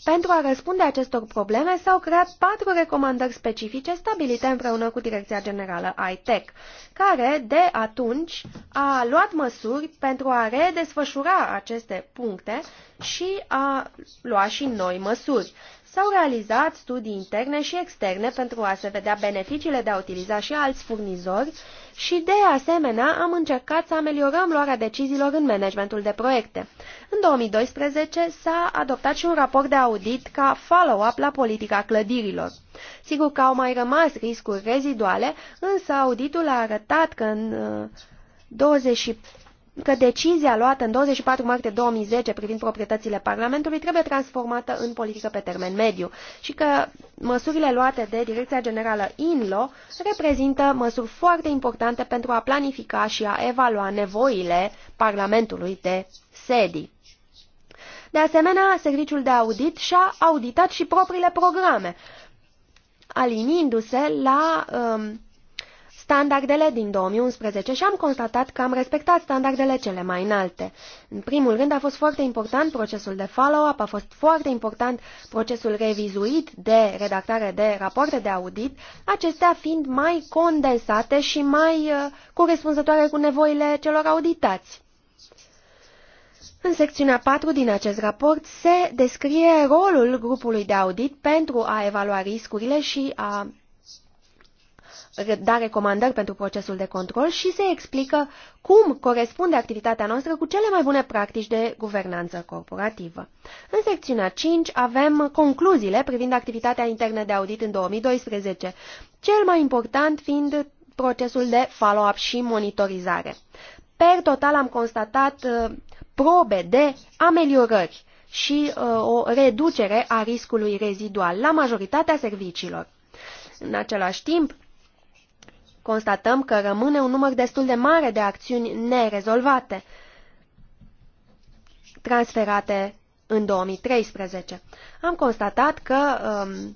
pentru a răspunde acestor probleme s-au creat patru recomandări specifice stabilite împreună cu Direcția Generală ITEC, care de atunci a luat măsuri pentru a redesfășura aceste puncte și a lua și noi măsuri. S-au realizat studii interne și externe pentru a se vedea beneficiile de a utiliza și alți furnizori și, de asemenea, am încercat să ameliorăm luarea deciziilor în managementul de proiecte. În 2012 s-a adoptat și un raport de audit ca follow-up la politica clădirilor. Sigur că au mai rămas riscuri reziduale, însă auditul a arătat că în 20. Uh, că decizia luată în 24 martie 2010 privind proprietățile Parlamentului trebuie transformată în politică pe termen mediu și că măsurile luate de Direcția Generală INLO reprezintă măsuri foarte importante pentru a planifica și a evalua nevoile Parlamentului de sedii. De asemenea, Serviciul de Audit și-a auditat și propriile programe, aliniindu-se la... Um, standardele din 2011 și am constatat că am respectat standardele cele mai înalte. În primul rând a fost foarte important procesul de follow-up, a fost foarte important procesul revizuit de redactare de rapoarte de audit, acestea fiind mai condensate și mai uh, corespunzătoare cu nevoile celor auditați. În secțiunea 4 din acest raport se descrie rolul grupului de audit pentru a evalua riscurile și a da recomandări pentru procesul de control și se explică cum corespunde activitatea noastră cu cele mai bune practici de guvernanță corporativă. În secțiunea 5 avem concluziile privind activitatea internă de audit în 2012, cel mai important fiind procesul de follow-up și monitorizare. Per total am constatat uh, probe de ameliorări și uh, o reducere a riscului rezidual la majoritatea serviciilor. În același timp, Constatăm că rămâne un număr destul de mare de acțiuni nerezolvate, transferate în 2013. Am constatat că um,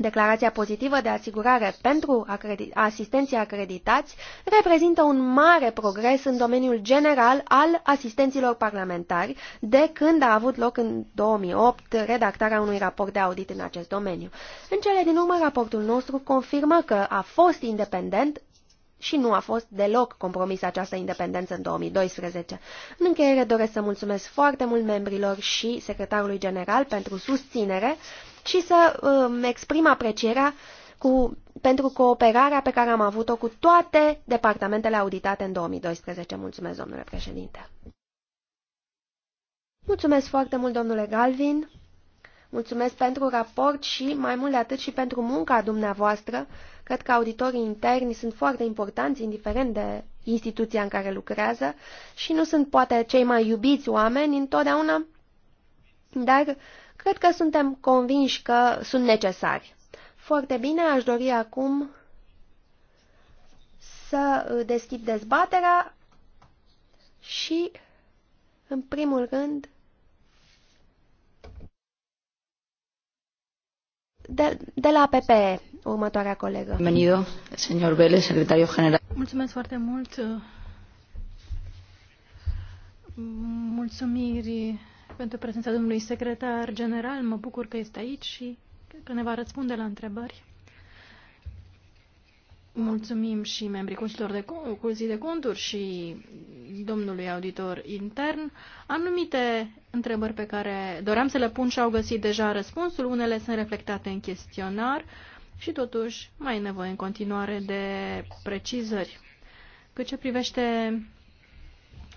Declarația pozitivă de asigurare pentru asistenții acreditați reprezintă un mare progres în domeniul general al asistenților parlamentari de când a avut loc în 2008 redactarea unui raport de audit în acest domeniu. În cele din urmă, raportul nostru confirmă că a fost independent și nu a fost deloc compromis această independență în 2012. În încheiere doresc să mulțumesc foarte mult membrilor și secretarului general pentru susținere și să îmi um, exprim aprecierea cu, pentru cooperarea pe care am avut-o cu toate departamentele auditate în 2012. Mulțumesc, domnule președinte! Mulțumesc foarte mult, domnule Galvin! Mulțumesc pentru raport și, mai mult de atât, și pentru munca dumneavoastră. Cred că auditorii interni sunt foarte importanți, indiferent de instituția în care lucrează și nu sunt poate cei mai iubiți oameni întotdeauna, dar Cred că suntem convinși că sunt necesari. Foarte bine, aș dori acum să deschid dezbaterea și, în primul rând, de, de la PPE, următoarea colegă. Bienvenido, señor Vélez, secretario general. Mulțumesc foarte mult. Mulțumiri pentru prezența domnului secretar general. Mă bucur că este aici și că ne va răspunde la întrebări. Mulțumim și membrii Consiliului de, Con de Conturi și domnului auditor intern. Am numite întrebări pe care doream să le pun și au găsit deja răspunsul. Unele sunt reflectate în chestionar și totuși mai e nevoie în continuare de precizări. Cât ce privește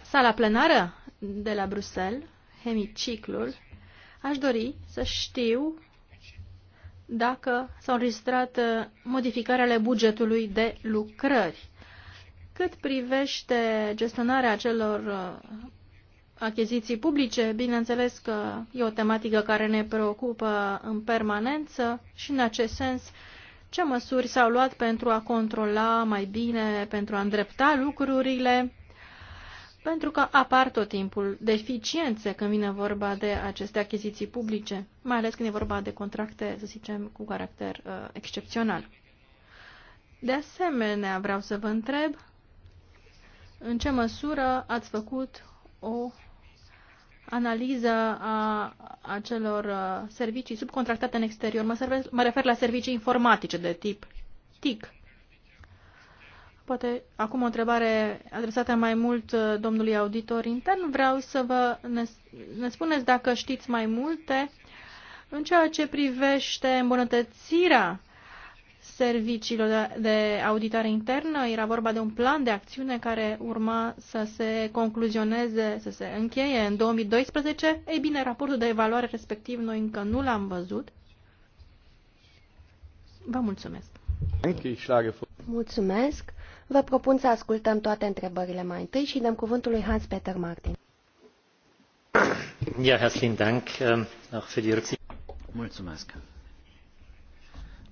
sala plenară de la Bruxelles, hemiciclul, aș dori să știu dacă s-au înregistrat uh, modificări ale bugetului de lucrări. Cât privește gestionarea acelor uh, achiziții publice, bineînțeles că e o tematică care ne preocupă în permanență și în acest sens ce măsuri s-au luat pentru a controla mai bine, pentru a îndrepta lucrurile pentru că apar tot timpul deficiențe când vine vorba de aceste achiziții publice, mai ales când e vorba de contracte, să zicem, cu caracter uh, excepțional. De asemenea, vreau să vă întreb în ce măsură ați făcut o analiză a acelor uh, servicii subcontractate în exterior. Mă, refer la servicii informatice de tip TIC. Poate acum o întrebare adresată mai mult uh, domnului auditor intern. Vreau să vă ne, ne spuneți dacă știți mai multe în ceea ce privește îmbunătățirea serviciilor de auditare internă. Era vorba de un plan de acțiune care urma să se concluzioneze, să se încheie în 2012. Ei bine, raportul de evaluare respectiv noi încă nu l-am văzut. Vă mulțumesc! Mulțumesc! Vă propun să ascultăm toate întrebările mai întâi și dăm cuvântul lui Hans-Peter Martin. Ja, herzlichen Dank ähm, auch für die Mulțumesc.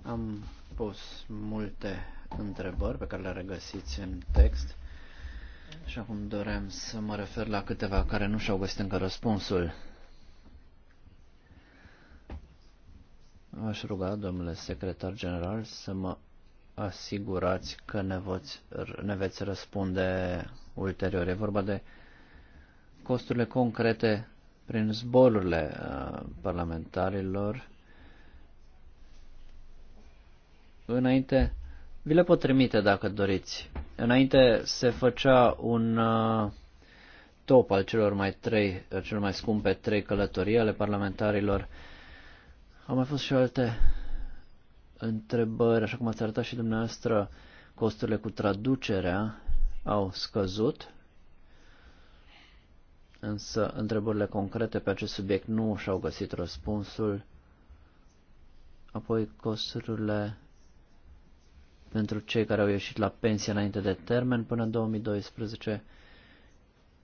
Am pus multe întrebări pe care le regăsiți în text și acum dorem să mă refer la câteva care nu și-au găsit încă răspunsul. Aș ruga, domnule secretar general, să mă asigurați că ne, voți, ne veți răspunde ulterior. E vorba de costurile concrete prin zborurile uh, parlamentarilor. Înainte, vi le pot trimite dacă doriți. Înainte se făcea un uh, top al celor mai, trei, celor mai scumpe trei călătorii ale parlamentarilor. Au mai fost și alte întrebări, așa cum ați arătat și dumneavoastră, costurile cu traducerea au scăzut, însă întrebările concrete pe acest subiect nu și-au găsit răspunsul. Apoi costurile pentru cei care au ieșit la pensie înainte de termen până în 2012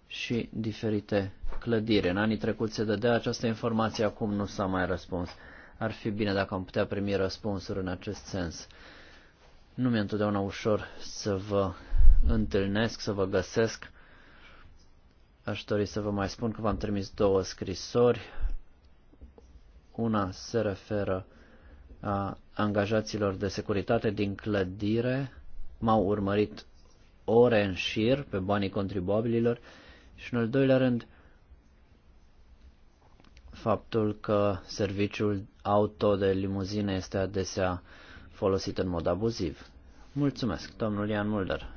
și diferite clădiri. În anii trecuți se dădea această informație, acum nu s-a mai răspuns. Ar fi bine dacă am putea primi răspunsuri în acest sens. Nu mi-e întotdeauna ușor să vă întâlnesc, să vă găsesc. Aș dori să vă mai spun că v-am trimis două scrisori. Una se referă a angajaților de securitate din clădire. M-au urmărit ore în șir pe banii contribuabililor și în al doilea rând faptul că serviciul auto de limuzine este adesea folosit în mod abuziv. Mulțumesc, domnul Ian Mulder.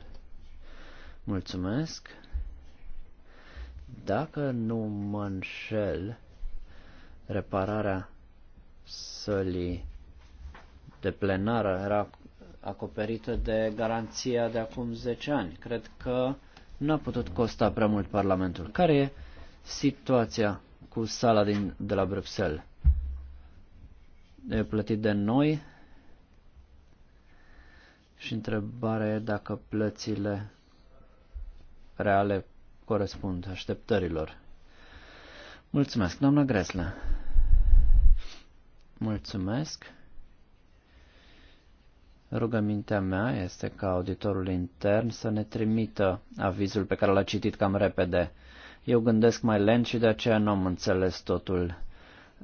Mulțumesc. Dacă nu mă înșel, repararea sălii de plenară era acoperită de garanția de acum 10 ani. Cred că nu a putut costa prea mult Parlamentul. Care e situația cu sala din, de la Bruxelles. E plătit de noi și întrebarea e dacă plățile reale corespund așteptărilor. Mulțumesc, doamna Gresle. Mulțumesc. Rugămintea mea este ca auditorul intern să ne trimită avizul pe care l-a citit cam repede. Eu gândesc mai lent și de aceea nu am înțeles totul.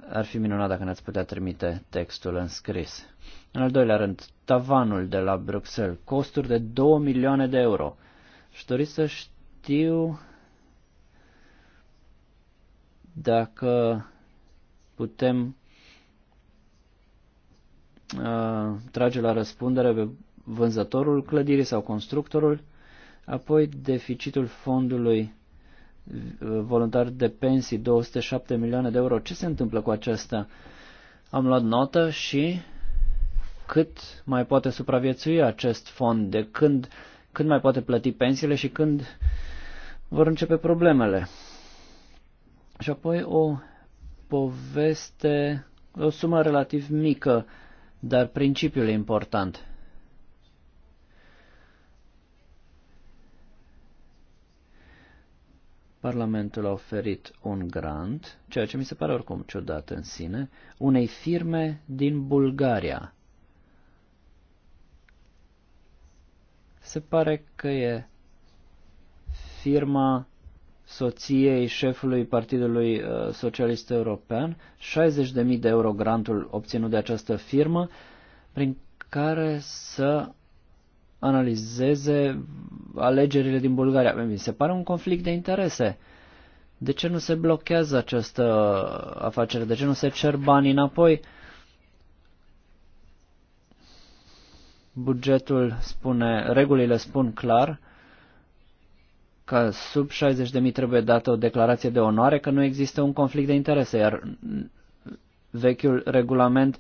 Ar fi minunat dacă ne-ați putea trimite textul în scris. În al doilea rând, tavanul de la Bruxelles, costuri de 2 milioane de euro. Și dori să știu dacă putem uh, trage la răspundere pe vânzătorul clădirii sau constructorul, apoi deficitul fondului voluntari de pensii, 207 milioane de euro. Ce se întâmplă cu acesta? Am luat notă și cât mai poate supraviețui acest fond, de când, când mai poate plăti pensiile și când vor începe problemele. Și apoi o poveste, o sumă relativ mică, dar principiul e important. Parlamentul a oferit un grant, ceea ce mi se pare oricum ciudat în sine, unei firme din Bulgaria. Se pare că e firma soției șefului Partidului uh, Socialist European, 60.000 de euro grantul obținut de această firmă, prin care să analizeze alegerile din Bulgaria. Mi se pare un conflict de interese. De ce nu se blochează această afacere? De ce nu se cer banii înapoi? Bugetul spune, regulile spun clar că sub 60.000 trebuie dată o declarație de onoare că nu există un conflict de interese, iar vechiul regulament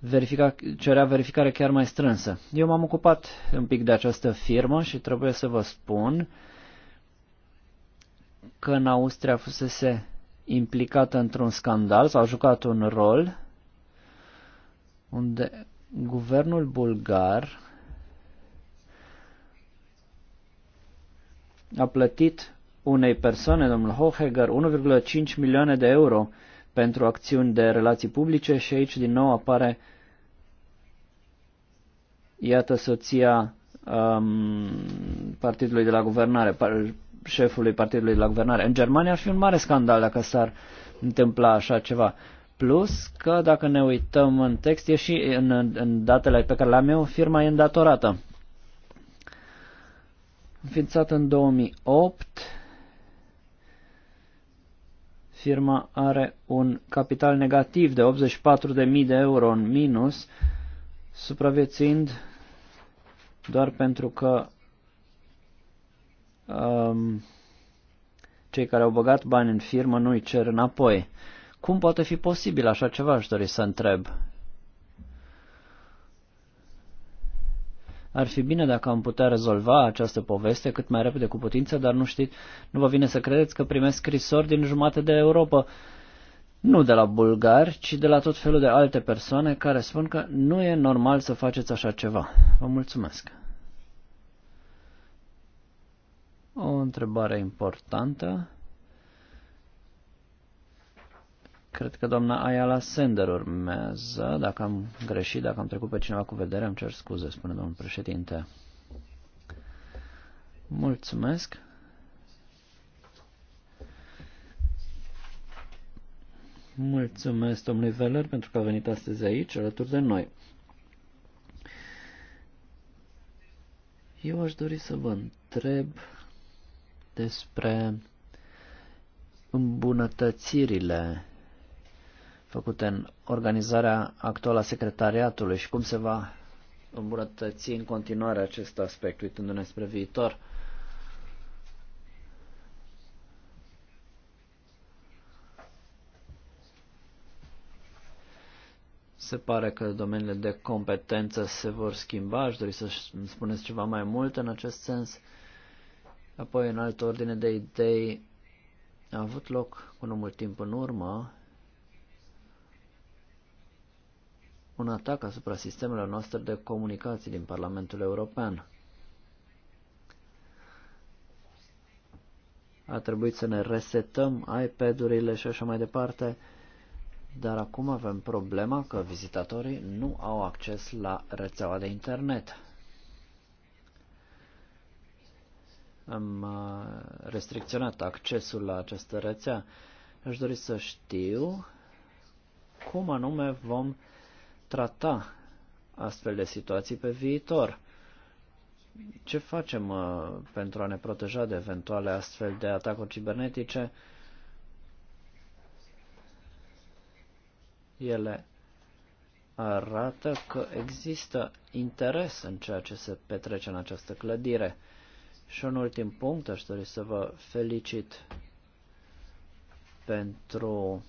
verifica, cerea verificare chiar mai strânsă. Eu m-am ocupat un pic de această firmă și trebuie să vă spun că în Austria fusese implicată într-un scandal sau a jucat un rol unde guvernul bulgar a plătit unei persoane, domnul Hoheger, 1,5 milioane de euro pentru acțiuni de relații publice și aici din nou apare, iată, soția um, partidului de la guvernare, par, șefului partidului de la guvernare. În Germania ar fi un mare scandal dacă s-ar întâmpla așa ceva. Plus că dacă ne uităm în text, e și în, în datele pe care le-am eu, firma e îndatorată. Înființată în 2008, firma are un capital negativ de 84.000 de euro în minus, supraviețind doar pentru că um, cei care au băgat bani în firmă nu îi cer înapoi. Cum poate fi posibil așa ceva, aș dori să întreb. Ar fi bine dacă am putea rezolva această poveste cât mai repede cu putință, dar nu știți, nu vă vine să credeți că primesc scrisori din jumate de Europa, nu de la bulgari, ci de la tot felul de alte persoane care spun că nu e normal să faceți așa ceva. Vă mulțumesc. O întrebare importantă. Cred că doamna Ayala Sender urmează. Dacă am greșit, dacă am trecut pe cineva cu vedere, îmi cer scuze, spune domnul președinte. Mulțumesc. Mulțumesc domnului Veller pentru că a venit astăzi aici, alături de noi. Eu aș dori să vă întreb despre îmbunătățirile făcute în organizarea actuală a secretariatului și cum se va îmbunătăți în continuare acest aspect, uitându-ne spre viitor. Se pare că domeniile de competență se vor schimba. Aș dori să spuneți ceva mai mult în acest sens. Apoi, în altă ordine de idei, a avut loc cu nu mult timp în urmă un atac asupra sistemelor noastre de comunicații din Parlamentul European. A trebuit să ne resetăm iPad-urile și așa mai departe, dar acum avem problema că vizitatorii nu au acces la rețeaua de internet. Am uh, restricționat accesul la această rețea. Aș dori să știu cum anume vom trata astfel de situații pe viitor? Ce facem uh, pentru a ne proteja de eventuale astfel de atacuri cibernetice? Ele arată că există interes în ceea ce se petrece în această clădire. Și un ultim punct, aș dori să vă felicit pentru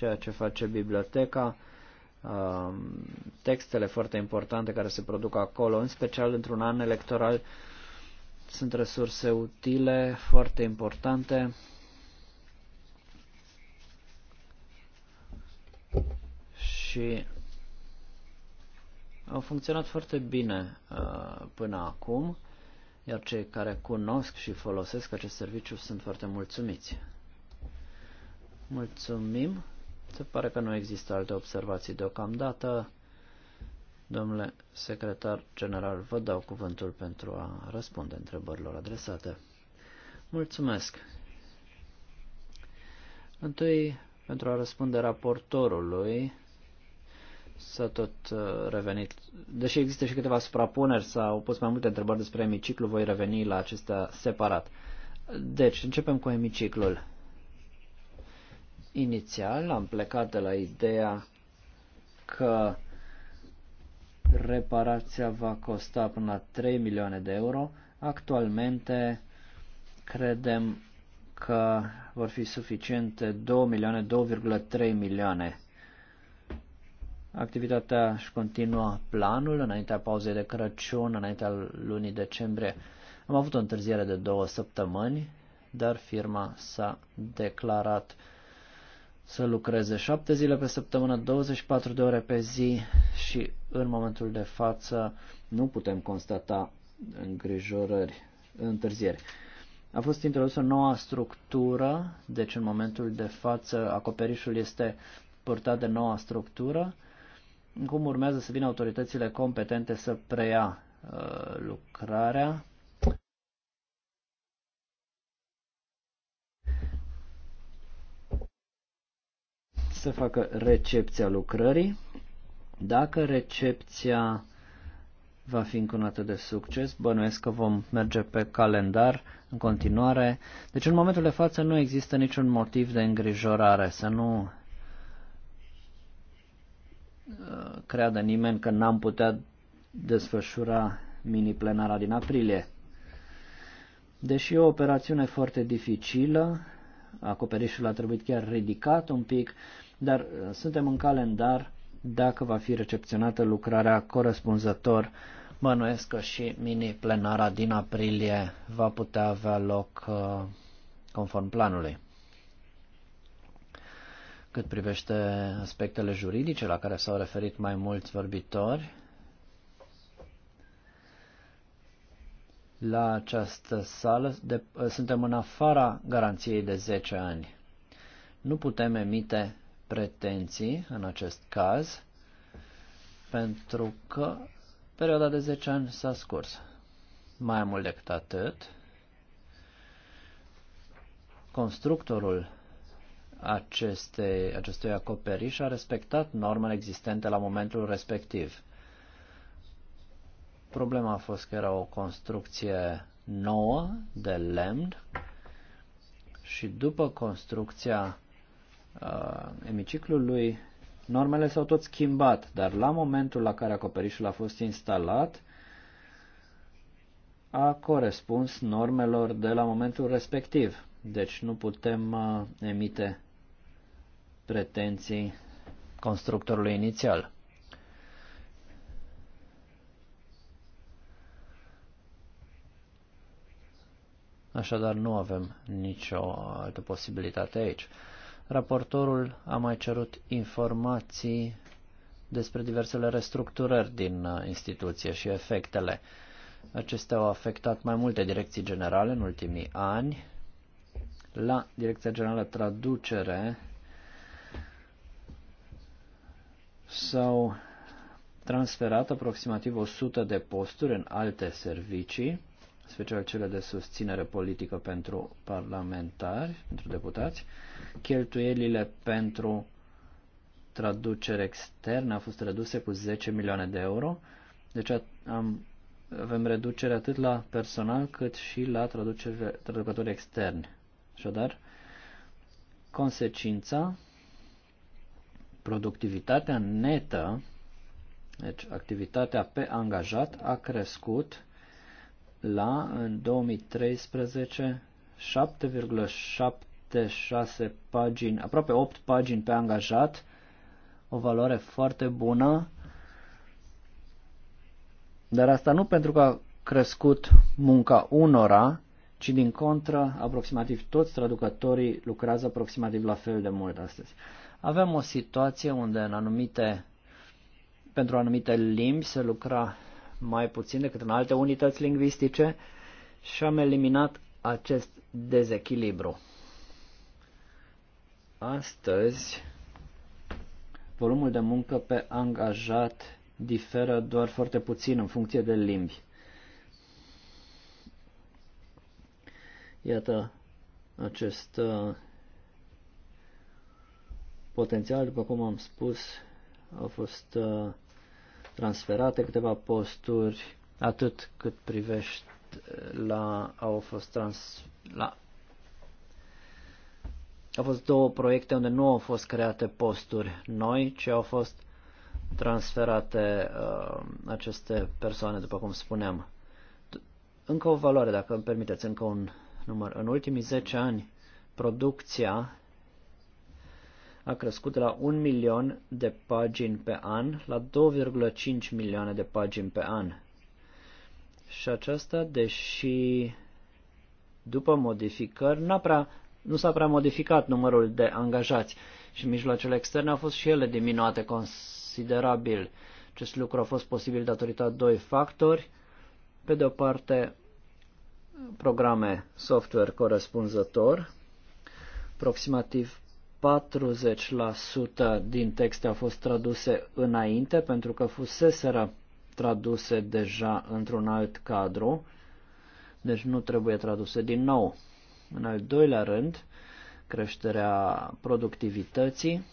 ceea ce face biblioteca, um, textele foarte importante care se produc acolo, în special într-un an electoral, sunt resurse utile, foarte importante. Și au funcționat foarte bine uh, până acum, iar cei care cunosc și folosesc acest serviciu sunt foarte mulțumiți. Mulțumim! Se pare că nu există alte observații deocamdată. Domnule secretar general, vă dau cuvântul pentru a răspunde întrebărilor adresate. Mulțumesc. Întâi, pentru a răspunde raportorului, s-a tot uh, revenit. Deși există și câteva suprapuneri, s-au pus mai multe întrebări despre emiciclu, voi reveni la acestea separat. Deci, începem cu emiciclul. Inițial am plecat de la ideea că reparația va costa până la 3 milioane de euro. Actualmente credem că vor fi suficiente 2 milioane, 2,3 milioane. Activitatea își continuă planul înaintea pauzei de Crăciun, înaintea lunii decembrie. Am avut o întârziere de două săptămâni, dar firma s-a declarat să lucreze 7 zile pe săptămână, 24 de ore pe zi și în momentul de față nu putem constata îngrijorări, întârzieri. A fost introdusă noua structură, deci în momentul de față acoperișul este purtat de noua structură, cum urmează să vină autoritățile competente să preia uh, lucrarea se facă recepția lucrării. Dacă recepția va fi încunată de succes, bănuiesc că vom merge pe calendar în continuare. Deci în momentul de față nu există niciun motiv de îngrijorare, să nu uh, creadă nimeni că n-am putea desfășura mini-plenara din aprilie. Deși e o operațiune foarte dificilă, acoperișul a trebuit chiar ridicat un pic, dar uh, suntem în calendar dacă va fi recepționată lucrarea corespunzător. Mănuiesc că și mini-plenara din aprilie va putea avea loc uh, conform planului. Cât privește aspectele juridice la care s-au referit mai mulți vorbitori, la această sală de, uh, suntem în afara garanției de 10 ani. Nu putem emite pretenții în acest caz, pentru că perioada de 10 ani s-a scurs. Mai mult decât atât, constructorul aceste, acestui acoperiș a respectat normele existente la momentul respectiv. Problema a fost că era o construcție nouă de lemn și după construcția uh, emiciclului, normele s-au tot schimbat, dar la momentul la care acoperișul a fost instalat, a corespuns normelor de la momentul respectiv. Deci nu putem uh, emite pretenții constructorului inițial. Așadar, nu avem nicio altă posibilitate aici. Raportorul a mai cerut informații despre diversele restructurări din uh, instituție și efectele. Acestea au afectat mai multe direcții generale în ultimii ani. La Direcția Generală Traducere s-au transferat aproximativ 100 de posturi în alte servicii special cele de susținere politică pentru parlamentari, pentru deputați, cheltuielile pentru traducere externă au fost reduse cu 10 milioane de euro, deci am, avem reducere atât la personal cât și la traducători externi. Așadar, consecința, productivitatea netă, deci activitatea pe angajat a crescut la, în 2013, 7,76 pagini, aproape 8 pagini pe angajat, o valoare foarte bună, dar asta nu pentru că a crescut munca unora, ci din contră, aproximativ toți traducătorii lucrează aproximativ la fel de mult astăzi. Avem o situație unde în anumite, pentru anumite limbi se lucra mai puțin decât în alte unități lingvistice și am eliminat acest dezechilibru. Astăzi, volumul de muncă pe angajat diferă doar foarte puțin în funcție de limbi. Iată acest uh, potențial, după cum am spus, a fost uh, transferate câteva posturi, atât cât privește eh, la, au fost trans, la, au fost două proiecte unde nu au fost create posturi noi, ci au fost transferate uh, aceste persoane, după cum spuneam. Încă o valoare, dacă îmi permiteți, încă un număr. În ultimii 10 ani, producția a crescut de la 1 milion de pagini pe an la 2,5 milioane de pagini pe an. Și aceasta, deși după modificări, n-a prea, nu s-a prea modificat numărul de angajați și mijloacele externe au fost și ele diminuate considerabil. Acest lucru a fost posibil datorită a doi factori. Pe de o parte, programe software corespunzător, aproximativ 40% din texte au fost traduse înainte pentru că fuseseră traduse deja într-un alt cadru, deci nu trebuie traduse din nou. În al doilea rând, creșterea productivității,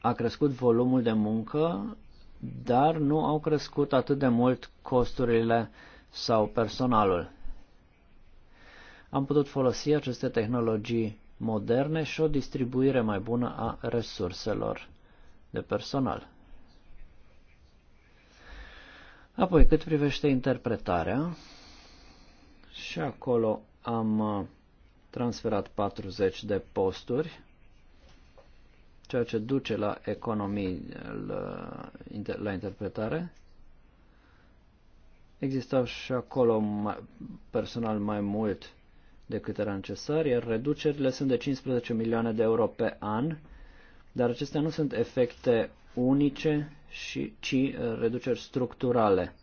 a crescut volumul de muncă, dar nu au crescut atât de mult costurile sau personalul am putut folosi aceste tehnologii moderne și o distribuire mai bună a resurselor de personal. Apoi, cât privește interpretarea, și acolo am uh, transferat 40 de posturi, ceea ce duce la economii uh, la, la interpretare. Existau și acolo personal mai mult decât era necesar, iar reducerile sunt de 15 milioane de euro pe an, dar acestea nu sunt efecte unice, și, ci uh, reduceri structurale.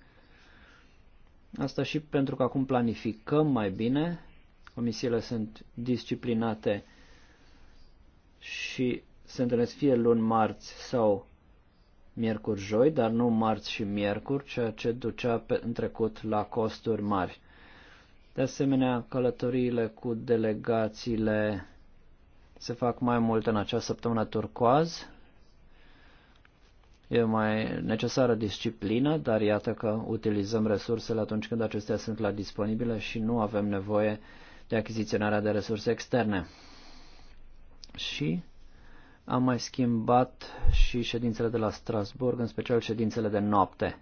Asta și pentru că acum planificăm mai bine, comisiile sunt disciplinate și se întâlnesc fie luni, marți sau miercuri, joi, dar nu marți și miercuri, ceea ce ducea pe, în trecut la costuri mari. De asemenea, călătoriile cu delegațiile se fac mai mult în acea săptămână turcoaz. E mai necesară disciplină, dar iată că utilizăm resursele atunci când acestea sunt la disponibile și nu avem nevoie de achiziționarea de resurse externe. Și am mai schimbat și ședințele de la Strasburg, în special ședințele de noapte.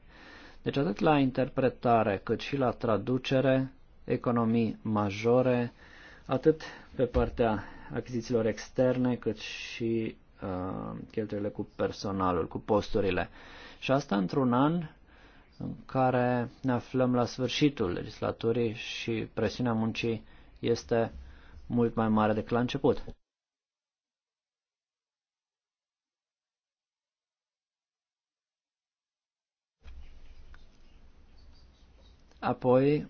Deci atât la interpretare cât și la traducere economii majore, atât pe partea achizițiilor externe, cât și uh, cheltuielile cu personalul, cu posturile. Și asta într-un an în care ne aflăm la sfârșitul legislaturii și presiunea muncii este mult mai mare decât la început. Apoi,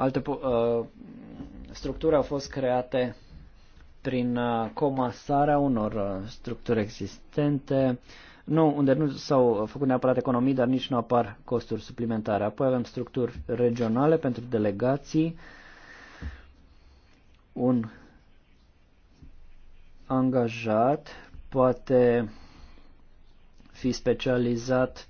Alte uh, structuri au fost create prin uh, comasarea unor uh, structuri existente, nu, unde nu s-au făcut neapărat economii, dar nici nu apar costuri suplimentare. Apoi avem structuri regionale pentru delegații, un angajat poate fi specializat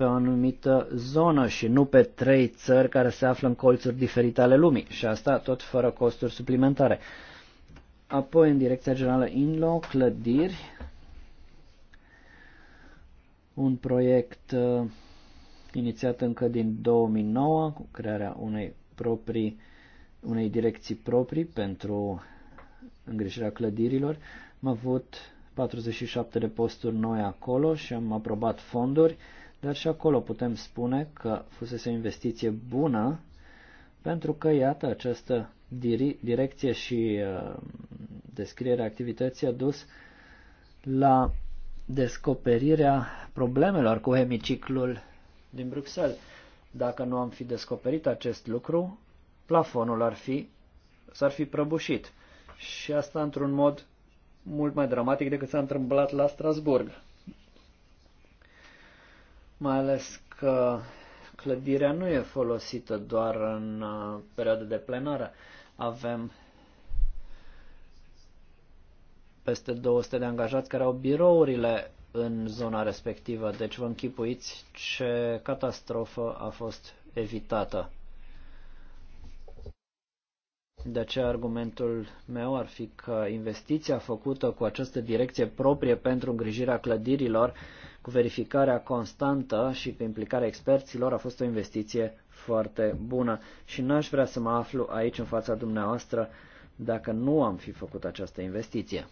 pe o anumită zonă și nu pe trei țări care se află în colțuri diferite ale lumii și asta tot fără costuri suplimentare. Apoi, în Direcția Generală INLO, clădiri, un proiect uh, inițiat încă din 2009 cu crearea unei proprii unei direcții proprii pentru îngrijirea clădirilor. Am avut 47 de posturi noi acolo și am aprobat fonduri dar și acolo putem spune că fusese o investiție bună, pentru că, iată, această direcție și uh, descrierea activității a dus la descoperirea problemelor cu hemiciclul din Bruxelles. Dacă nu am fi descoperit acest lucru, plafonul ar fi, s-ar fi prăbușit. Și asta într-un mod mult mai dramatic decât s-a întâmplat la Strasburg mai ales că clădirea nu e folosită doar în uh, perioada de plenară. Avem peste 200 de angajați care au birourile în zona respectivă, deci vă închipuiți ce catastrofă a fost evitată. De aceea argumentul meu ar fi că investiția făcută cu această direcție proprie pentru îngrijirea clădirilor, cu verificarea constantă și cu implicarea experților, a fost o investiție foarte bună. Și n-aș vrea să mă aflu aici în fața dumneavoastră dacă nu am fi făcut această investiție.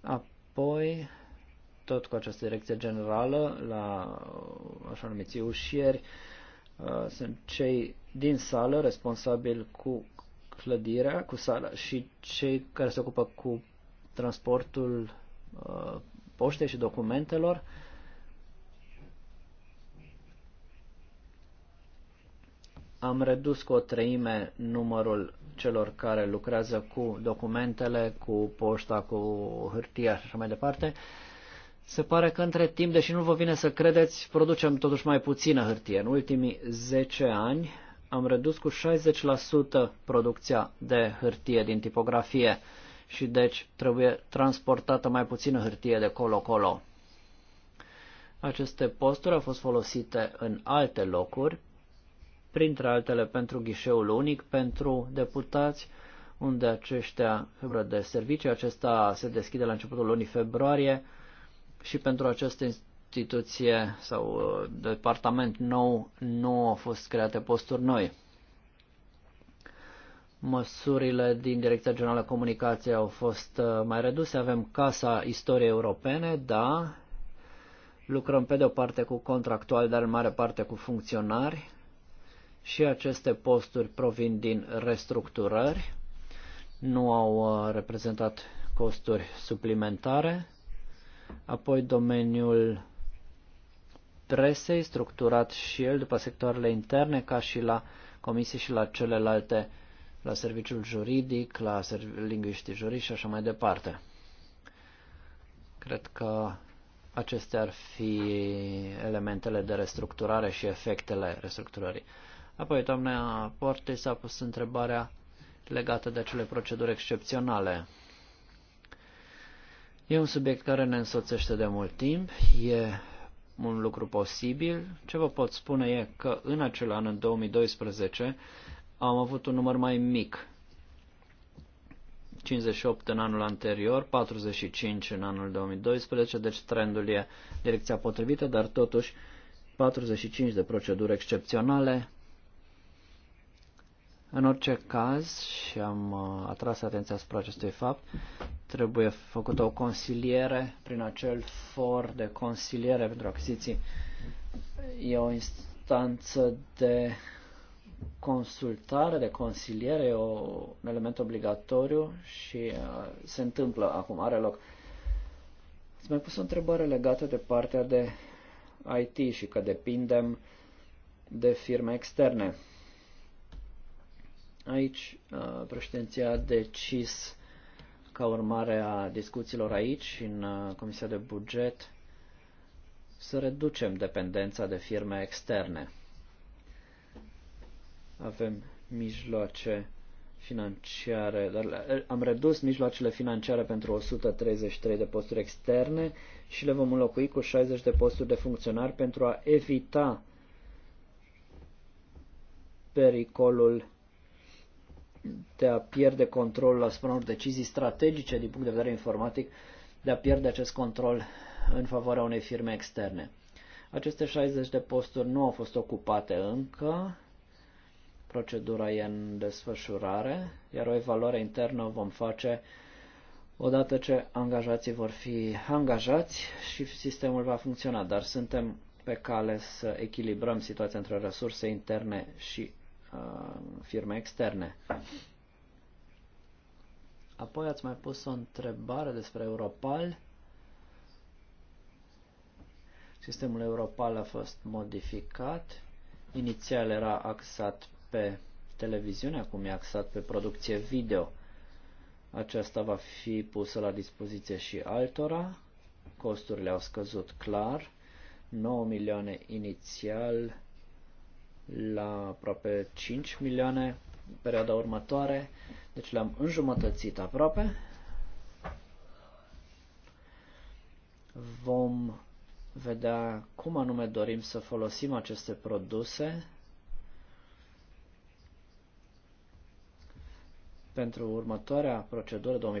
Apoi, tot cu această direcție generală la așa numiți ușieri. Uh, sunt cei din sală responsabili cu clădirea, cu sala și cei care se ocupă cu transportul uh, poștei și documentelor. Am redus cu o treime numărul celor care lucrează cu documentele, cu poșta, cu hârtia și așa mai departe. Uh, se pare că între timp, deși nu vă vine să credeți, producem totuși mai puțină hârtie. În ultimii 10 ani am redus cu 60% producția de hârtie din tipografie și deci trebuie transportată mai puțină hârtie de colo-colo. Aceste posturi au fost folosite în alte locuri, printre altele pentru ghișeul unic, pentru deputați, unde aceștia de servicii. Acesta se deschide la începutul lunii februarie și pentru această instituție sau uh, departament nou nu au fost create posturi noi. Măsurile din Direcția Generală Comunicației au fost uh, mai reduse. Avem Casa Istoriei Europene, da. Lucrăm pe de o parte cu contractuali, dar în mare parte cu funcționari. Și aceste posturi provin din restructurări. Nu au uh, reprezentat costuri suplimentare apoi domeniul presei, structurat și el după sectoarele interne, ca și la comisii și la celelalte, la serviciul juridic, la lingviștii juriști și așa mai departe. Cred că acestea ar fi elementele de restructurare și efectele restructurării. Apoi, doamna Porte s-a pus întrebarea legată de acele proceduri excepționale. E un subiect care ne însoțește de mult timp, e un lucru posibil. Ce vă pot spune e că în acel an, în 2012, am avut un număr mai mic. 58 în anul anterior, 45 în anul 2012, deci trendul e direcția potrivită, dar totuși 45 de proceduri excepționale. În orice caz, și am uh, atras atenția asupra acestui fapt, Trebuie făcută o consiliere prin acel for de consiliere pentru achiziții. E o instanță de consultare, de consiliere, e o, un element obligatoriu și uh, se întâmplă acum, are loc. Ați mai pus o întrebare legată de partea de IT și că depindem de firme externe. Aici uh, președinția a decis ca urmare a discuțiilor aici, în uh, Comisia de Buget, să reducem dependența de firme externe. Avem mijloace financiare, dar uh, am redus mijloacele financiare pentru 133 de posturi externe și le vom înlocui cu 60 de posturi de funcționari pentru a evita pericolul de a pierde controlul asupra unor decizii strategice din punct de vedere informatic, de a pierde acest control în favoarea unei firme externe. Aceste 60 de posturi nu au fost ocupate încă, procedura e în desfășurare, iar o evaluare internă o vom face odată ce angajații vor fi angajați și sistemul va funcționa, dar suntem pe cale să echilibrăm situația între resurse interne și Uh, firme externe. Apoi ați mai pus o întrebare despre Europal. Sistemul Europal a fost modificat. Inițial era axat pe televiziune, acum e axat pe producție video. Aceasta va fi pusă la dispoziție și altora. Costurile au scăzut clar. 9 milioane inițial la aproape 5 milioane în perioada următoare, deci le-am înjumătățit aproape. Vom vedea cum anume dorim să folosim aceste produse pentru următoarea procedură 2014-2016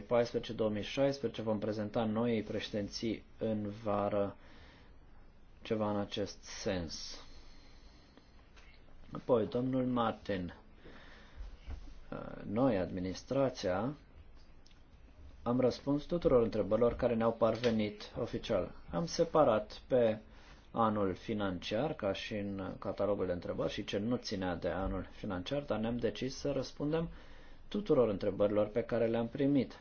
vom prezenta noi președinții în vară ceva în acest sens. Apoi, domnul Martin, uh, noi, administrația, am răspuns tuturor întrebărilor care ne-au parvenit oficial. Am separat pe anul financiar, ca și în catalogul de întrebări, și ce nu ținea de anul financiar, dar ne-am decis să răspundem tuturor întrebărilor pe care le-am primit.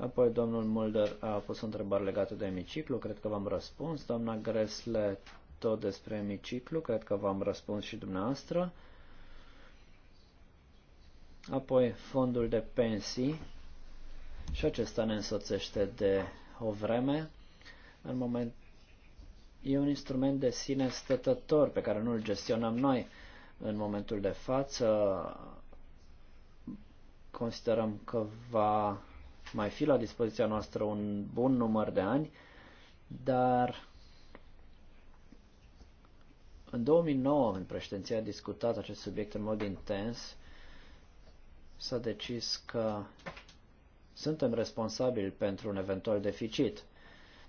Apoi domnul Mulder a pus o întrebare legată de emiciclu, cred că v-am răspuns. Doamna Gresle, tot despre emiciclu, cred că v-am răspuns și dumneavoastră. Apoi fondul de pensii și acesta ne însoțește de o vreme. În moment e un instrument de sine stătător pe care nu îl gestionăm noi în momentul de față. Considerăm că va mai fi la dispoziția noastră un bun număr de ani, dar în 2009, când președinția a discutat acest subiect în mod intens, s-a decis că suntem responsabili pentru un eventual deficit.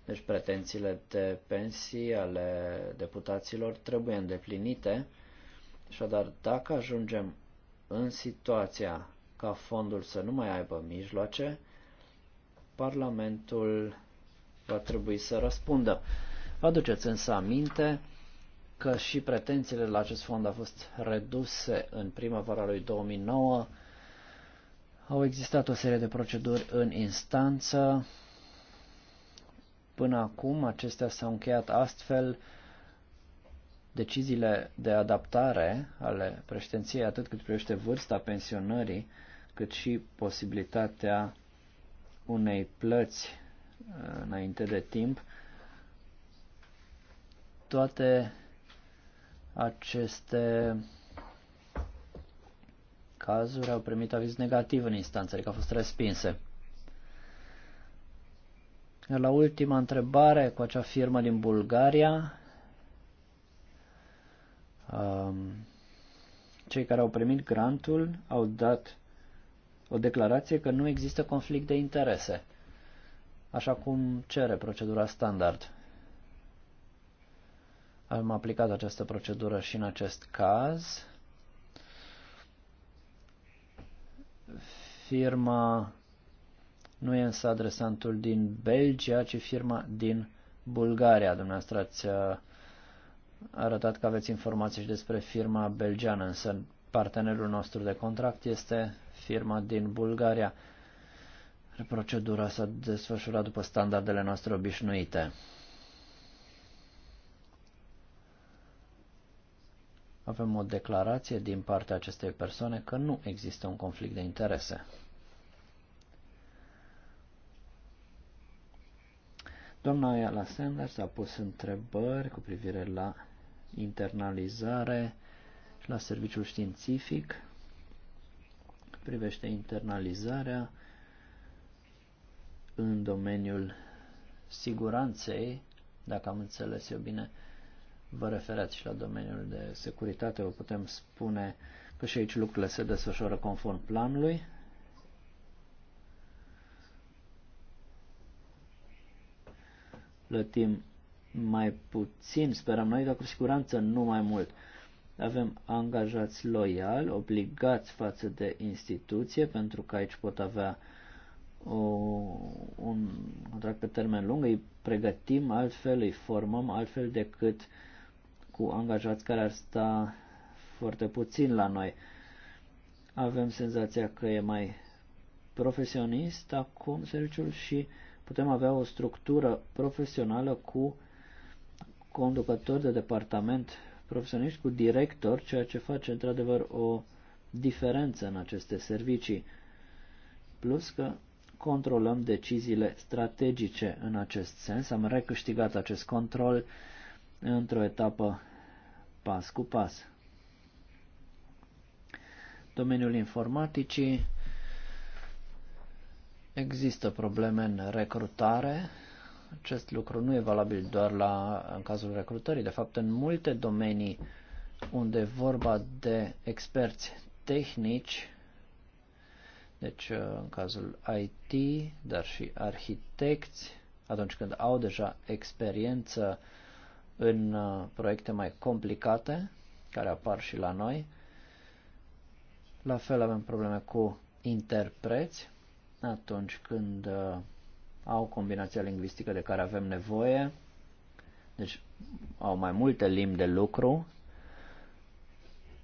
Deci pretențiile de pensii ale deputaților trebuie îndeplinite. Așadar, dacă ajungem în situația ca fondul să nu mai aibă mijloace, Parlamentul va trebui să răspundă. Vă aduceți însă aminte că și pretențiile la acest fond au fost reduse în primăvara lui 2009. Au existat o serie de proceduri în instanță. Până acum acestea s-au încheiat astfel deciziile de adaptare ale președinției, atât cât privește vârsta pensionării, cât și posibilitatea unei plăți uh, înainte de timp, toate aceste cazuri au primit aviz negativ în instanță, adică au fost respinse. La ultima întrebare cu acea firmă din Bulgaria, um, cei care au primit grantul au dat o declarație că nu există conflict de interese, așa cum cere procedura standard. Am aplicat această procedură și în acest caz. Firma nu e însă adresantul din Belgia, ci firma din Bulgaria. Dumneavoastră ați uh, arătat că aveți informații și despre firma belgeană, însă partenerul nostru de contract este firma din Bulgaria. Procedura s-a desfășurat după standardele noastre obișnuite. Avem o declarație din partea acestei persoane că nu există un conflict de interese. Doamna Ayala Sanders a pus întrebări cu privire la internalizare și la serviciul științific privește internalizarea în domeniul siguranței, dacă am înțeles eu bine, vă referați și la domeniul de securitate, vă putem spune că și aici lucrurile se desfășoară conform planului. Plătim mai puțin, sperăm noi, dar cu siguranță nu mai mult avem angajați loiali, obligați față de instituție, pentru că aici pot avea o, un contract pe termen lung, îi pregătim altfel, îi formăm altfel decât cu angajați care ar sta foarte puțin la noi. Avem senzația că e mai profesionist acum serviciul și putem avea o structură profesională cu conducători de departament profesioniști cu director, ceea ce face într-adevăr o diferență în aceste servicii. Plus că controlăm deciziile strategice în acest sens. Am recâștigat acest control într-o etapă pas cu pas. Domeniul informaticii există probleme în recrutare acest lucru nu e valabil doar la, în cazul recrutării. De fapt, în multe domenii unde e vorba de experți tehnici, deci uh, în cazul IT, dar și arhitecți, atunci când au deja experiență în uh, proiecte mai complicate, care apar și la noi. La fel avem probleme cu interpreți, atunci când uh, au combinația lingvistică de care avem nevoie, deci au mai multe limbi de lucru.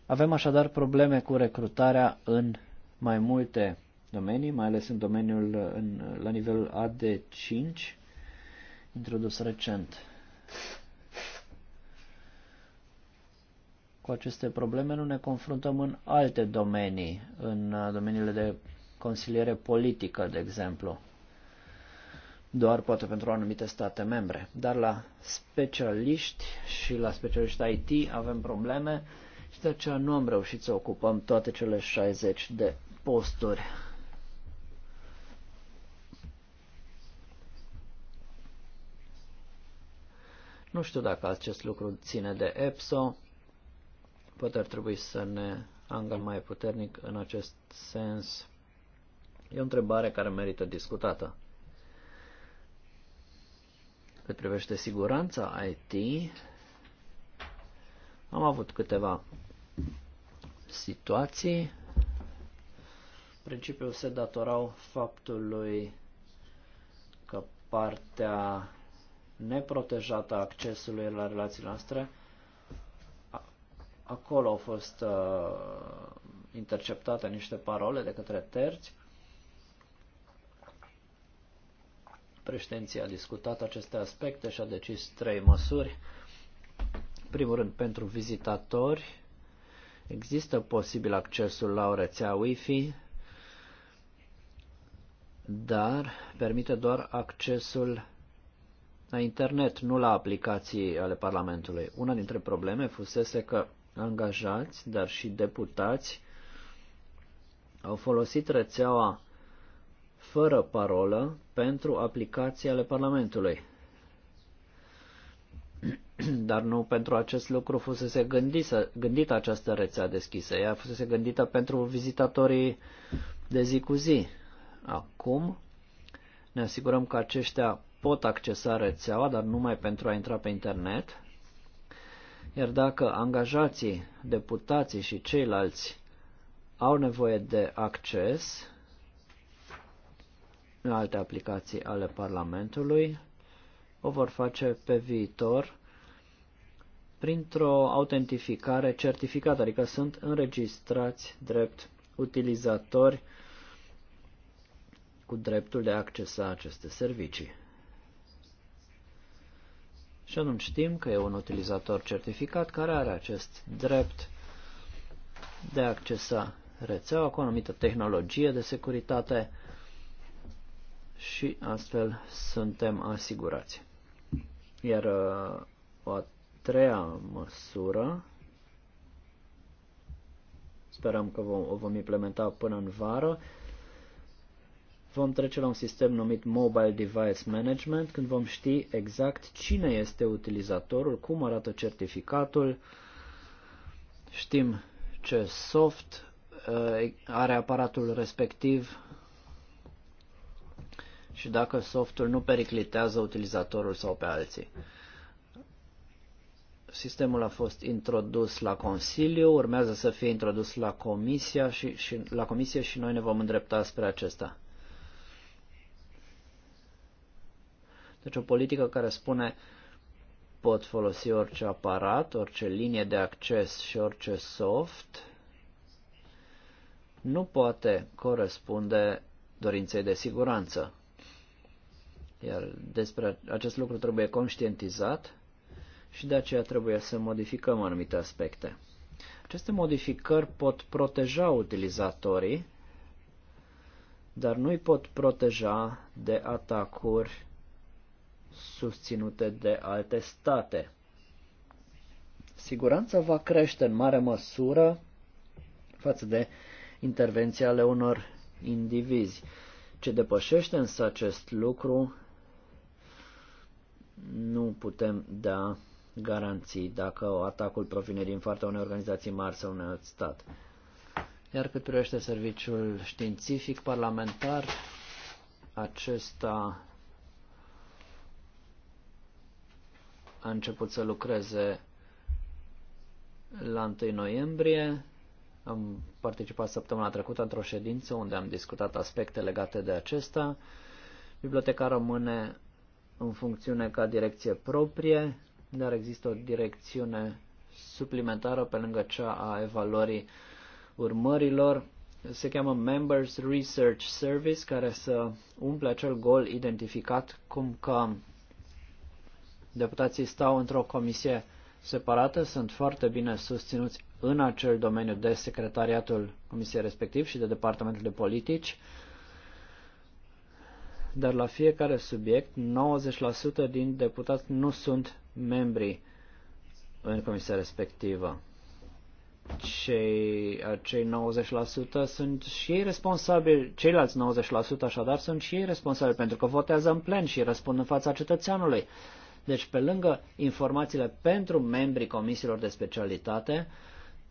Avem așadar probleme cu recrutarea în mai multe domenii, mai ales în domeniul în, la nivel AD5, introdus recent. Cu aceste probleme nu ne confruntăm în alte domenii, în domeniile de consiliere politică, de exemplu doar poate pentru anumite state membre. Dar la specialiști și la specialiști IT avem probleme și de aceea nu am reușit să ocupăm toate cele 60 de posturi. Nu știu dacă acest lucru ține de EPSO, poate ar trebui să ne angajăm mai puternic în acest sens. E o întrebare care merită discutată. Cât privește siguranța IT, am avut câteva situații. Principiul se datorau faptului că partea neprotejată a accesului la relațiile noastre, acolo au fost uh, interceptate niște parole de către terți Președinția a discutat aceste aspecte și a decis trei măsuri. Primul rând, pentru vizitatori există posibil accesul la o rețea Wi-Fi, dar permite doar accesul la internet, nu la aplicații ale Parlamentului. Una dintre probleme fusese că angajați, dar și deputați au folosit rețeaua fără parolă pentru aplicații ale Parlamentului. [CLEARS THROAT] Dar nu pentru acest lucru fusese gândisă, gândită această rețea deschisă. Ea fusese gândită pentru vizitatorii de zi cu zi. Acum ne asigurăm că aceștia pot accesa rețeaua, dar numai pentru a intra pe internet. Iar dacă angajații, deputații și ceilalți au nevoie de acces, în alte aplicații ale Parlamentului, o vor face pe viitor printr-o autentificare certificată, adică sunt înregistrați drept utilizatori cu dreptul de a accesa aceste servicii. Și anume știm că e un utilizator certificat care are acest drept de a accesa rețeaua cu o anumită tehnologie de securitate și astfel suntem asigurați. Iar uh, o a treia măsură, sperăm că vom, o vom implementa până în vară, vom trece la un sistem numit Mobile Device Management, când vom ști exact cine este utilizatorul, cum arată certificatul, știm ce soft uh, are aparatul respectiv, și dacă softul nu periclitează utilizatorul sau pe alții. Sistemul a fost introdus la Consiliu, urmează să fie introdus la, comisia și, și, la Comisie și noi ne vom îndrepta spre acesta. Deci o politică care spune pot folosi orice aparat, orice linie de acces și orice soft, nu poate corespunde dorinței de siguranță. Iar despre acest lucru trebuie conștientizat și de aceea trebuie să modificăm anumite aspecte. Aceste modificări pot proteja utilizatorii, dar nu îi pot proteja de atacuri susținute de alte state. Siguranța va crește în mare măsură față de intervenția ale unor indivizi. Ce depășește însă acest lucru nu putem da garanții dacă atacul provine din partea unei organizații mari sau unui alt stat. Iar cât privește serviciul științific parlamentar, acesta a început să lucreze la 1 noiembrie. Am participat săptămâna trecută într-o ședință unde am discutat aspecte legate de acesta. Biblioteca rămâne în funcțiune ca direcție proprie, dar există o direcțiune suplimentară pe lângă cea a evaluării urmărilor. Se cheamă Members Research Service, care să umple acel gol identificat, cum că deputații stau într-o comisie separată, sunt foarte bine susținuți în acel domeniu de secretariatul comisiei respectiv și de departamentul de politici dar la fiecare subiect 90% din deputați nu sunt membri în comisia respectivă. Cei, acei 90% sunt și ei responsabili, ceilalți 90% așadar sunt și ei responsabili pentru că votează în plen și răspund în fața cetățeanului. Deci pe lângă informațiile pentru membrii comisiilor de specialitate,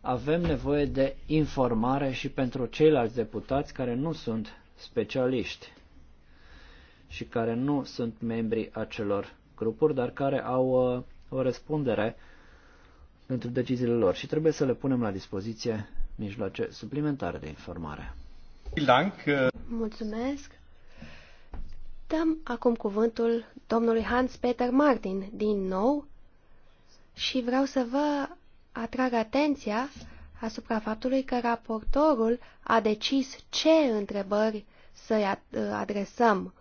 avem nevoie de informare și pentru ceilalți deputați care nu sunt specialiști și care nu sunt membri acelor grupuri, dar care au uh, o răspundere pentru deciziile lor și trebuie să le punem la dispoziție mijloace suplimentare de informare. Uh, Mulțumesc! Dăm acum cuvântul domnului Hans-Peter Martin din nou și vreau să vă atrag atenția asupra faptului că raportorul a decis ce întrebări să adresăm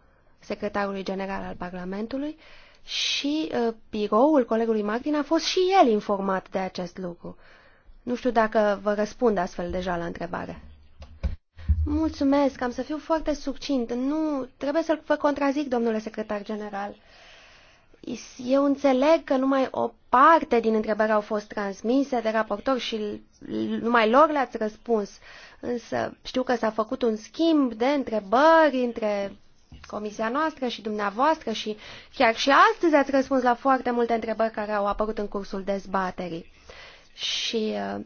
secretarului general al Parlamentului și uh, biroul colegului Martin a fost și el informat de acest lucru. Nu știu dacă vă răspund astfel deja la întrebare. Mulțumesc, am să fiu foarte succint. Nu, trebuie să vă contrazic, domnule secretar general. Eu înțeleg că numai o parte din întrebări au fost transmise de raportor și numai lor le-ați răspuns, însă știu că s-a făcut un schimb de întrebări între comisia noastră și dumneavoastră și chiar și astăzi ați răspuns la foarte multe întrebări care au apărut în cursul dezbaterii. Și uh,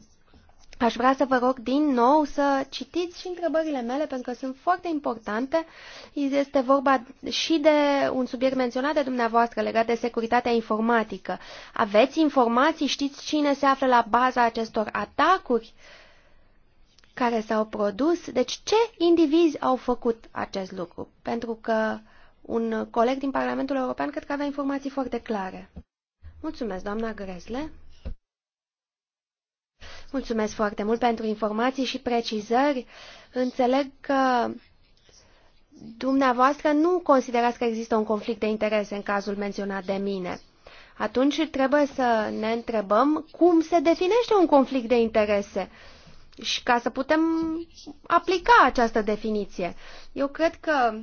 aș vrea să vă rog din nou să citiți și întrebările mele pentru că sunt foarte importante. Este vorba și de un subiect menționat de dumneavoastră legat de securitatea informatică. Aveți informații? Știți cine se află la baza acestor atacuri? Uh, care s-au produs. Deci ce indivizi au făcut acest lucru? Pentru că un coleg din Parlamentul European cred că avea informații foarte clare. Mulțumesc, doamna Gresle. Mulțumesc foarte mult pentru informații și precizări. Înțeleg că dumneavoastră nu considerați că există un conflict de interese în cazul menționat de mine. Atunci trebuie să ne întrebăm cum se definește un conflict de interese și ca să putem aplica această definiție. Eu cred că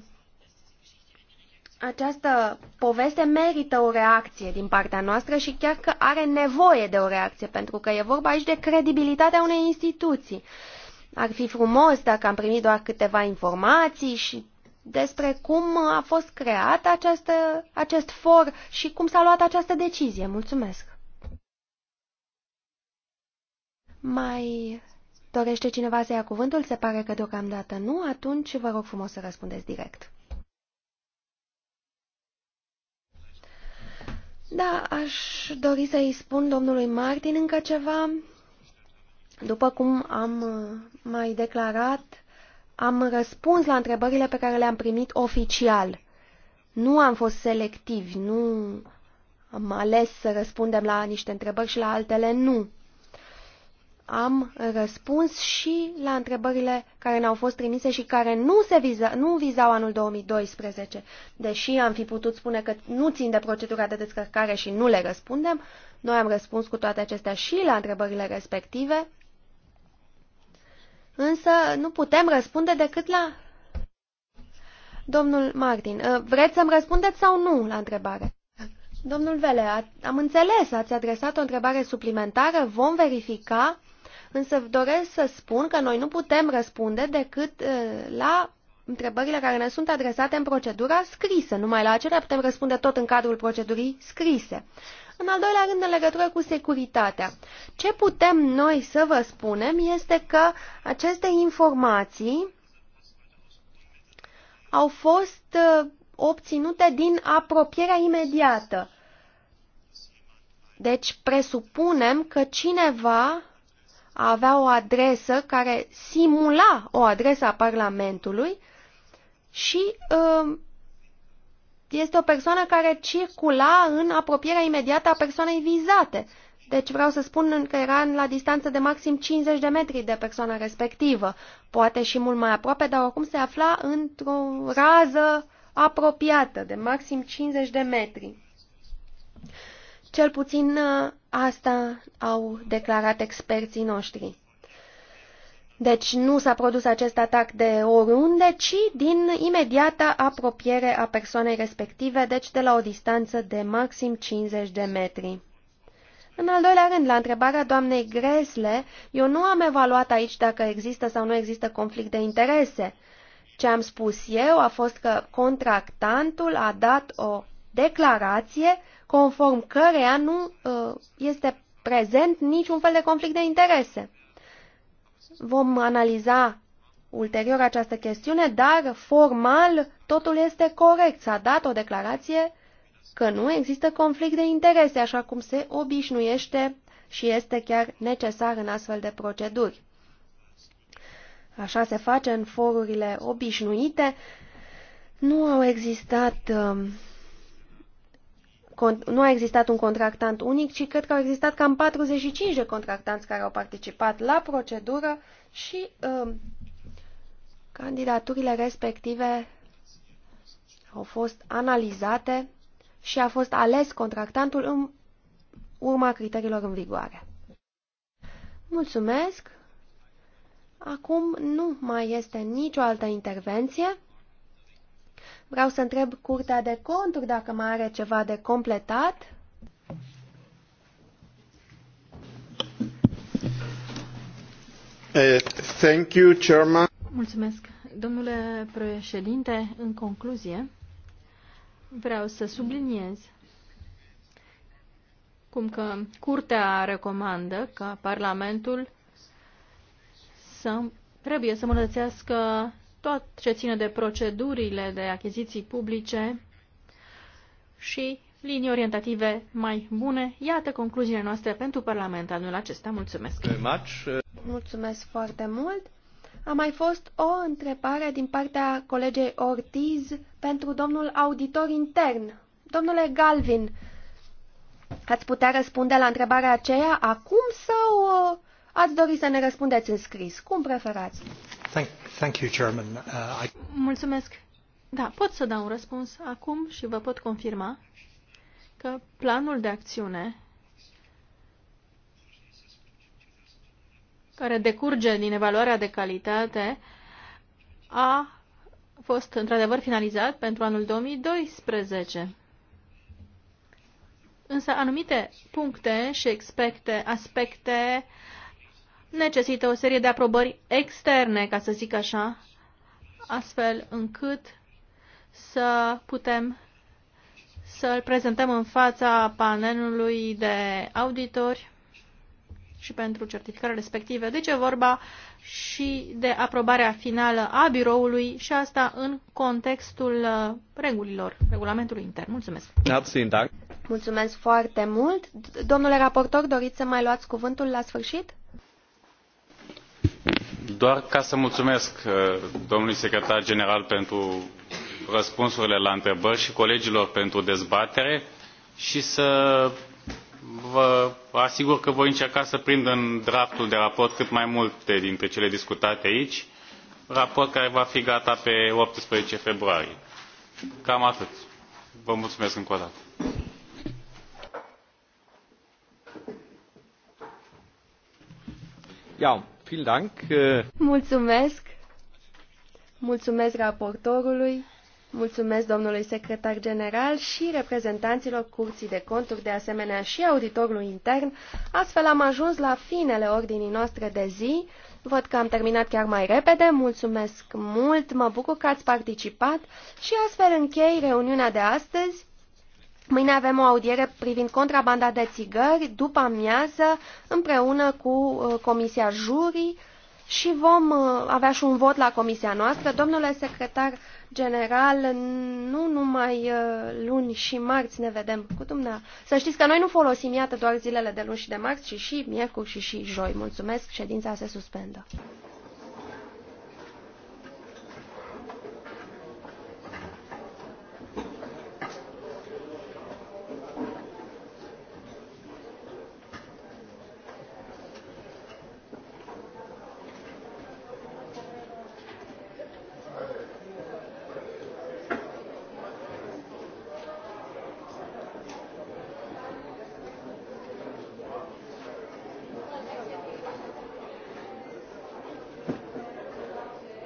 această poveste merită o reacție din partea noastră și chiar că are nevoie de o reacție, pentru că e vorba aici de credibilitatea unei instituții. Ar fi frumos dacă am primit doar câteva informații și despre cum a fost creat această, acest for și cum s-a luat această decizie. Mulțumesc! Mai Dorește cineva să ia cuvântul? Se pare că deocamdată nu, atunci vă rog frumos să răspundeți direct. Da, aș dori să-i spun domnului Martin încă ceva. După cum am mai declarat, am răspuns la întrebările pe care le-am primit oficial. Nu am fost selectivi, nu am ales să răspundem la niște întrebări și la altele nu am răspuns și la întrebările care ne-au fost trimise și care nu, se viza, nu vizau anul 2012. Deși am fi putut spune că nu țin de procedura de descărcare și nu le răspundem, noi am răspuns cu toate acestea și la întrebările respective, însă nu putem răspunde decât la... Domnul Martin, uh, vreți să-mi răspundeți sau nu la întrebare? Domnul Vele, am înțeles, ați adresat o întrebare suplimentară, vom verifica însă doresc să spun că noi nu putem răspunde decât uh, la întrebările care ne sunt adresate în procedura scrisă. Numai la acelea putem răspunde tot în cadrul procedurii scrise. În al doilea rând, în legătură cu securitatea. Ce putem noi să vă spunem este că aceste informații au fost uh, obținute din apropierea imediată. Deci presupunem că cineva a avea o adresă care simula o adresă a Parlamentului și uh, este o persoană care circula în apropierea imediată a persoanei vizate. Deci vreau să spun că era la distanță de maxim 50 de metri de persoana respectivă, poate și mult mai aproape, dar oricum se afla într-o rază apropiată de maxim 50 de metri. Cel puțin uh, Asta au declarat experții noștri. Deci nu s-a produs acest atac de oriunde, ci din imediata apropiere a persoanei respective, deci de la o distanță de maxim 50 de metri. În al doilea rând, la întrebarea doamnei Gresle, eu nu am evaluat aici dacă există sau nu există conflict de interese. Ce am spus eu a fost că contractantul a dat o declarație conform căreia nu uh, este prezent niciun fel de conflict de interese. Vom analiza ulterior această chestiune, dar formal totul este corect. S-a dat o declarație că nu există conflict de interese, așa cum se obișnuiește și este chiar necesar în astfel de proceduri. Așa se face în forurile obișnuite. Nu au existat um, nu a existat un contractant unic, ci cred că au existat cam 45 de contractanți care au participat la procedură și uh, candidaturile respective au fost analizate și a fost ales contractantul în urma criteriilor în vigoare. Mulțumesc! Acum nu mai este nicio altă intervenție. Vreau să întreb Curtea de Conturi dacă mai are ceva de completat. Eh, thank you, Chairman. Mulțumesc. Domnule președinte, în concluzie, vreau să subliniez cum că Curtea recomandă ca Parlamentul să, trebuie să mănățească tot ce ține de procedurile de achiziții publice și linii orientative mai bune. Iată concluziile noastre pentru Parlament anul acesta. Mulțumesc! Mulțumesc foarte mult! A mai fost o întrebare din partea colegei Ortiz pentru domnul auditor intern. Domnule Galvin, ați putea răspunde la întrebarea aceea acum sau uh, ați dori să ne răspundeți în scris? Cum preferați? Thank, you, Chairman. Uh, I... Mulțumesc. Da, pot să dau un răspuns acum și vă pot confirma că planul de acțiune care decurge din evaluarea de calitate a fost într-adevăr finalizat pentru anul 2012. Însă anumite puncte și expecte, aspecte necesită o serie de aprobări externe, ca să zic așa, astfel încât să putem să-l prezentăm în fața panelului de auditori și pentru certificarea respective. Deci e vorba și de aprobarea finală a biroului și asta în contextul uh, regulilor, regulamentului intern. Mulțumesc! Mulțumesc foarte mult! Domnule raportor, doriți să mai luați cuvântul la sfârșit? doar ca să mulțumesc uh, domnului secretar general pentru răspunsurile la întrebări și colegilor pentru dezbatere și să vă asigur că voi încerca să prind în draftul de raport cât mai multe dintre cele discutate aici, raport care va fi gata pe 18 februarie. Cam atât. Vă mulțumesc încă o dată. Ja, Äh, mulțumesc. Mulțumesc raportorului, mulțumesc domnului secretar general și reprezentanților Curții de Conturi, de asemenea și auditorului intern. Astfel am ajuns la finele ordinii noastre de zi. Văd că am terminat chiar mai repede, mulțumesc mult, mă bucur că ați participat și astfel închei reuniunea de astăzi. Mâine avem o audiere privind contrabanda de țigări, după amiază, împreună cu uh, Comisia Jurii și vom uh, avea și un vot la Comisia noastră. Domnule secretar general, nu numai uh, luni și marți ne vedem cu dumneavoastră. Să știți că noi nu folosim, iată, doar zilele de luni și de marți, ci și miercuri și și joi. Mulțumesc, ședința se suspendă.